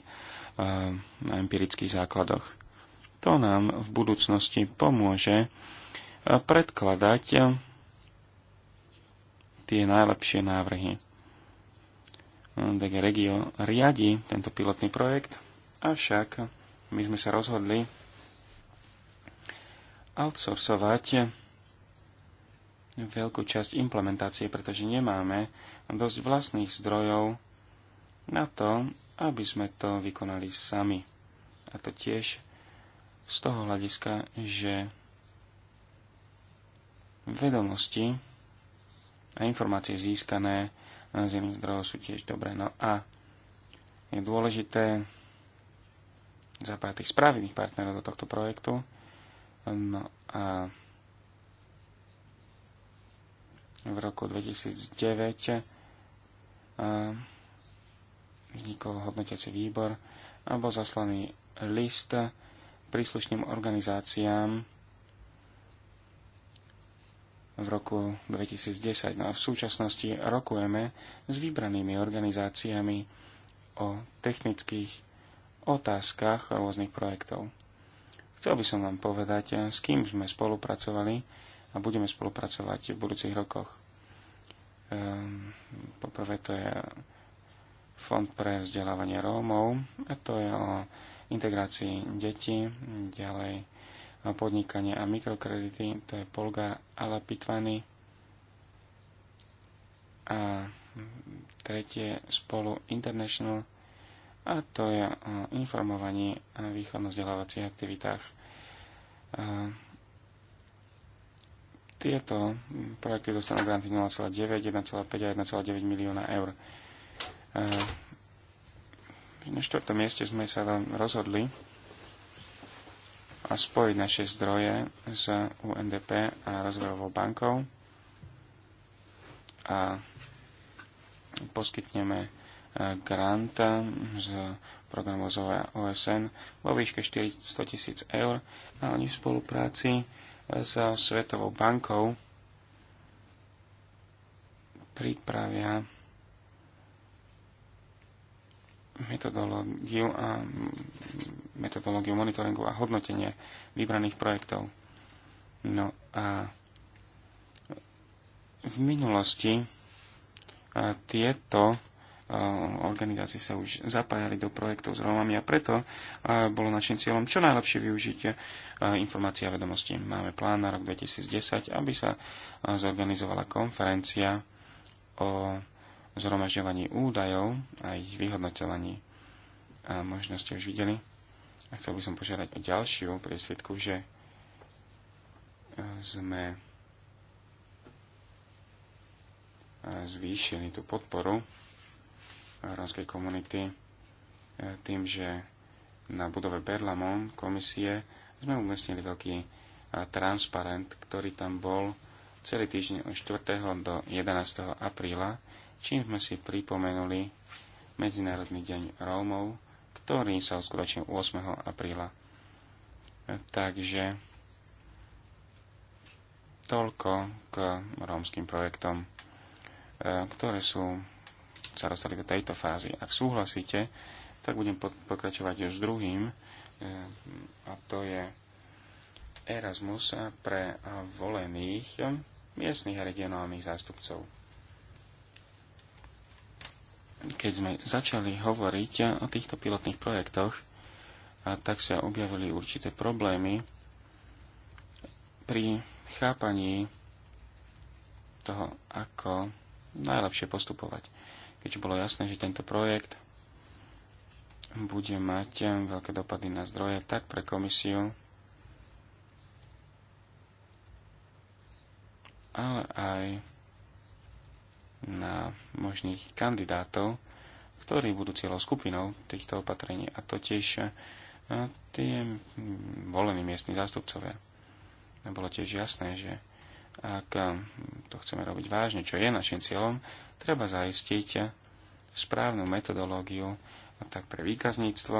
na empirických základoch. To nám v budúcnosti pomôže eh, predkladať eh, tie najlepšie návrhy. DG Regio riadi tento pilotný projekt, avšak my sme sa rozhodli outsourcovať veľkú časť implementácie, pretože nemáme dosť vlastných zdrojov na to, aby sme to vykonali sami. A to tiež z toho hľadiska, že vedomosti a informácie získané z iných zdrojov sú tiež dobré. No a je dôležité zapájať tých správnych partnerov do tohto projektu. No a v roku 2009 eh, vznikol hodnotiaci výbor a bol zaslaný list príslušným organizáciám v roku 2010. No a v súčasnosti rokujeme s vybranými organizáciami o technických otázkach rôznych projektov. Chcel by som vám povedať, eh, s kým sme spolupracovali a budeme spolupracovať v budúcich rokoch. Ehm, poprvé to je Fond pre vzdelávanie Rómov, a to je o integrácii detí, ďalej podnikanie a mikrokredity, to je Polgar Alapitvany. a tretie spolu International a to je o informovaní a výchovno-vzdelávacích aktivitách. Ehm, tieto projekty dostanú granty 0,9, 1,5 a 1,9 milióna eur. E, na štvrtom mieste sme sa rozhodli a spojiť naše zdroje s UNDP a rozvojovou bankou a poskytneme e, grant z programu OSN vo výške 400 tisíc eur a oni v spolupráci za Svetovou bankou pripravia metodológiu a metodológiu monitoringu a hodnotenie vybraných projektov. No a v minulosti tieto organizácie sa už zapájali do projektov s Rómami a preto bolo našim cieľom čo najlepšie využiť informácie a vedomosti. Máme plán na rok 2010, aby sa zorganizovala konferencia o zhromažďovaní údajov a ich vyhodnotovaní. A možno ste už videli. A chcel by som požiadať o ďalšiu priesvitku, že sme zvýšili tú podporu rómskej komunity e, tým, že na budove Berlamon komisie sme umiestnili veľký e, transparent, ktorý tam bol celý týždeň od 4. do 11. apríla, čím sme si pripomenuli Medzinárodný deň Rómov, ktorý sa uskutočnil 8. apríla. E, takže toľko k rómskym projektom, ktoré sú sa dostali do tejto fázy. Ak súhlasíte, tak budem pokračovať už druhým, eh, a to je Erasmus pre volených miestnych a regionálnych zástupcov. Keď sme začali hovoriť o týchto pilotných projektoch, tak sa objavili určité problémy pri chápaní toho, ako najlepšie postupovať keďže bolo jasné, že tento projekt bude mať veľké dopady na zdroje tak pre komisiu, ale aj na možných kandidátov, ktorí budú cieľou skupinou týchto opatrení a totiž eh, tie volení miestni zástupcovia. Bolo tiež jasné, že ak eh, to chceme robiť vážne, čo je našim cieľom, treba zaistiť správnu metodológiu tak pre výkazníctvo,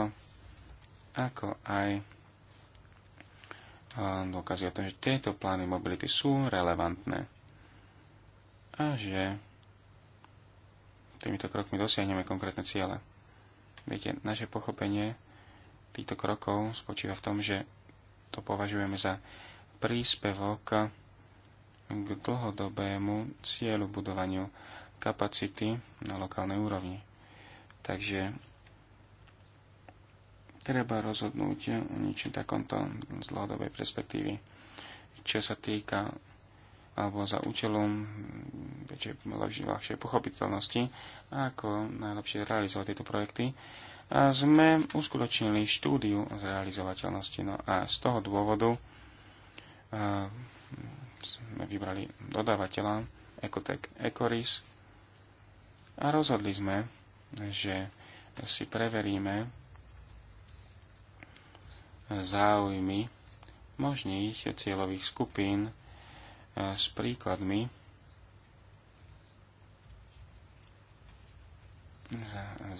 ako aj eh, dôkazy o tom, že tieto plány mobility sú relevantné a že týmito krokmi dosiahneme konkrétne ciele. Viete, naše pochopenie týchto krokov spočíva v tom, že to považujeme za príspevok k dlhodobému cieľu budovaniu kapacity na lokálnej úrovni. Takže treba rozhodnúť o niečom takomto z dlhodobej perspektívy. Čo sa týka alebo za účelom väčšej, ľahšej pochopiteľnosti, ako najlepšie realizovať tieto projekty. A sme uskutočnili štúdiu z zrealizovateľnosti. No a z toho dôvodu sme vybrali dodávateľa Ecotech Ecoris a rozhodli sme, že si preveríme záujmy možných cieľových skupín eh, s príkladmi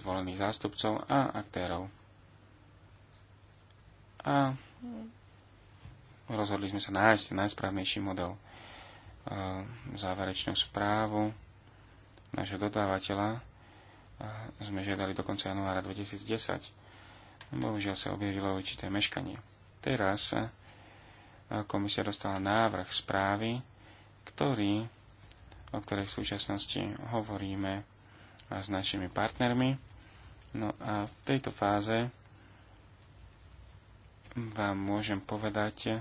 zvolených zástupcov a aktérov. A rozhodli sme sa nájsť najsprávnejší model. Eh, záverečnú správu nášho dodávateľa eh, sme žiadali do konca januára 2010. Bohužiaľ sa objavilo určité meškanie. Teraz eh, komisia dostala návrh správy, ktorý, o ktorej v súčasnosti hovoríme s našimi partnermi. No a v tejto fáze vám môžem povedať,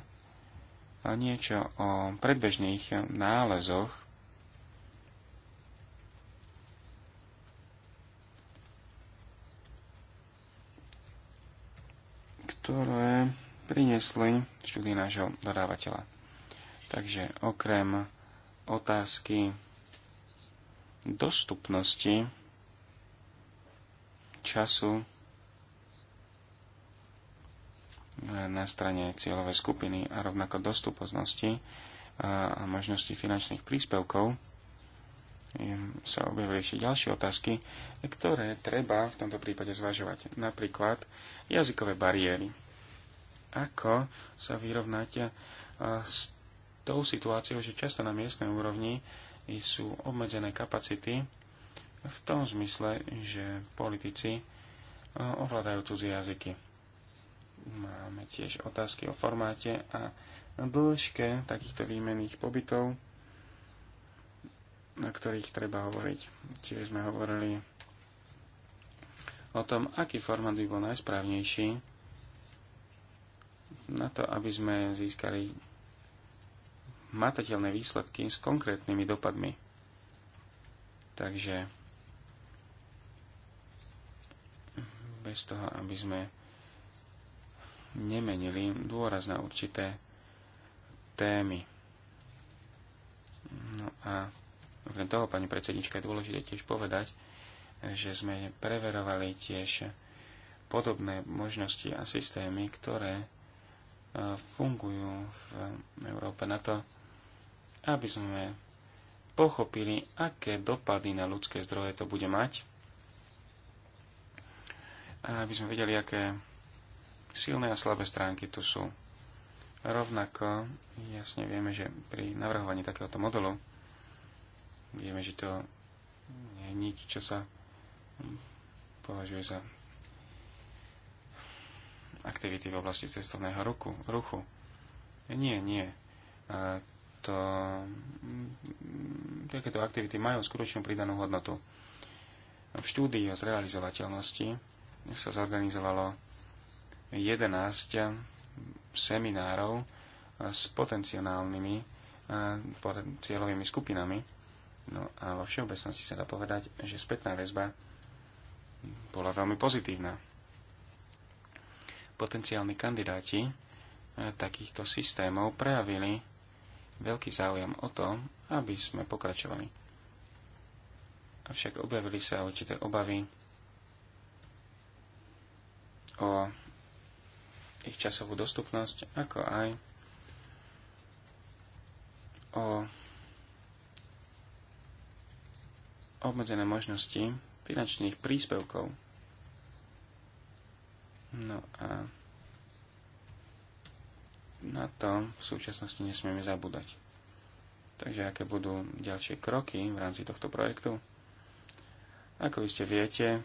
niečo o predbežných nálezoch ktoré priniesli štúdie nášho dodávateľa. Takže okrem otázky dostupnosti času na strane cieľovej skupiny a rovnako dostupnosti a možnosti finančných príspevkov sa objavili ešte ďalšie otázky, ktoré treba v tomto prípade zvažovať. Napríklad jazykové bariéry. Ako sa vyrovnať s tou situáciou, že často na miestnej úrovni sú obmedzené kapacity v tom zmysle, že politici ovládajú cudzie jazyky Máme tiež otázky o formáte a dĺžke takýchto výmenných pobytov, na ktorých treba hovoriť. Tiež sme hovorili o tom, aký formát by bol najsprávnejší na to, aby sme získali matateľné výsledky s konkrétnymi dopadmi. Takže bez toho, aby sme nemenili dôraz na určité témy. No a okrem toho, pani predsednička, je dôležité tiež povedať, že sme preverovali tiež podobné možnosti a systémy, ktoré e, fungujú v Európe na to, aby sme pochopili, aké dopady na ľudské zdroje to bude mať, aby sme vedeli, aké silné a slabé stránky tu sú. Rovnako jasne vieme, že pri navrhovaní takéhoto modelu vieme, že to nie je nič, čo sa považuje za aktivity v oblasti cestovného ruku, ruchu. Nie, nie. A to, takéto aktivity majú skutočnú pridanú hodnotu. V štúdii o zrealizovateľnosti sa zorganizovalo 11 seminárov s potenciálnymi eh, cieľovými skupinami. No a vo všeobecnosti sa dá povedať, že spätná väzba bola veľmi pozitívna. Potenciálni kandidáti eh, takýchto systémov prejavili veľký záujem o to, aby sme pokračovali. Avšak objavili sa určité obavy o ich časovú dostupnosť, ako aj o obmedzené možnosti finančných príspevkov. No a na to v súčasnosti nesmieme zabúdať. Takže aké budú ďalšie kroky v rámci tohto projektu? Ako vy ste viete,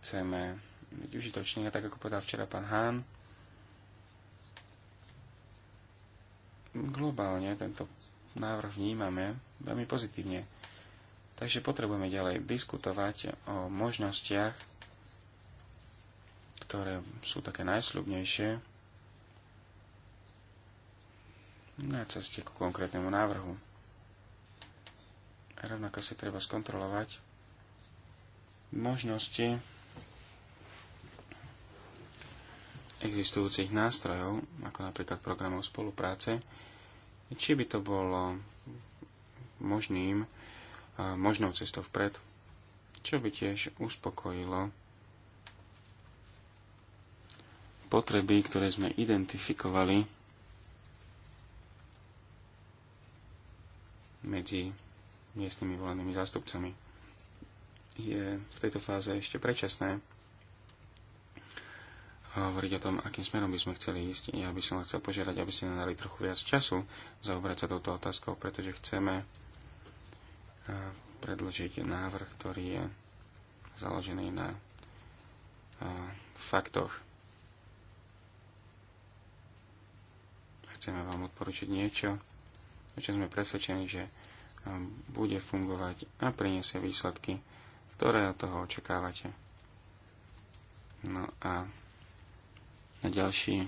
chceme byť užitoční. A tak ako povedal včera pán Hán, globálne tento návrh vnímame veľmi pozitívne. Takže potrebujeme ďalej diskutovať o možnostiach, ktoré sú také najsľubnejšie na ceste ku konkrétnemu návrhu. A rovnako si treba skontrolovať možnosti existujúcich nástrojov, ako napríklad programov spolupráce, či by to bolo možným, e, možnou cestou vpred, čo by tiež uspokojilo potreby, ktoré sme identifikovali medzi miestnymi volenými zástupcami. Je v tejto fáze ešte predčasné hovoriť o tom, akým smerom by sme chceli ísť. Ja by som chcel požiadať, aby ste nám dali trochu viac času zaobrať sa touto otázkou, pretože chceme eh, predložiť návrh, ktorý je založený na eh, faktoch. Chceme vám odporučiť niečo, o čo sme presvedčení, že eh, bude fungovať a priniesie výsledky, ktoré od toho očakávate. No a na ďalší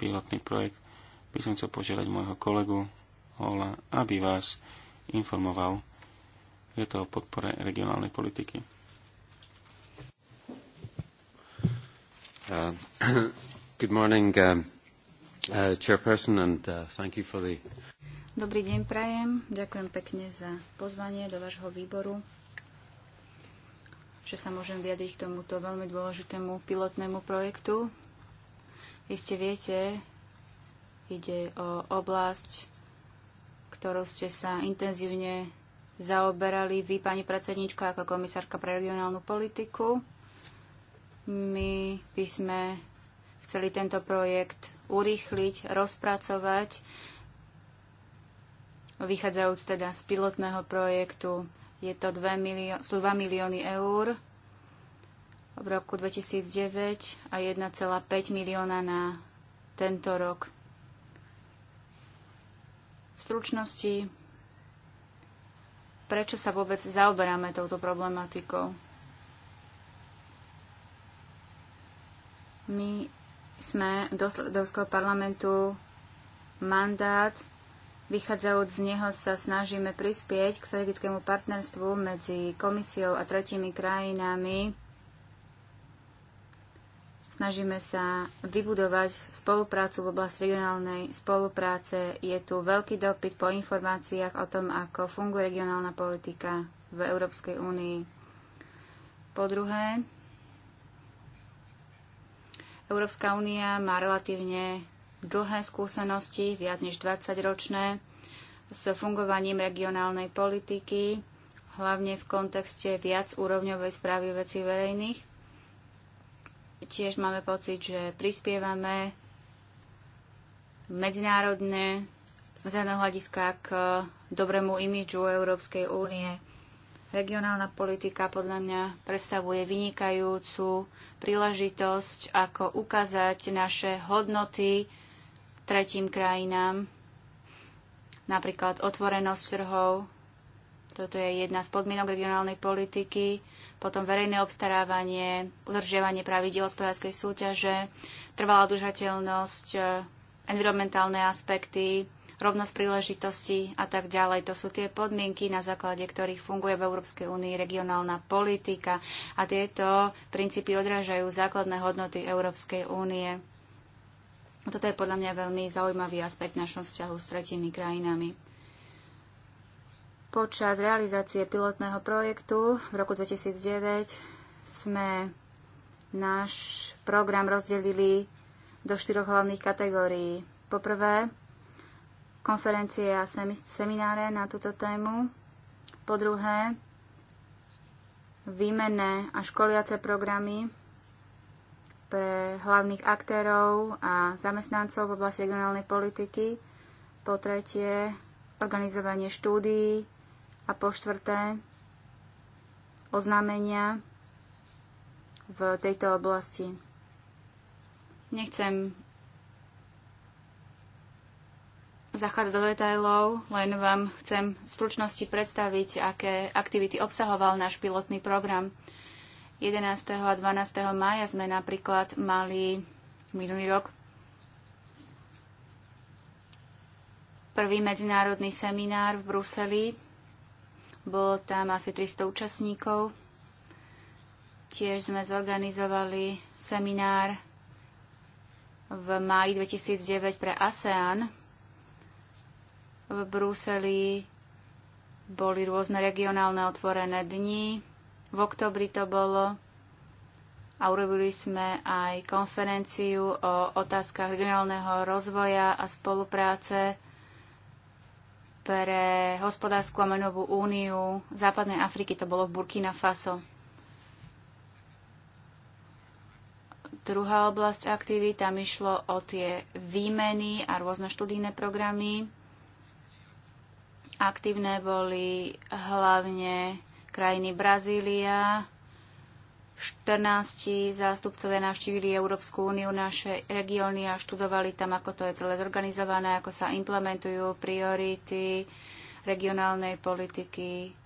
pilotný projekt, by som chcel požiadať môjho kolegu Hola, aby vás informoval. Je to o podpore regionálnej politiky. Uh, <coughs> good morning, uh, uh, chairperson, and uh, thank you for the... Dobrý deň, Prajem. Ďakujem pekne za pozvanie do vášho výboru že sa môžem vyjadriť k tomuto veľmi dôležitému pilotnému projektu Iste viete, ide o oblasť, ktorou ste sa intenzívne zaoberali vy, pani predsednička, ako komisárka pre regionálnu politiku. My by sme chceli tento projekt urýchliť, rozpracovať, vychádzajúc teda z pilotného projektu. Je to 2 milió- sú 2 milióny eur v roku 2009 a 1,5 milióna na tento rok. V stručnosti, prečo sa vôbec zaoberáme touto problematikou? My sme do Slovenského parlamentu mandát Vychádzajúc z neho sa snažíme prispieť k strategickému partnerstvu medzi komisiou a tretími krajinami Snažíme sa vybudovať spoluprácu v oblasti regionálnej spolupráce. Je tu veľký dopyt po informáciách o tom, ako funguje regionálna politika v Európskej únii. Po druhé, Európska únia má relatívne dlhé skúsenosti, viac než 20-ročné, s fungovaním regionálnej politiky, hlavne v kontexte viac úrovňovej správy vecí verejných. Tiež máme pocit, že prispievame medzinárodne z medzinárodného hľadiska k dobrému imidžu Európskej únie. Regionálna politika podľa mňa predstavuje vynikajúcu príležitosť, ako ukázať naše hodnoty tretím krajinám, napríklad otvorenosť trhov. Toto je jedna z podmienok regionálnej politiky potom verejné obstarávanie, udržiavanie pravidel hospodárskej súťaže, trvalá udržateľnosť, e, environmentálne aspekty, rovnosť príležitostí a tak ďalej. To sú tie podmienky, na základe ktorých funguje v Európskej únii regionálna politika a tieto princípy odrážajú základné hodnoty Európskej únie. Toto je podľa mňa veľmi zaujímavý aspekt v našom vzťahu s tretími krajinami. Počas realizácie pilotného projektu v roku 2009 sme náš program rozdelili do štyroch hlavných kategórií. Poprvé, konferencie a semináre na túto tému. Po druhé, výmenné a školiace programy pre hlavných aktérov a zamestnancov v oblasti regionálnej politiky. Po tretie, organizovanie štúdií a po štvrté, oznámenia v tejto oblasti. Nechcem zachádzať do detajlov, len vám chcem v stručnosti predstaviť, aké aktivity obsahoval náš pilotný program. 11. a 12. mája sme napríklad mali minulý rok prvý medzinárodný seminár v Bruseli bolo tam asi 300 účastníkov. Tiež sme zorganizovali seminár v máji 2009 pre ASEAN. V Bruseli boli rôzne regionálne otvorené dni. V oktobri to bolo. A urobili sme aj konferenciu o otázkach regionálneho rozvoja a spolupráce pre hospodárskú a menovú úniu Západnej Afriky, to bolo v Burkina Faso. Druhá oblasť aktivít, tam išlo o tie výmeny a rôzne študijné programy. Aktívne boli hlavne krajiny Brazília, 14 zástupcovia navštívili Európsku úniu, naše regióny a študovali tam, ako to je celé zorganizované, ako sa implementujú priority regionálnej politiky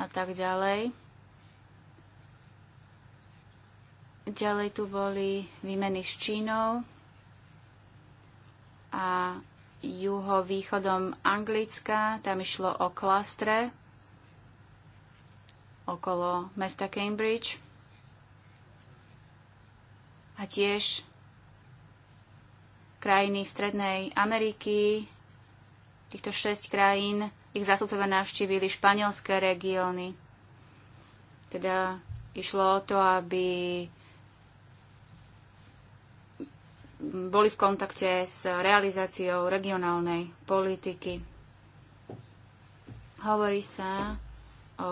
a tak ďalej. Ďalej tu boli výmeny s Čínou a juhovýchodom Anglicka. Tam išlo o klastre okolo mesta Cambridge a tiež krajiny Strednej Ameriky. Týchto šesť krajín ich zástupcovia navštívili španielské regióny. Teda išlo o to, aby boli v kontakte s realizáciou regionálnej politiky. Hovorí sa o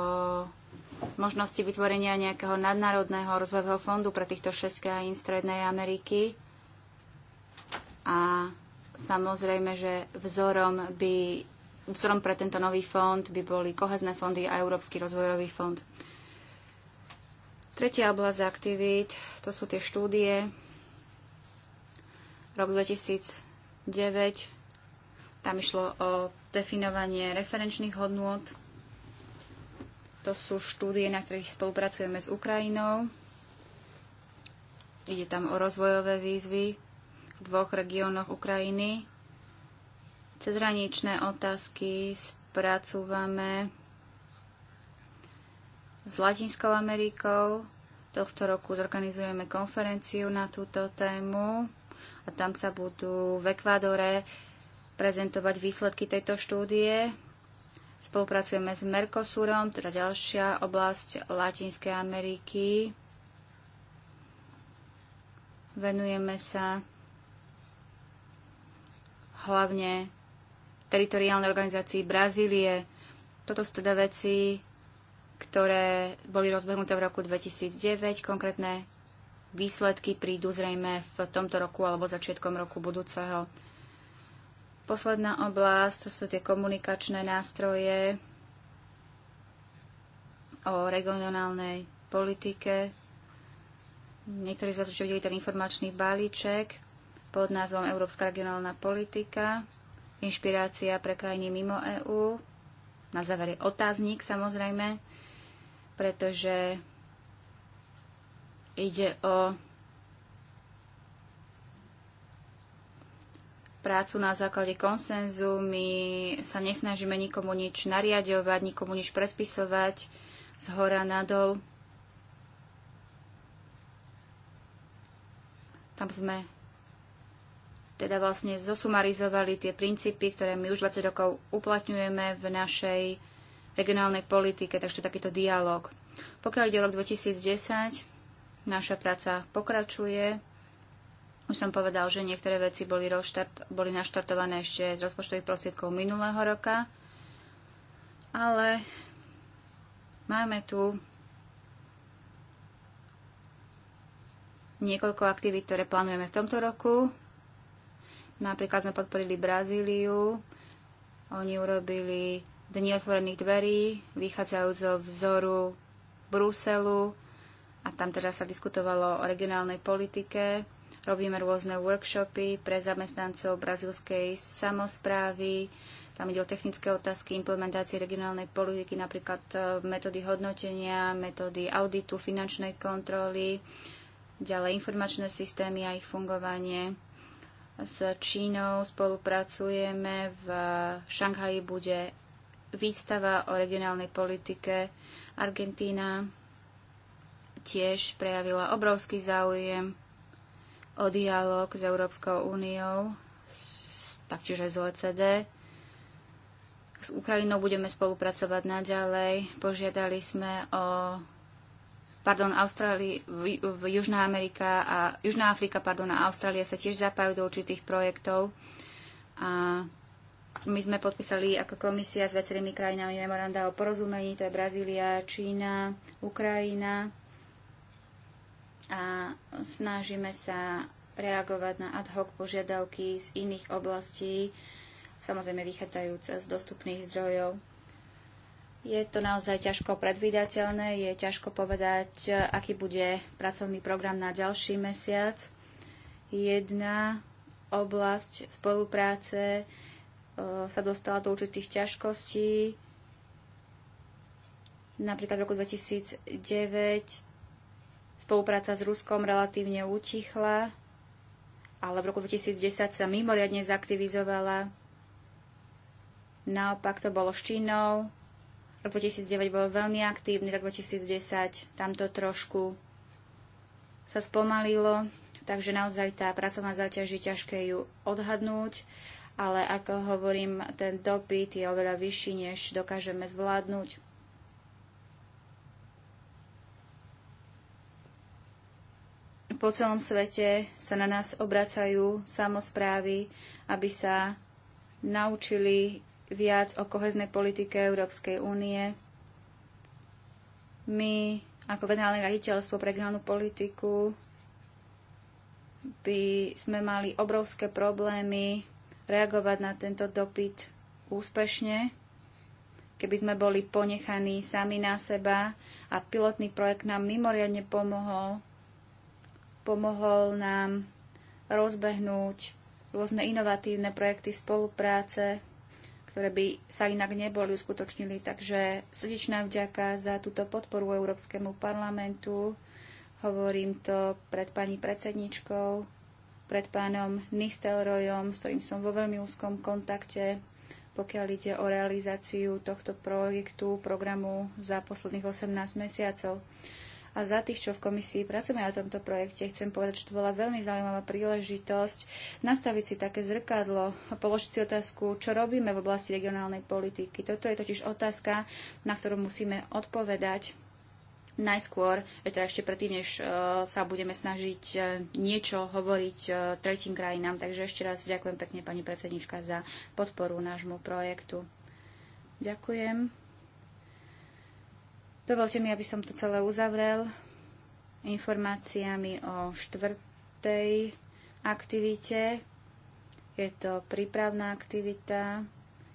možnosti vytvorenia nejakého nadnárodného rozvojového fondu pre týchto šesť krajín Strednej Ameriky. A samozrejme, že vzorom, by, vzorom pre tento nový fond by boli kohezné fondy a Európsky rozvojový fond. Tretia oblasť aktivít, to sú tie štúdie. Rok 2009, tam išlo o definovanie referenčných hodnôt to sú štúdie, na ktorých spolupracujeme s Ukrajinou. Ide tam o rozvojové výzvy v dvoch regiónoch Ukrajiny. Cezhraničné otázky spracúvame s Latinskou Amerikou. Tohto roku zorganizujeme konferenciu na túto tému a tam sa budú v Ekvádore prezentovať výsledky tejto štúdie Spolupracujeme s Mercosurom, teda ďalšia oblasť Latinskej Ameriky. Venujeme sa hlavne teritoriálnej organizácii Brazílie. Toto sú teda veci, ktoré boli rozbehnuté v roku 2009. Konkrétne výsledky prídu zrejme v tomto roku alebo začiatkom roku budúceho. Posledná oblasť to sú tie komunikačné nástroje o regionálnej politike. Niektorí z vás už videli ten informačný balíček pod názvom Európska regionálna politika, inšpirácia pre krajiny mimo EÚ. Na záver je otáznik samozrejme, pretože ide o prácu na základe konsenzu. My sa nesnažíme nikomu nič nariadovať, nikomu nič predpisovať z hora nadol. Tam sme teda vlastne zosumarizovali tie princípy, ktoré my už 20 rokov uplatňujeme v našej regionálnej politike, takže takýto dialog. Pokiaľ ide rok 2010, naša práca pokračuje. Už som povedal, že niektoré veci boli, rozštart, boli naštartované ešte z rozpočtových prostriedkov minulého roka, ale máme tu niekoľko aktivít, ktoré plánujeme v tomto roku. Napríklad sme podporili Brazíliu, oni urobili Dni otvorených dverí, vychádzajú zo vzoru Bruselu a tam teda sa diskutovalo o regionálnej politike Robíme rôzne workshopy pre zamestnancov brazilskej samozprávy. Tam ide o technické otázky implementácie regionálnej politiky, napríklad e, metódy hodnotenia, metódy auditu, finančnej kontroly, ďalej informačné systémy a ich fungovanie. S Čínou spolupracujeme. V Šanghaji bude výstava o regionálnej politike. Argentína tiež prejavila obrovský záujem o dialog s Európskou úniou, taktiež aj z OECD. S Ukrajinou budeme spolupracovať naďalej. Požiadali sme o pardon, Austrálii, Južná Amerika a Južná Afrika, pardon, a Austrália sa tiež zapájajú do určitých projektov. A my sme podpísali ako komisia s viacerými krajinami memoranda o porozumení, to je Brazília, Čína, Ukrajina a snažíme sa reagovať na ad hoc požiadavky z iných oblastí, samozrejme vychádzajúc z dostupných zdrojov. Je to naozaj ťažko predvídateľné, je ťažko povedať, aký bude pracovný program na ďalší mesiac. Jedna oblasť spolupráce e, sa dostala do určitých ťažkostí. Napríklad v roku 2009 Spolupráca s Ruskom relatívne utichla, ale v roku 2010 sa mimoriadne zaktivizovala. Naopak to bolo s Čínou. Rok 2009 bol veľmi aktívny, rok 2010 tamto trošku sa spomalilo, takže naozaj tá pracovná záťaž je ťažké ju odhadnúť, ale ako hovorím, ten dopyt je oveľa vyšší, než dokážeme zvládnuť. Po celom svete sa na nás obracajú samozprávy, aby sa naučili viac o koheznej politike Európskej únie. My ako generálne raditeľstvo pre regionálnu politiku by sme mali obrovské problémy reagovať na tento dopyt úspešne, keby sme boli ponechaní sami na seba a pilotný projekt nám mimoriadne pomohol pomohol nám rozbehnúť rôzne inovatívne projekty spolupráce, ktoré by sa inak neboli uskutočnili. Takže srdečná vďaka za túto podporu Európskemu parlamentu. Hovorím to pred pani predsedničkou, pred pánom Nistelrojom, s ktorým som vo veľmi úzkom kontakte, pokiaľ ide o realizáciu tohto projektu, programu za posledných 18 mesiacov a za tých, čo v komisii pracujeme na tomto projekte. Chcem povedať, že to bola veľmi zaujímavá príležitosť nastaviť si také zrkadlo, položiť si otázku, čo robíme v oblasti regionálnej politiky. Toto je totiž otázka, na ktorú musíme odpovedať najskôr, e, teda ešte predtým, než e, sa budeme snažiť e, niečo hovoriť tretím krajinám. Takže ešte raz ďakujem pekne pani predsednička za podporu nášmu projektu. Ďakujem. Dovolte mi, aby som to celé uzavrel informáciami o štvrtej aktivite. Je to prípravná aktivita.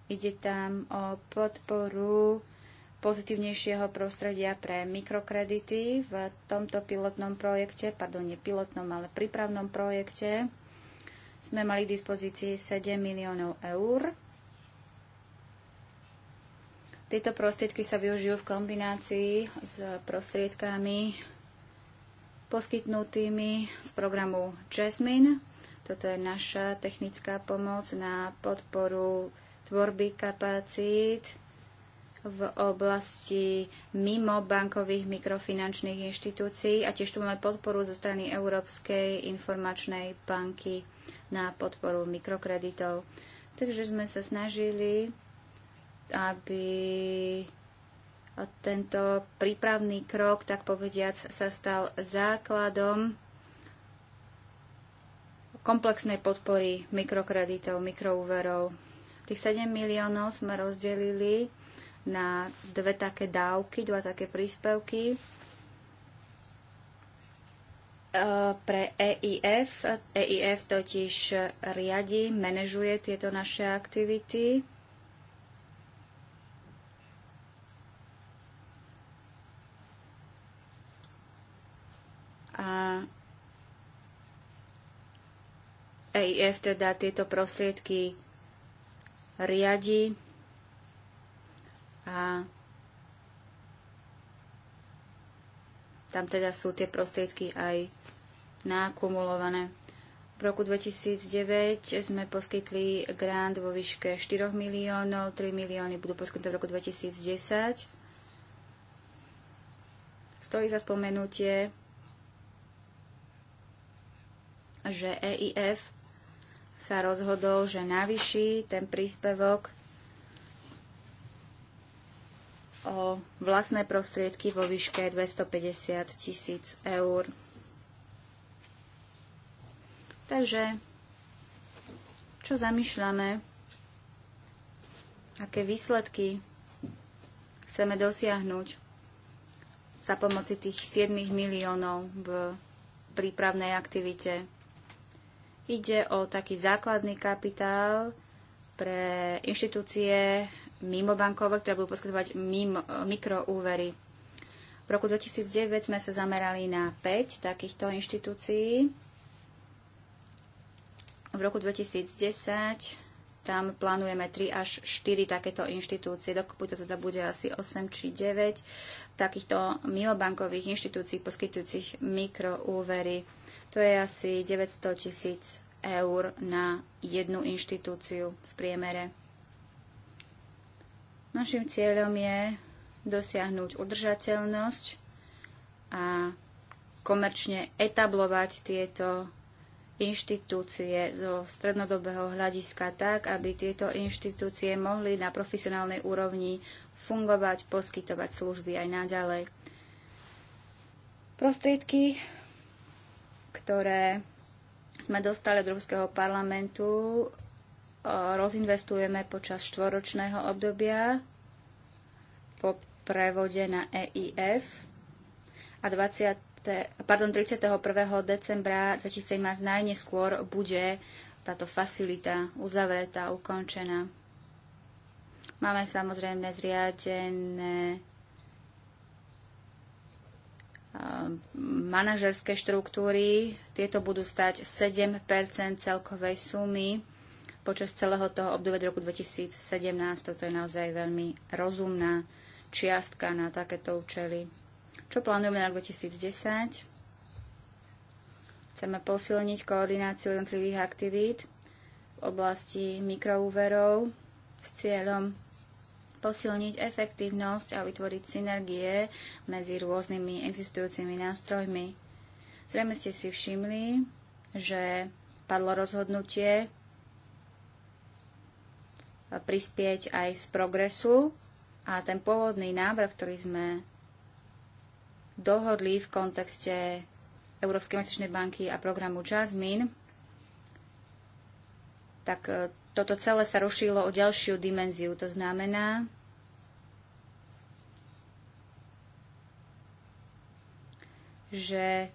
Ide tam o podporu pozitívnejšieho prostredia pre mikrokredity v tomto pilotnom projekte, pardon, nie pilotnom, ale prípravnom projekte. Sme mali k dispozícii 7 miliónov eur tieto prostriedky sa využijú v kombinácii s prostriedkami poskytnutými z programu Jasmine. Toto je naša technická pomoc na podporu tvorby kapacít v oblasti mimo bankových mikrofinančných inštitúcií a tiež tu máme podporu zo strany Európskej informačnej banky na podporu mikrokreditov. Takže sme sa snažili aby tento prípravný krok, tak povediac, sa stal základom komplexnej podpory mikrokreditov, mikroúverov. Tých 7 miliónov sme rozdelili na dve také dávky, dva také príspevky e, pre EIF. EIF totiž riadi, manažuje tieto naše aktivity A EIF teda tieto prostriedky riadi a tam teda sú tie prostriedky aj nakumulované. V roku 2009 sme poskytli grant vo výške 4 miliónov, 3 milióny budú poskytnuté v roku 2010. Stojí za spomenutie, že EIF sa rozhodol, že navýši ten príspevok o vlastné prostriedky vo výške 250 tisíc eur. Takže, čo zamýšľame? Aké výsledky chceme dosiahnuť za pomoci tých 7 miliónov v prípravnej aktivite Ide o taký základný kapitál pre inštitúcie mimobankové, ktoré budú poskytovať mimo, mikroúvery. V roku 2009 sme sa zamerali na 5 takýchto inštitúcií. V roku 2010 tam plánujeme 3 až 4 takéto inštitúcie, dokopy to teda bude asi 8 či 9 takýchto mimobankových inštitúcií poskytujúcich mikroúvery. To je asi 900 tisíc eur na jednu inštitúciu v priemere. Našim cieľom je dosiahnuť udržateľnosť a komerčne etablovať tieto inštitúcie zo strednodobého hľadiska tak, aby tieto inštitúcie mohli na profesionálnej úrovni fungovať, poskytovať služby aj naďalej. Prostriedky ktoré sme dostali od Európskeho parlamentu, rozinvestujeme počas štvoročného obdobia po prevode na EIF a 20, pardon, 31. decembra 2017 najneskôr bude táto facilita uzavretá, ukončená. Máme samozrejme zriadené manažerské štruktúry. Tieto budú stať 7 celkovej sumy počas celého toho obdobia roku 2017. Toto je naozaj veľmi rozumná čiastka na takéto účely. Čo plánujeme na rok 2010? Chceme posilniť koordináciu jednotlivých aktivít v oblasti mikroúverov s cieľom posilniť efektívnosť a vytvoriť synergie medzi rôznymi existujúcimi nástrojmi. Zrejme ste si všimli, že padlo rozhodnutie prispieť aj z progresu a ten pôvodný návrh, ktorý sme dohodli v kontexte Európskej mesečnej banky a programu Jasmine, tak toto celé sa rušilo o ďalšiu dimenziu. To znamená, že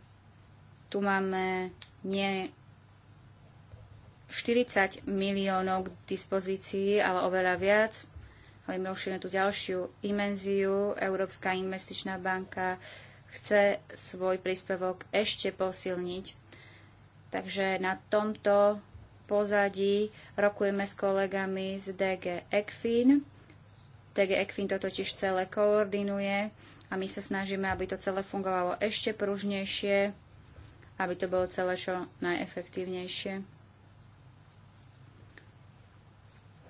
tu máme nie 40 miliónov k dispozícii, ale oveľa viac. Ale rušíme tú ďalšiu dimenziu. Európska investičná banka chce svoj príspevok ešte posilniť. Takže na tomto pozadí rokujeme s kolegami z DG ECFIN. DG ECFIN to totiž celé koordinuje a my sa snažíme, aby to celé fungovalo ešte pružnejšie, aby to bolo celé čo najefektívnejšie.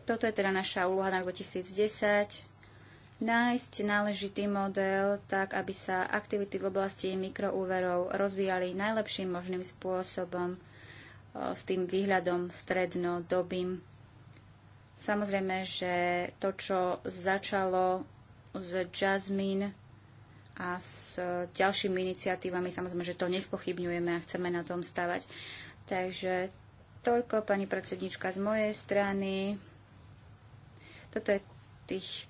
Toto je teda naša úloha na 2010 nájsť náležitý model tak, aby sa aktivity v oblasti mikroúverov rozvíjali najlepším možným spôsobom s tým výhľadom strednodobým. Samozrejme, že to, čo začalo s Jasmine a s ďalšími iniciatívami, samozrejme, že to nespochybňujeme a chceme na tom stavať. Takže toľko, pani predsednička, z mojej strany. Toto je tých,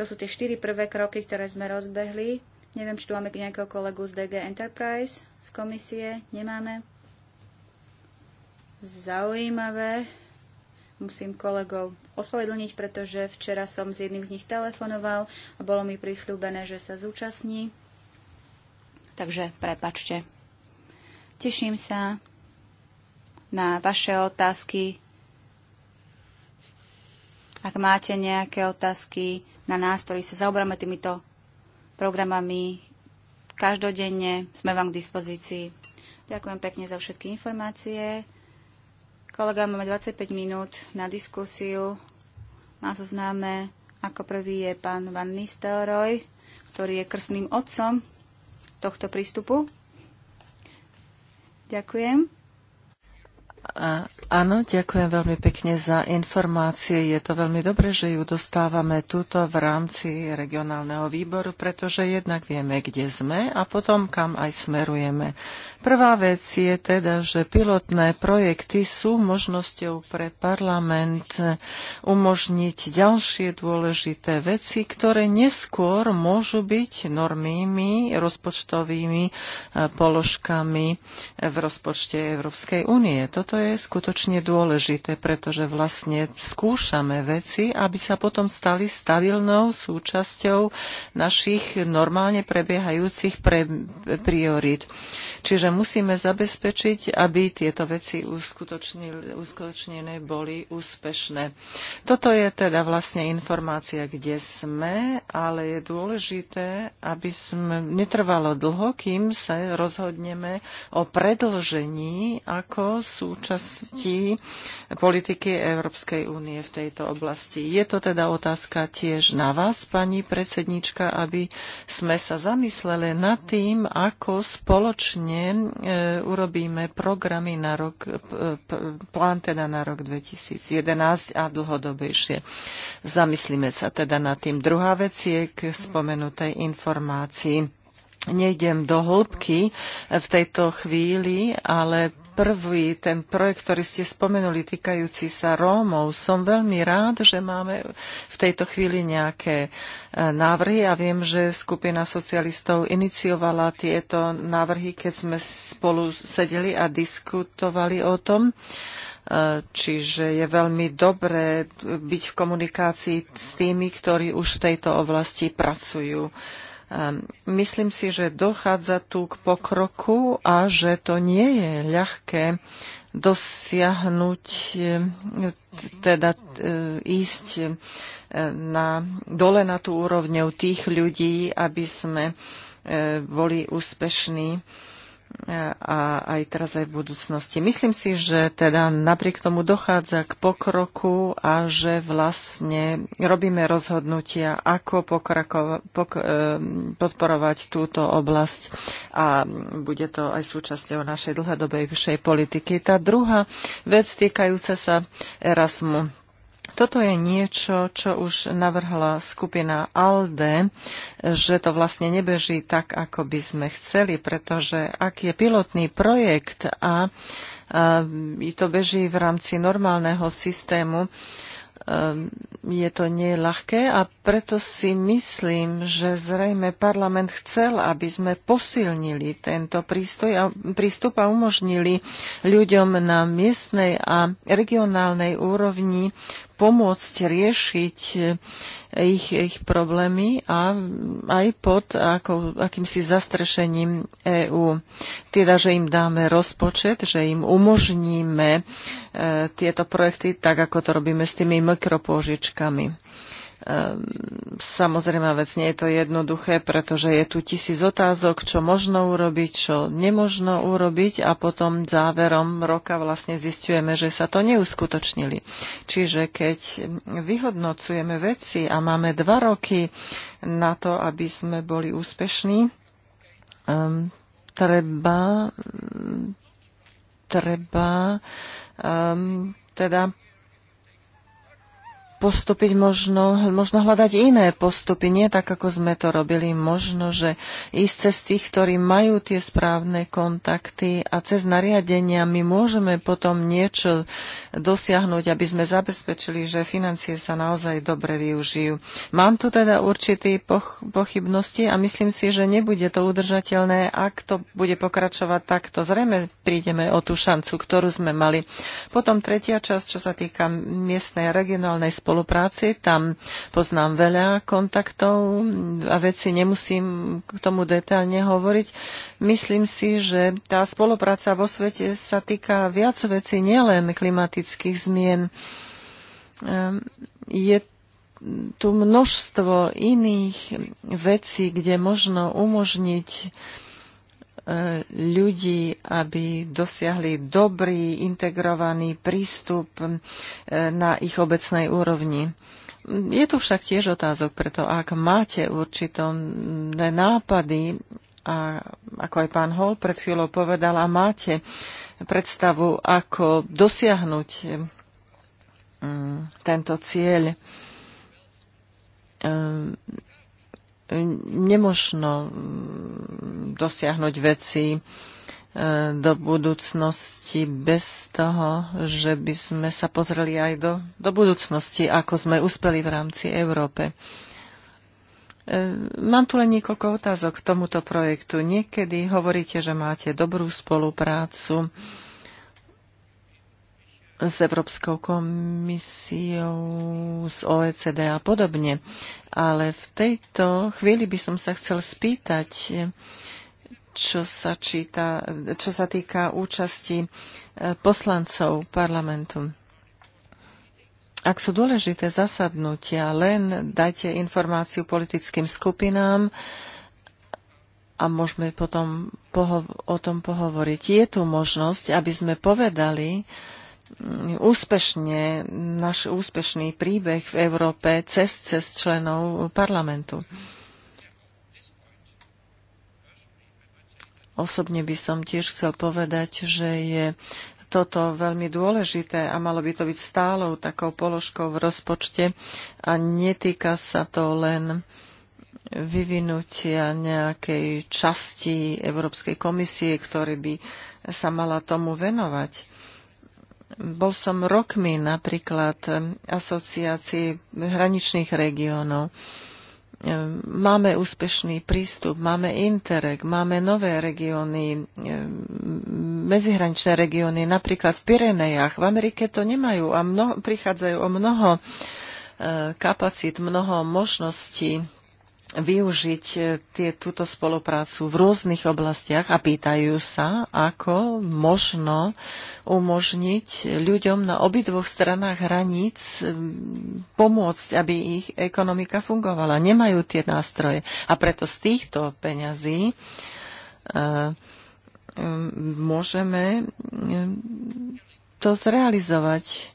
to sú tie štyri prvé kroky, ktoré sme rozbehli. Neviem, či tu máme nejakého kolegu z DG Enterprise, z komisie. Nemáme zaujímavé. Musím kolegov ospovedlniť, pretože včera som s jedným z nich telefonoval a bolo mi prislúbené, že sa zúčastní. Takže prepačte. Teším sa na vaše otázky. Ak máte nejaké otázky na nás, ktorí sa zaoberáme týmito programami každodenne, sme vám k dispozícii. Ďakujem pekne za všetky informácie. Kolega, máme 25 minút na diskusiu. Na zoznáme ako prvý je pán Van Nistelrooy, ktorý je krstným otcom tohto prístupu. Ďakujem. Áno, ďakujem veľmi pekne za informácie. Je to veľmi dobré, že ju dostávame túto v rámci regionálneho výboru, pretože jednak vieme, kde sme a potom kam aj smerujeme. Prvá vec je teda, že pilotné projekty sú možnosťou pre parlament umožniť ďalšie dôležité veci, ktoré neskôr môžu byť normými rozpočtovými eh, položkami v rozpočte Európskej únie. Toto je skutočne dôležité, pretože vlastne skúšame veci, aby sa potom stali stabilnou súčasťou našich normálne prebiehajúcich pre, priorít. Čiže musíme zabezpečiť, aby tieto veci uskutočnené boli úspešné. Toto je teda vlastne informácia, kde sme, ale je dôležité, aby sme netrvalo dlho, kým sa rozhodneme o predlžení ako súčasť súčasti politiky Európskej únie v tejto oblasti. Je to teda otázka tiež na vás, pani predsednička, aby sme sa zamysleli nad tým, ako spoločne e, urobíme programy na rok, plán teda na rok 2011 a dlhodobejšie. Zamyslíme sa teda nad tým. Druhá vec je k spomenutej informácii nejdem do hĺbky v tejto chvíli, ale prvý, ten projekt, ktorý ste spomenuli, týkajúci sa Rómov. Som veľmi rád, že máme v tejto chvíli nejaké e, návrhy a viem, že skupina socialistov iniciovala tieto návrhy, keď sme spolu sedeli a diskutovali o tom. E, čiže je veľmi dobré byť v komunikácii s tými, ktorí už v tejto oblasti pracujú. Ehm, myslím si, že dochádza tu k pokroku a že to nie je ľahké dosiahnuť, ehm, teda ehm, ísť na, dole na tú úrovňu tých ľudí, aby sme boli úspešní a aj teraz aj v budúcnosti. Myslím si, že teda napriek tomu dochádza k pokroku a že vlastne robíme rozhodnutia, ako pokrako, pok, e, podporovať túto oblasť a bude to aj súčasťou našej dlhodobejšej politiky. Tá druhá vec týkajúca sa Erasmu toto je niečo, čo už navrhla skupina ALDE, že to vlastne nebeží tak, ako by sme chceli, pretože ak je pilotný projekt a, a to beží v rámci normálneho systému, e, je to nieľahké a preto si myslím, že zrejme parlament chcel, aby sme posilnili tento prístup a, prístup a umožnili ľuďom na miestnej a regionálnej úrovni pomôcť riešiť e, ich, ich problémy a aj pod ako, akýmsi zastrešením EÚ. Teda, že im dáme rozpočet, že im umožníme e, tieto projekty tak, ako to robíme s tými mikropožičkami. Ehm, samozrejme, vec nie je to jednoduché, pretože je tu tisíc otázok, čo možno urobiť, čo nemožno urobiť a potom záverom roka vlastne zistujeme, že sa to neuskutočnili. Čiže keď vyhodnocujeme veci a máme dva roky na to, aby sme boli úspešní, um, treba, treba um, teda postúpiť, možno, možno hľadať iné postupy, nie tak, ako sme to robili. Možno, že ísť cez tých, ktorí majú tie správne kontakty a cez nariadenia my môžeme potom niečo dosiahnuť, aby sme zabezpečili, že financie sa naozaj dobre využijú. Mám tu teda určité poch- pochybnosti a myslím si, že nebude to udržateľné, ak to bude pokračovať takto. Zrejme prídeme o tú šancu, ktorú sme mali. Potom tretia časť, čo sa týka miestnej regionálnej spoločnosti spolupráci. Tam poznám veľa kontaktov a veci nemusím k tomu detailne hovoriť. Myslím si, že tá spolupráca vo svete sa týka viac vecí, nielen klimatických zmien. Ehm, je tu množstvo iných vecí, kde možno umožniť E, ľudí, aby dosiahli dobrý, integrovaný prístup e, na ich obecnej úrovni. Je tu však tiež otázok, preto ak máte určité nápady, a ako aj pán Hol pred chvíľou povedal, a máte predstavu, ako dosiahnuť mm, tento cieľ, e, nemožno mm, dosiahnuť veci e, do budúcnosti bez toho, že by sme sa pozreli aj do, do budúcnosti, ako sme uspeli v rámci Európe. E, mám tu len niekoľko otázok k tomuto projektu. Niekedy hovoríte, že máte dobrú spoluprácu s Európskou komisiou, s OECD a podobne. Ale v tejto chvíli by som sa chcel spýtať, čo sa, číta, čo sa týka účasti e, poslancov parlamentu. Ak sú dôležité zasadnutia, len dajte informáciu politickým skupinám a môžeme potom o tom pohovoriť. Je tu možnosť, aby sme povedali, úspešne, náš úspešný príbeh v Európe cez, cez členov parlamentu. Osobne by som tiež chcel povedať, že je toto veľmi dôležité a malo by to byť stálou takou položkou v rozpočte a netýka sa to len vyvinutia nejakej časti Európskej komisie, ktorý by sa mala tomu venovať. Bol som rokmi napríklad asociácii hraničných regiónov. Máme úspešný prístup, máme Interreg, máme nové regióny, medzihraničné regióny, napríklad v Pirenejach. V Amerike to nemajú a mnoho, prichádzajú o mnoho eh, kapacít, mnoho možností využiť e, tie, túto spoluprácu v rôznych oblastiach a pýtajú sa, ako možno umožniť ľuďom na obidvoch stranách hraníc pomôcť, aby ich ekonomika fungovala. Nemajú tie nástroje a preto z týchto peňazí e, môžeme to zrealizovať.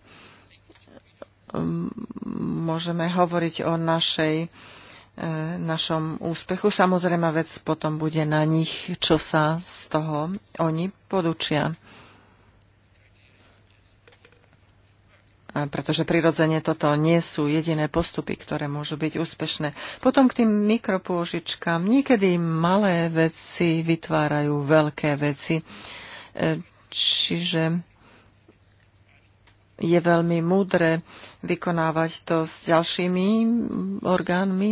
Môžeme hovoriť o našej E, našom úspechu. Samozrejme, vec potom bude na nich, čo sa z toho oni podučia. pretože prirodzene toto nie sú jediné postupy, ktoré môžu byť úspešné. Potom k tým mikropôžičkám. Niekedy malé veci vytvárajú veľké veci. E, čiže je veľmi múdre vykonávať to s ďalšími orgánmi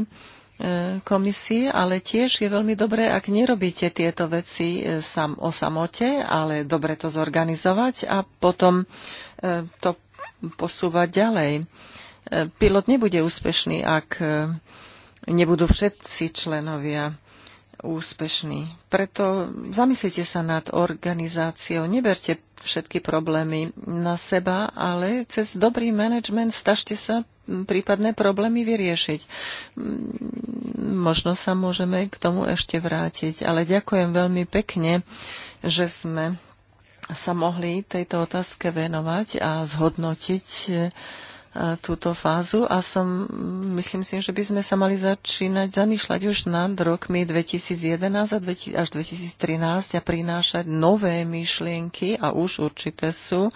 komisie, ale tiež je veľmi dobré, ak nerobíte tieto veci e, sam, o samote, ale dobre to zorganizovať a potom e, to posúvať ďalej. E, pilot nebude úspešný, ak nebudú všetci členovia úspešní. Preto zamyslite sa nad organizáciou, neberte všetky problémy na seba, ale cez dobrý management stažte sa prípadné problémy vyriešiť. Mm, možno sa môžeme k tomu ešte vrátiť, ale ďakujem veľmi pekne, že sme sa mohli tejto otázke venovať a zhodnotiť túto fázu a som, myslím si, že by sme sa mali začínať zamýšľať už nad rokmi 2011 až 2013 a prinášať nové myšlienky a už určité sú,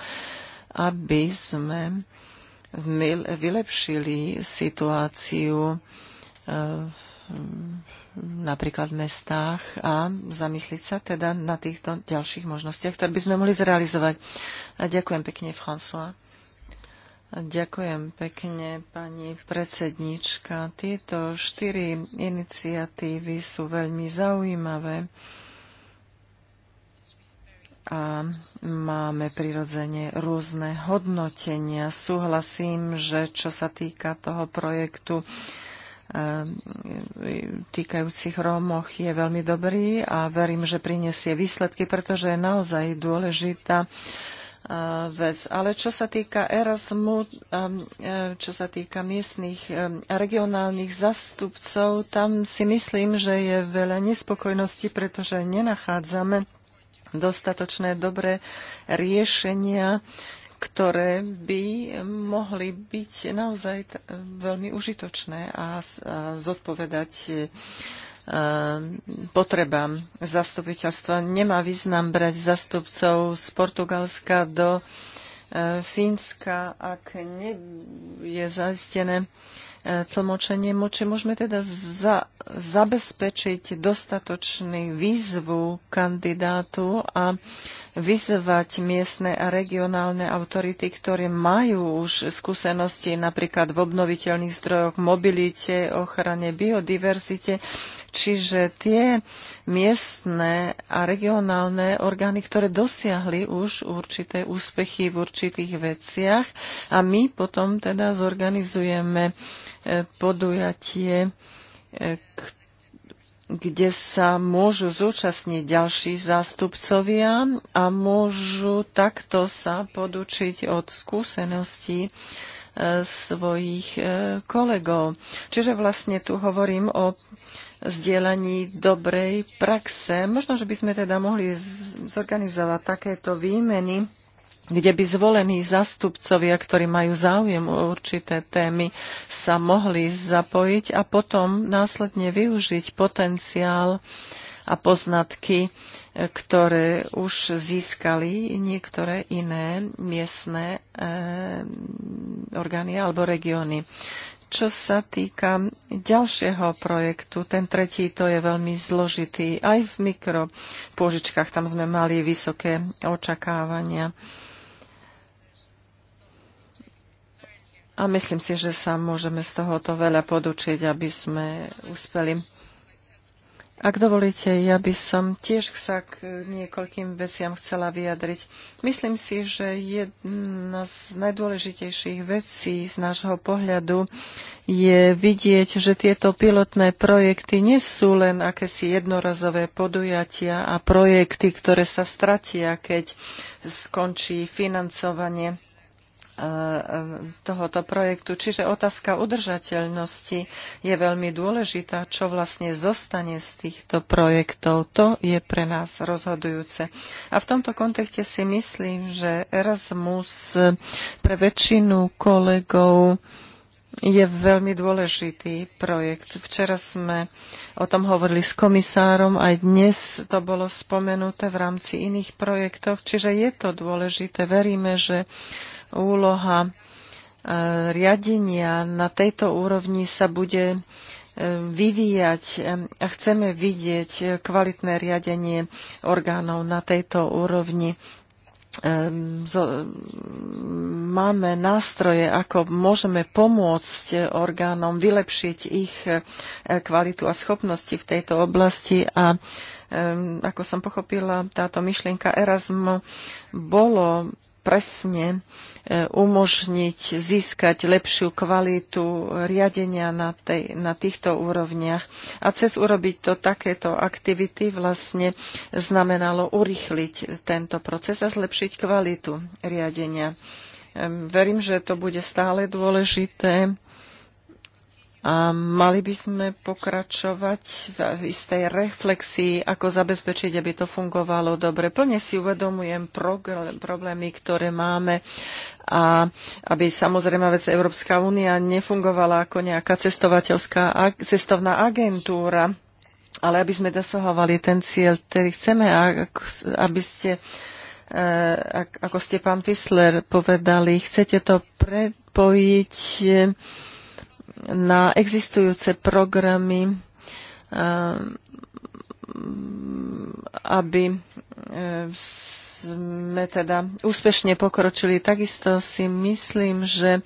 aby sme vylepšili situáciu eh, napríklad v mestách a zamysliť sa teda na týchto ďalších možnostiach, ktoré by sme mohli zrealizovať. A ďakujem pekne, François. Ďakujem pekne, pani predsednička. Tieto štyri iniciatívy sú veľmi zaujímavé a máme prirodzene rôzne hodnotenia. Súhlasím, že čo sa týka toho projektu eh, týkajúcich Rómoch je veľmi dobrý a verím, že prinesie výsledky, pretože je naozaj dôležitá Eh, vec. Ale čo sa týka Erasmu, eh, čo sa týka miestnych eh, regionálnych zastupcov, tam si myslím, že je veľa nespokojnosti, pretože nenachádzame dostatočné dobré riešenia, ktoré by mohli byť naozaj veľmi užitočné a zodpovedať Eh, potrebám zastupiteľstva. Nemá význam brať zastupcov z Portugalska do eh, Fínska, ak nie je zaistené eh, tlmočenie, či môžeme teda za, zabezpečiť dostatočný výzvu kandidátu a vyzvať miestne a regionálne autority, ktoré majú už skúsenosti napríklad v obnoviteľných zdrojoch, mobilite, ochrane biodiverzite, Čiže tie miestne a regionálne orgány, ktoré dosiahli už určité úspechy v určitých veciach a my potom teda zorganizujeme e, podujatie, e, kde sa môžu zúčastniť ďalší zástupcovia a môžu takto sa podučiť od skúseností e, svojich kolegov. Čiže vlastne tu hovorím o zdieľaní dobrej praxe. Možno, že by sme teda mohli zorganizovať takéto výmeny, kde by zvolení zastupcovia, ktorí majú záujem o určité témy, sa mohli zapojiť a potom následne využiť potenciál a poznatky, ktoré už získali niektoré iné miestne e, orgány alebo regióny. Čo sa týka ďalšieho projektu, ten tretí, to je veľmi zložitý. Aj v mikropôžičkách tam sme mali vysoké očakávania. A myslím si, že sa môžeme z tohoto veľa podučiť, aby sme uspeli. Ak dovolíte, ja by som tiež sa k niekoľkým veciam chcela vyjadriť. Myslím si, že jedna z najdôležitejších vecí z nášho pohľadu je vidieť, že tieto pilotné projekty nie sú len akési jednorazové podujatia a projekty, ktoré sa stratia, keď skončí financovanie. Eh, tohoto projektu. Čiže otázka udržateľnosti je veľmi dôležitá, čo vlastne zostane z týchto projektov. To je pre nás rozhodujúce. A v tomto kontexte si myslím, že Erasmus pre väčšinu kolegov je veľmi dôležitý projekt. Včera sme o tom hovorili s komisárom, aj dnes to bolo spomenuté v rámci iných projektov, čiže je to dôležité. Veríme, že uh, úloha e, riadenia na tejto úrovni sa bude e, vyvíjať e, a chceme vidieť kvalitné riadenie orgánov na tejto úrovni. Máme nástroje, ako môžeme pomôcť orgánom vylepšiť ich kvalitu a schopnosti v tejto oblasti a ako som pochopila, táto myšlienka Erasmus bolo presne e, umožniť získať lepšiu kvalitu riadenia na, tej, na týchto úrovniach. A cez urobiť to takéto aktivity vlastne znamenalo urychliť tento proces a zlepšiť kvalitu riadenia. Verím, že to bude stále dôležité a mali by sme pokračovať v istej reflexii, ako zabezpečiť, aby to fungovalo dobre. Plne si uvedomujem problémy, ktoré máme a aby samozrejme vec Európska únia nefungovala ako nejaká cestovateľská cestovná agentúra, ale aby sme dosahovali ten cieľ, ktorý chceme, aby ste e, ako ste pán Fisler povedali, chcete to prepojiť na existujúce programy, eh, aby eh, sme teda úspešne pokročili. Takisto si myslím, že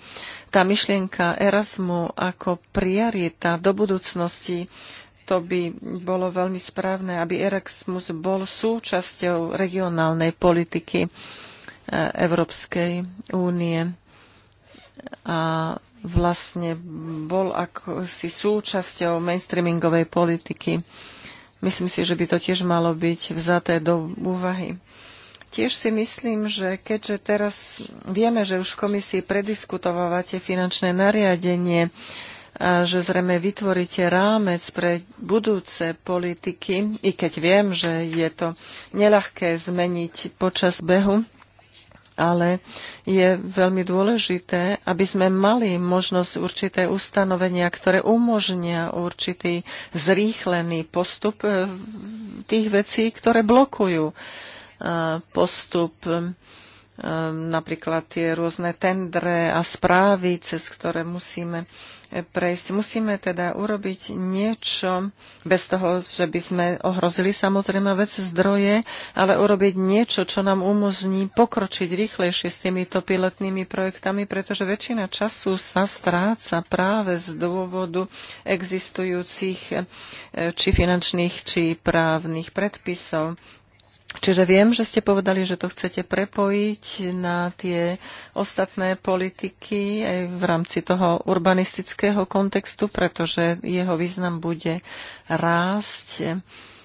tá myšlienka Erasmu ako priorita do budúcnosti to by bolo veľmi správne, aby Erasmus bol súčasťou regionálnej politiky eh, Európskej únie. A vlastne bol ako si súčasťou mainstreamingovej politiky. Myslím si, že by to tiež malo byť vzaté do úvahy. Tiež si myslím, že keďže teraz vieme, že už v komisii prediskutovávate finančné nariadenie, a že zrejme vytvoríte rámec pre budúce politiky, i keď viem, že je to neľahké zmeniť počas behu, ale je veľmi dôležité, aby sme mali možnosť určité ustanovenia, ktoré umožnia určitý zrýchlený postup eh, tých vecí, ktoré blokujú eh, postup eh, napríklad tie rôzne tendre a správy, cez ktoré musíme prejsť. Musíme teda urobiť niečo, bez toho, že by sme ohrozili samozrejme vec zdroje, ale urobiť niečo, čo nám umožní pokročiť rýchlejšie s týmito pilotnými projektami, pretože väčšina času sa stráca práve z dôvodu existujúcich eh, či finančných, či právnych predpisov. Čiže viem, že ste povedali, že to chcete prepojiť na tie ostatné politiky aj v rámci toho urbanistického kontextu, pretože jeho význam bude rásť.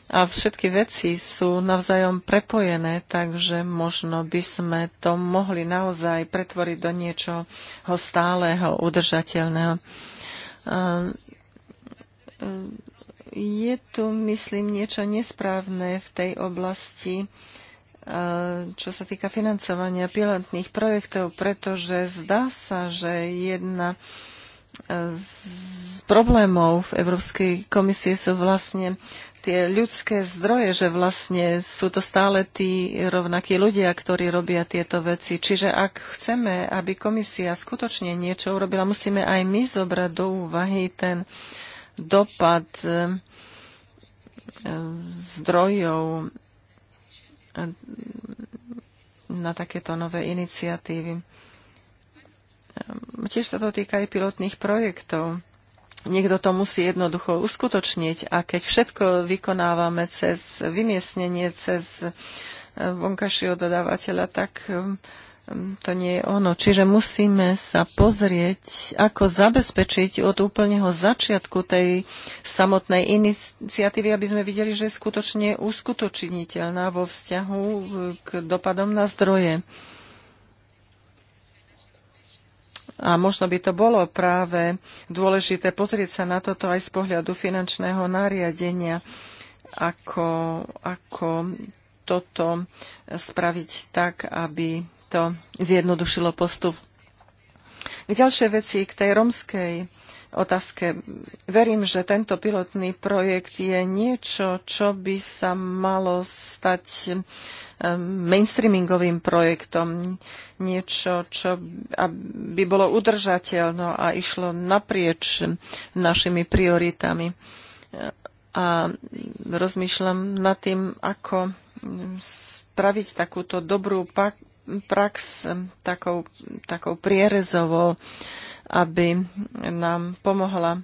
A všetky veci sú navzájom prepojené, takže možno by sme to mohli naozaj pretvoriť do niečoho stáleho, udržateľného ehm, ehm, je tu, myslím, niečo nesprávne v tej oblasti, e, čo sa týka financovania pilotných projektov, pretože zdá sa, že jedna e, z problémov v Európskej komisie sú vlastne tie ľudské zdroje, že vlastne sú to stále tí rovnakí ľudia, ktorí robia tieto veci. Čiže ak chceme, aby komisia skutočne niečo urobila, musíme aj my zobrať do úvahy ten uh, dopad e, e, zdrojov e, na takéto nové iniciatívy. Tiež sa to týka aj pilotných projektov. Niekto to musí jednoducho uskutočniť a keď všetko vykonávame cez vymiesnenie, cez vonkajšieho dodávateľa, tak Ehm, to nie je ono. Čiže musíme sa pozrieť, ako zabezpečiť od úplneho začiatku tej samotnej iniciatívy, aby sme videli, že je skutočne uskutočniteľná vo vzťahu e, k dopadom na zdroje. A možno by to bolo práve dôležité pozrieť sa na toto aj z pohľadu finančného nariadenia, ako, ako toto spraviť tak, aby to zjednodušilo postup. Ďalšie veci k tej romskej otázke. Verím, že tento pilotný projekt je niečo, čo by sa malo stať mainstreamingovým projektom, niečo, čo by bolo udržateľno a išlo naprieč našimi prioritami. A rozmýšľam nad tým, ako spraviť takúto dobrú pak prax takou, takou prierezovou, aby nám pomohla e,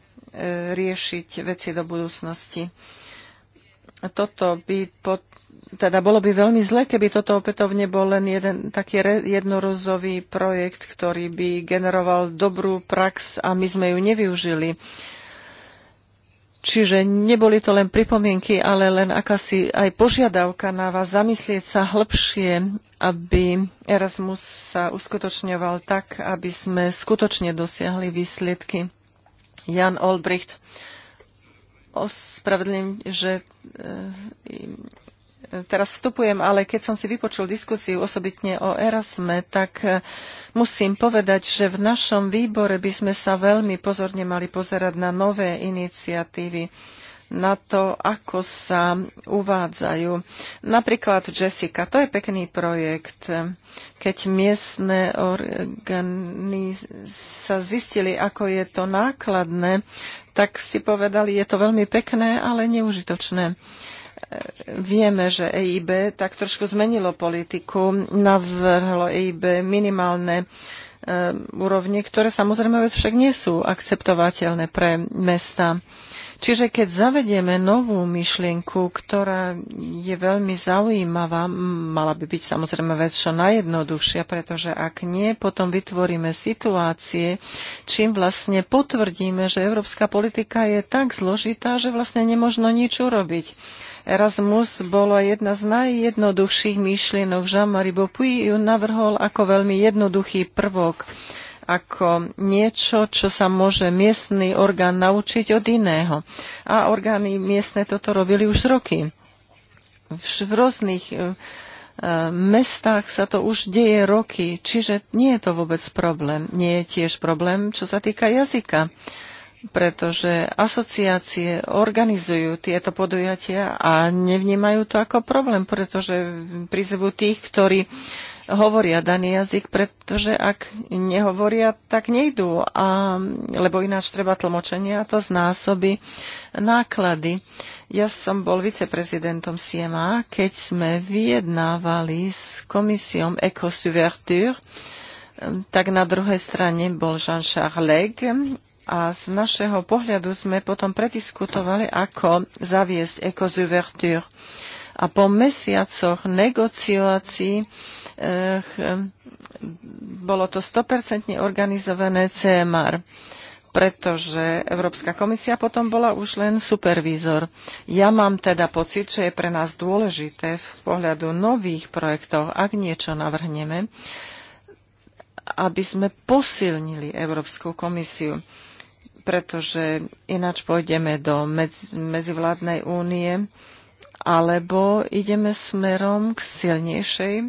riešiť veci do budúcnosti. Toto by pod, teda bolo by veľmi zle, keby toto opätovne bol len jeden taký re, jednorozový projekt, ktorý by generoval dobrú prax a my sme ju nevyužili. Uh, Čiže neboli to len pripomienky, ale len akási aj požiadavka na vás zamyslieť sa hĺbšie, aby Erasmus sa uskutočňoval tak, aby sme skutočne dosiahli výsledky. Jan Olbricht, ospravedlím, že e, teraz vstupujem, ale keď som si vypočul diskusiu osobitne o Erasme, tak eh, musím povedať, že v našom výbore by sme sa veľmi pozorne mali pozerať na nové iniciatívy na to, ako sa uvádzajú. Napríklad Jessica, to je pekný projekt, keď miestne orgány sa zistili, ako je to nákladné, tak si povedali, je to veľmi pekné, ale neužitočné. Uh, vieme, že EIB tak trošku zmenilo politiku, navrhlo EIB minimálne e, úrovne, ktoré samozrejme však nie sú akceptovateľné pre mesta. Čiže keď zavedieme novú myšlienku, ktorá je veľmi zaujímavá, mala by byť samozrejme vec čo najjednoduchšia, pretože ak nie, potom vytvoríme situácie, čím vlastne potvrdíme, že európska politika je tak zložitá, že vlastne nemožno nič urobiť. Erasmus bolo jedna z najjednoduchších myšlienok. Jean-Marie Bopuy ju navrhol ako veľmi jednoduchý prvok ako niečo, čo sa môže miestny orgán naučiť od iného. A orgány miestne toto robili už roky. V, v rôznych uh, mestách sa to už deje roky, čiže nie je to vôbec problém. Nie je tiež problém, čo sa týka jazyka. Uh, pretože asociácie organizujú tieto podujatia a nevnímajú to ako problém, pretože prizvu tých, ktorí hovoria daný jazyk, pretože ak nehovoria, tak nejdú, a, lebo ináč treba tlmočenie a to znásoby náklady. Ja som bol viceprezidentom SIEMA, keď sme vyjednávali s komisiom Eco Suverture, tak na druhej strane bol Jean Charles a z našeho pohľadu sme potom prediskutovali, ako zaviesť ekozuvertúr. A po mesiacoch negociácií eh, bolo to 100% organizované CMR pretože Európska komisia potom bola už len supervízor. Ja mám teda pocit, že je pre nás dôležité z pohľadu nových projektov, ak niečo navrhneme, aby sme posilnili Európsku komisiu pretože ináč pôjdeme do medz, medzivládnej únie, alebo ideme smerom k silnejšej eh,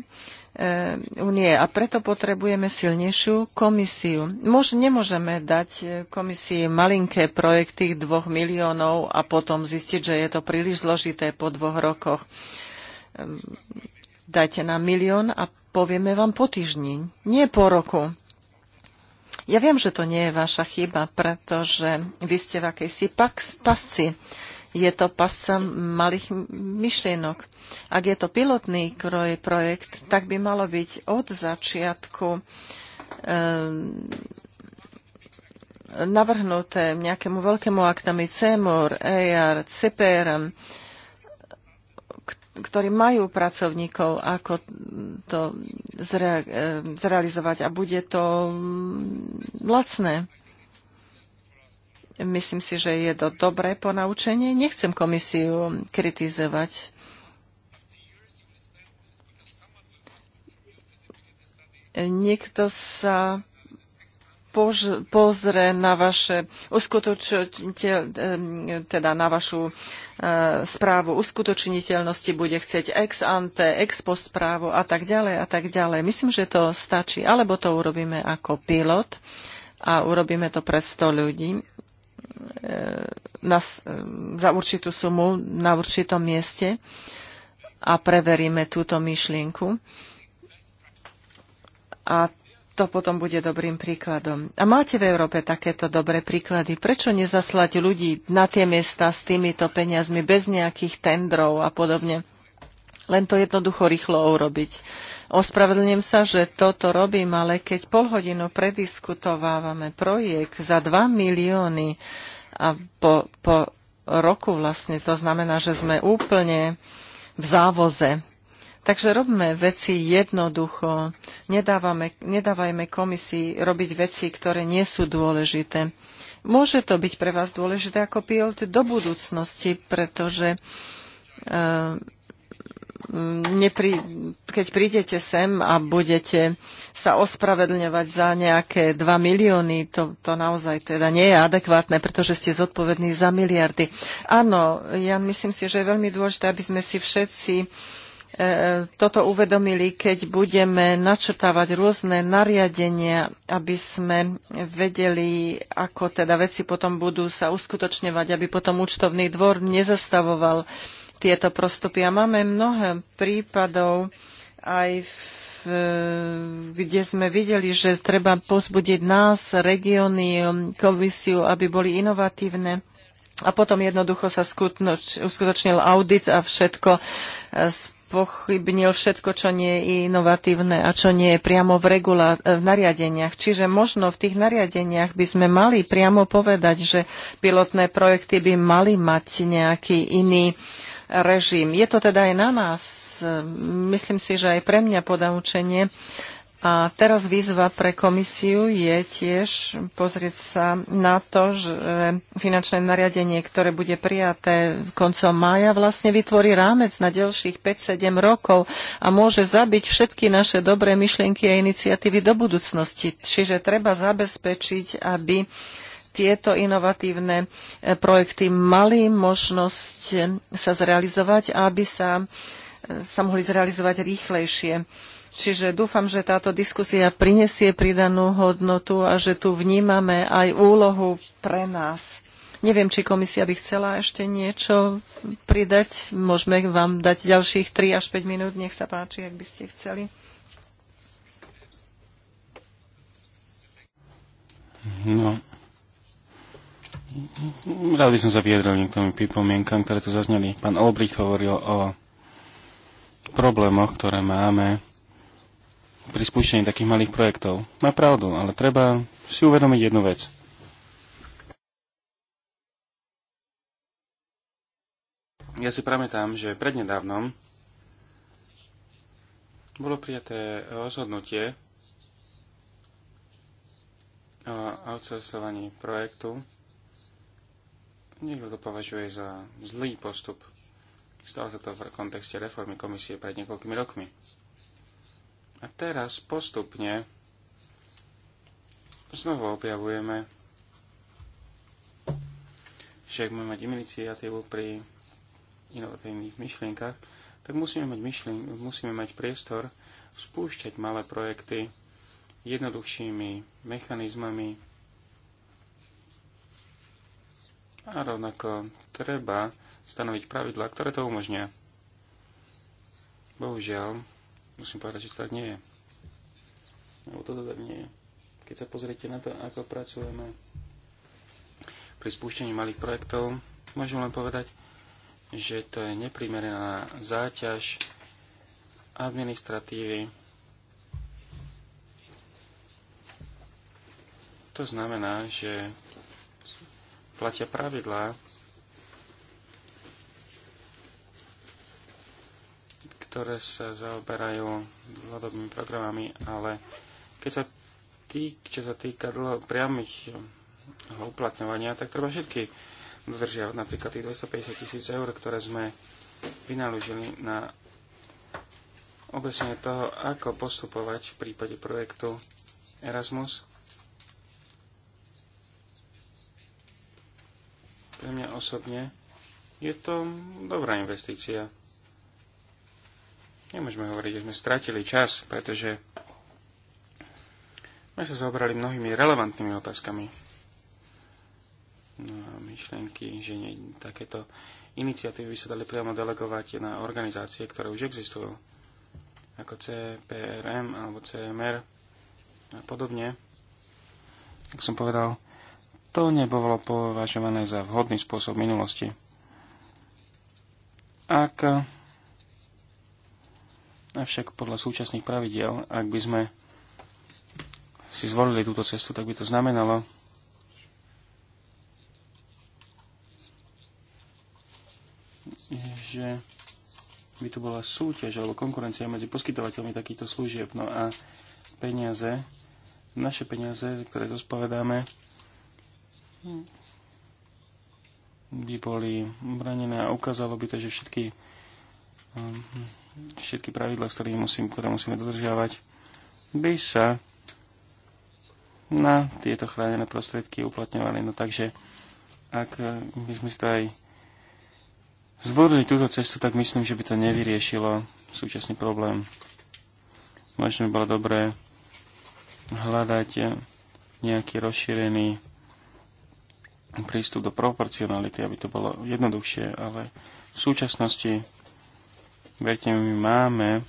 únie. E, a preto potrebujeme silnejšiu komisiu. Mož, nemôžeme dať eh, komisii malinké projekty dvoch miliónov a potom zistiť, že je to príliš zložité po dvoch rokoch. E, dajte nám milión a povieme vám po týždni, nie po roku. Ja viem, že to nie je vaša chyba, pretože vy ste v akejsi pasci. Je to pasca malých myšlienok. Ak je to pilotný projekt, tak by malo byť od začiatku ehm, navrhnuté nejakému veľkému aktami CEMOR, EAR, CPRM, ktorí majú pracovníkov, ako to zre, eh, zrealizovať a bude to mm, lacné. Myslím si, že je to dobré ponaučenie. Nechcem komisiu kritizovať. Niekto sa pož- na vaše teda na vašu eh, správu uskutočniteľnosti, bude chcieť ex ante, ex post správu a tak ďalej a tak ďalej. Myslím, že to stačí. Alebo to urobíme ako pilot a urobíme to pre 100 ľudí eh, na, eh, za určitú sumu na určitom mieste a preveríme túto myšlienku. A to potom bude dobrým príkladom. A máte v Európe takéto dobré príklady. Prečo nezaslať ľudí na tie miesta s týmito peniazmi bez nejakých tendrov a podobne? Len to jednoducho rýchlo urobiť. Ospravedlňujem sa, že toto robím, ale keď pol hodinu prediskutovávame projekt za 2 milióny a po, po roku vlastne, to znamená, že sme úplne v závoze Takže robme veci jednoducho. Nedávame, nedávajme komisii robiť veci, ktoré nie sú dôležité. Môže to byť pre vás dôležité ako pilot do budúcnosti, pretože uh, nepri, keď prídete sem a budete sa ospravedlňovať za nejaké 2 milióny, to, to naozaj teda nie je adekvátne, pretože ste zodpovední za miliardy. Áno, ja myslím si, že je veľmi dôležité, aby sme si všetci E, toto uvedomili, keď budeme načrtávať rôzne nariadenia, aby sme vedeli, ako teda veci potom budú sa uskutočňovať, aby potom účtovný dvor nezastavoval tieto prostupy. A máme mnohé prípadov aj v, kde sme videli, že treba pozbudiť nás, regióny, komisiu, aby boli inovatívne a potom jednoducho sa skutočnil audit a všetko e, spochybnil všetko, čo nie je inovatívne a čo nie je priamo v, regula- v nariadeniach. Čiže možno v tých nariadeniach by sme mali priamo povedať, že pilotné projekty by mali mať nejaký iný e, režim. Je to teda aj na nás. E, myslím si, že aj pre mňa podaučenie a teraz výzva pre komisiu je tiež pozrieť sa na to, že finančné nariadenie, ktoré bude prijaté koncom mája, vlastne vytvorí rámec na ďalších 5-7 rokov a môže zabiť všetky naše dobré myšlienky a iniciatívy do budúcnosti. Čiže treba zabezpečiť, aby tieto inovatívne e, projekty mali možnosť sa zrealizovať a aby sa, e, sa mohli zrealizovať rýchlejšie Čiže dúfam, že táto diskusia prinesie pridanú hodnotu a že tu vnímame aj úlohu pre nás. Neviem, či komisia by chcela ešte niečo pridať. Môžeme vám dať ďalších 3 až 5 minút. Nech sa páči, ak by ste chceli. No. Rád by som sa vyjadril niektorým pripomienkam, ktoré tu zazneli. Pán Olbricht hovoril o problémoch, ktoré máme pri spúšťaní takých malých projektov. Má pravdu, ale treba si uvedomiť jednu vec. Ja si pamätám, že prednedávnom bolo prijaté rozhodnutie o outsourcovaní projektu. Niekto to považuje za zlý postup. Stalo sa to v kontexte reformy komisie pred niekoľkými rokmi. A teraz postupne znovu objavujeme, že ak máme mať iniciatívu pri inovatívnych myšlienkach, tak musíme mať, myšlien- musíme mať priestor spúšťať malé projekty jednoduchšími mechanizmami a rovnako treba stanoviť pravidlá, ktoré to umožnia. Bohužiaľ, musím povedať, že to tak nie je. Lebo toto tak nie je. Keď sa pozriete na to, ako pracujeme pri spúšťaní malých projektov, môžem len povedať, že to je neprimeraná záťaž administratívy. To znamená, že platia pravidlá, ktoré sa zaoberajú dlhodobými programami, ale keď sa tý, čo sa týka dlho, priamých uplatňovania, tak treba všetky dodržiavať. Napríklad tých 250 tisíc eur, ktoré sme vynaložili na obecne toho, ako postupovať v prípade projektu Erasmus. Pre mňa osobne je to dobrá investícia. Nemôžeme hovoriť, že sme stratili čas, pretože sme sa zaobrali mnohými relevantnými otázkami. No a myšlenky, že nie, takéto iniciatívy by sa dali priamo delegovať na organizácie, ktoré už existujú, ako CPRM alebo CMR a podobne. Tak som povedal, to nebolo považované za vhodný spôsob minulosti. Ak Avšak podľa súčasných pravidiel, ak by sme si zvolili túto cestu, tak by to znamenalo, že by tu bola súťaž alebo konkurencia medzi poskytovateľmi takýchto služieb. No a peniaze, naše peniaze, ktoré zospovedáme, by boli branené a ukázalo by to, že všetky Ehm, všetky pravidla, ktoré, musím, ktoré musíme dodržiavať, by sa na tieto chránené prostriedky uplatňovali. No takže, ak by sme si to aj zvolili túto cestu, tak myslím, že by to nevyriešilo súčasný problém. Možno by bolo dobré hľadať nejaký rozšírený prístup do proporcionality, aby to bolo jednoduchšie, ale v súčasnosti Verte my máme,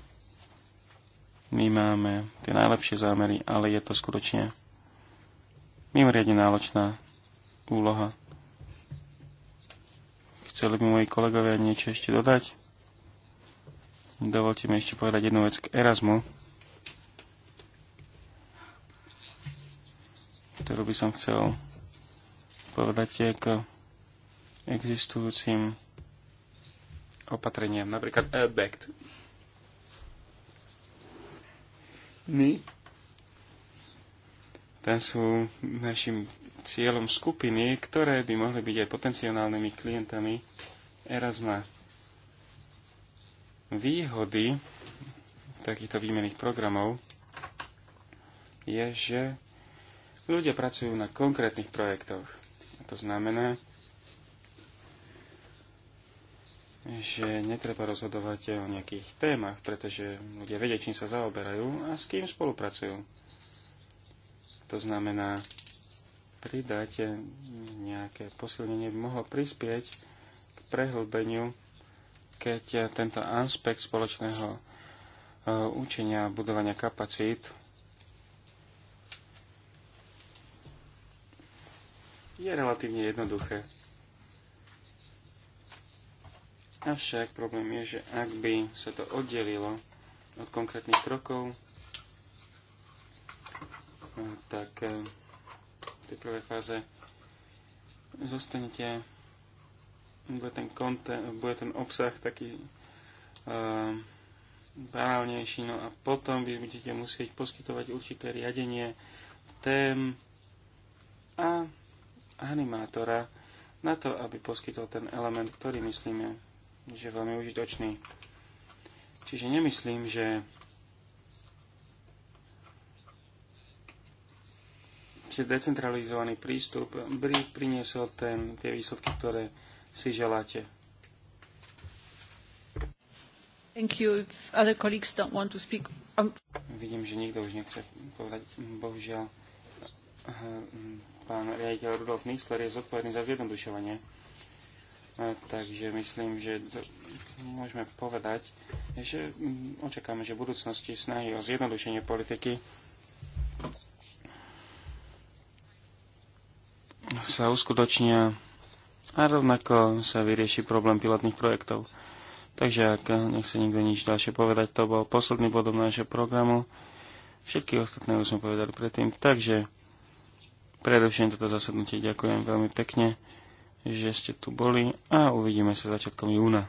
my máme tie najlepšie zámery, ale je to skutočne mimoriadne náročná úloha. Chceli by moji kolegovia niečo ešte dodať? Dovolte mi ešte povedať jednu vec k Erasmu, ktorú by som chcel povedať k existujúcim opatreniam, napríklad Airbag. My, tam sú našim cieľom skupiny, ktoré by mohli byť aj potenciálnymi klientami Erasma. Výhody takýchto výmených programov je, že ľudia pracujú na konkrétnych projektoch. A to znamená, že netreba rozhodovať o nejakých témach, pretože ľudia vedia, čím sa zaoberajú a s kým spolupracujú. To znamená, pridať nejaké posilnenie by mohlo prispieť k prehlbeniu, keď tento aspekt spoločného e, učenia a budovania kapacít je relatívne jednoduché. Avšak problém je, že ak by sa to oddelilo od konkrétnych krokov, tak eh, v tej prvej fáze zostanete, bude ten, content, bude ten obsah taký uh, banálnejší, no a potom vy budete musieť poskytovať určité riadenie tém a animátora na to, aby poskytol ten element, ktorý myslíme že je veľmi užitočný. Čiže nemyslím, že že decentralizovaný prístup priniesol ten, tie výsledky, ktoré si želáte. Thank you. If other colleagues don't want to speak, um... Vidím, že nikto už nechce povedať. Bohužiaľ, eh, mm, pán riaditeľ Rudolf Nisler je zodpovedný za zjednodušovanie. Takže myslím, že môžeme povedať, že mm, očakáme, že v budúcnosti snahy o zjednodušenie politiky sa uskutočnia a rovnako sa vyrieši problém pilotných projektov. Takže ak nechce nikto nič ďalšie povedať, to bol posledný bod nášho programu. Všetky ostatné už sme povedali predtým. Takže predovšetkým toto zasadnutie. Ďakujem veľmi pekne že ste tu boli a uvidíme sa začiatkom júna.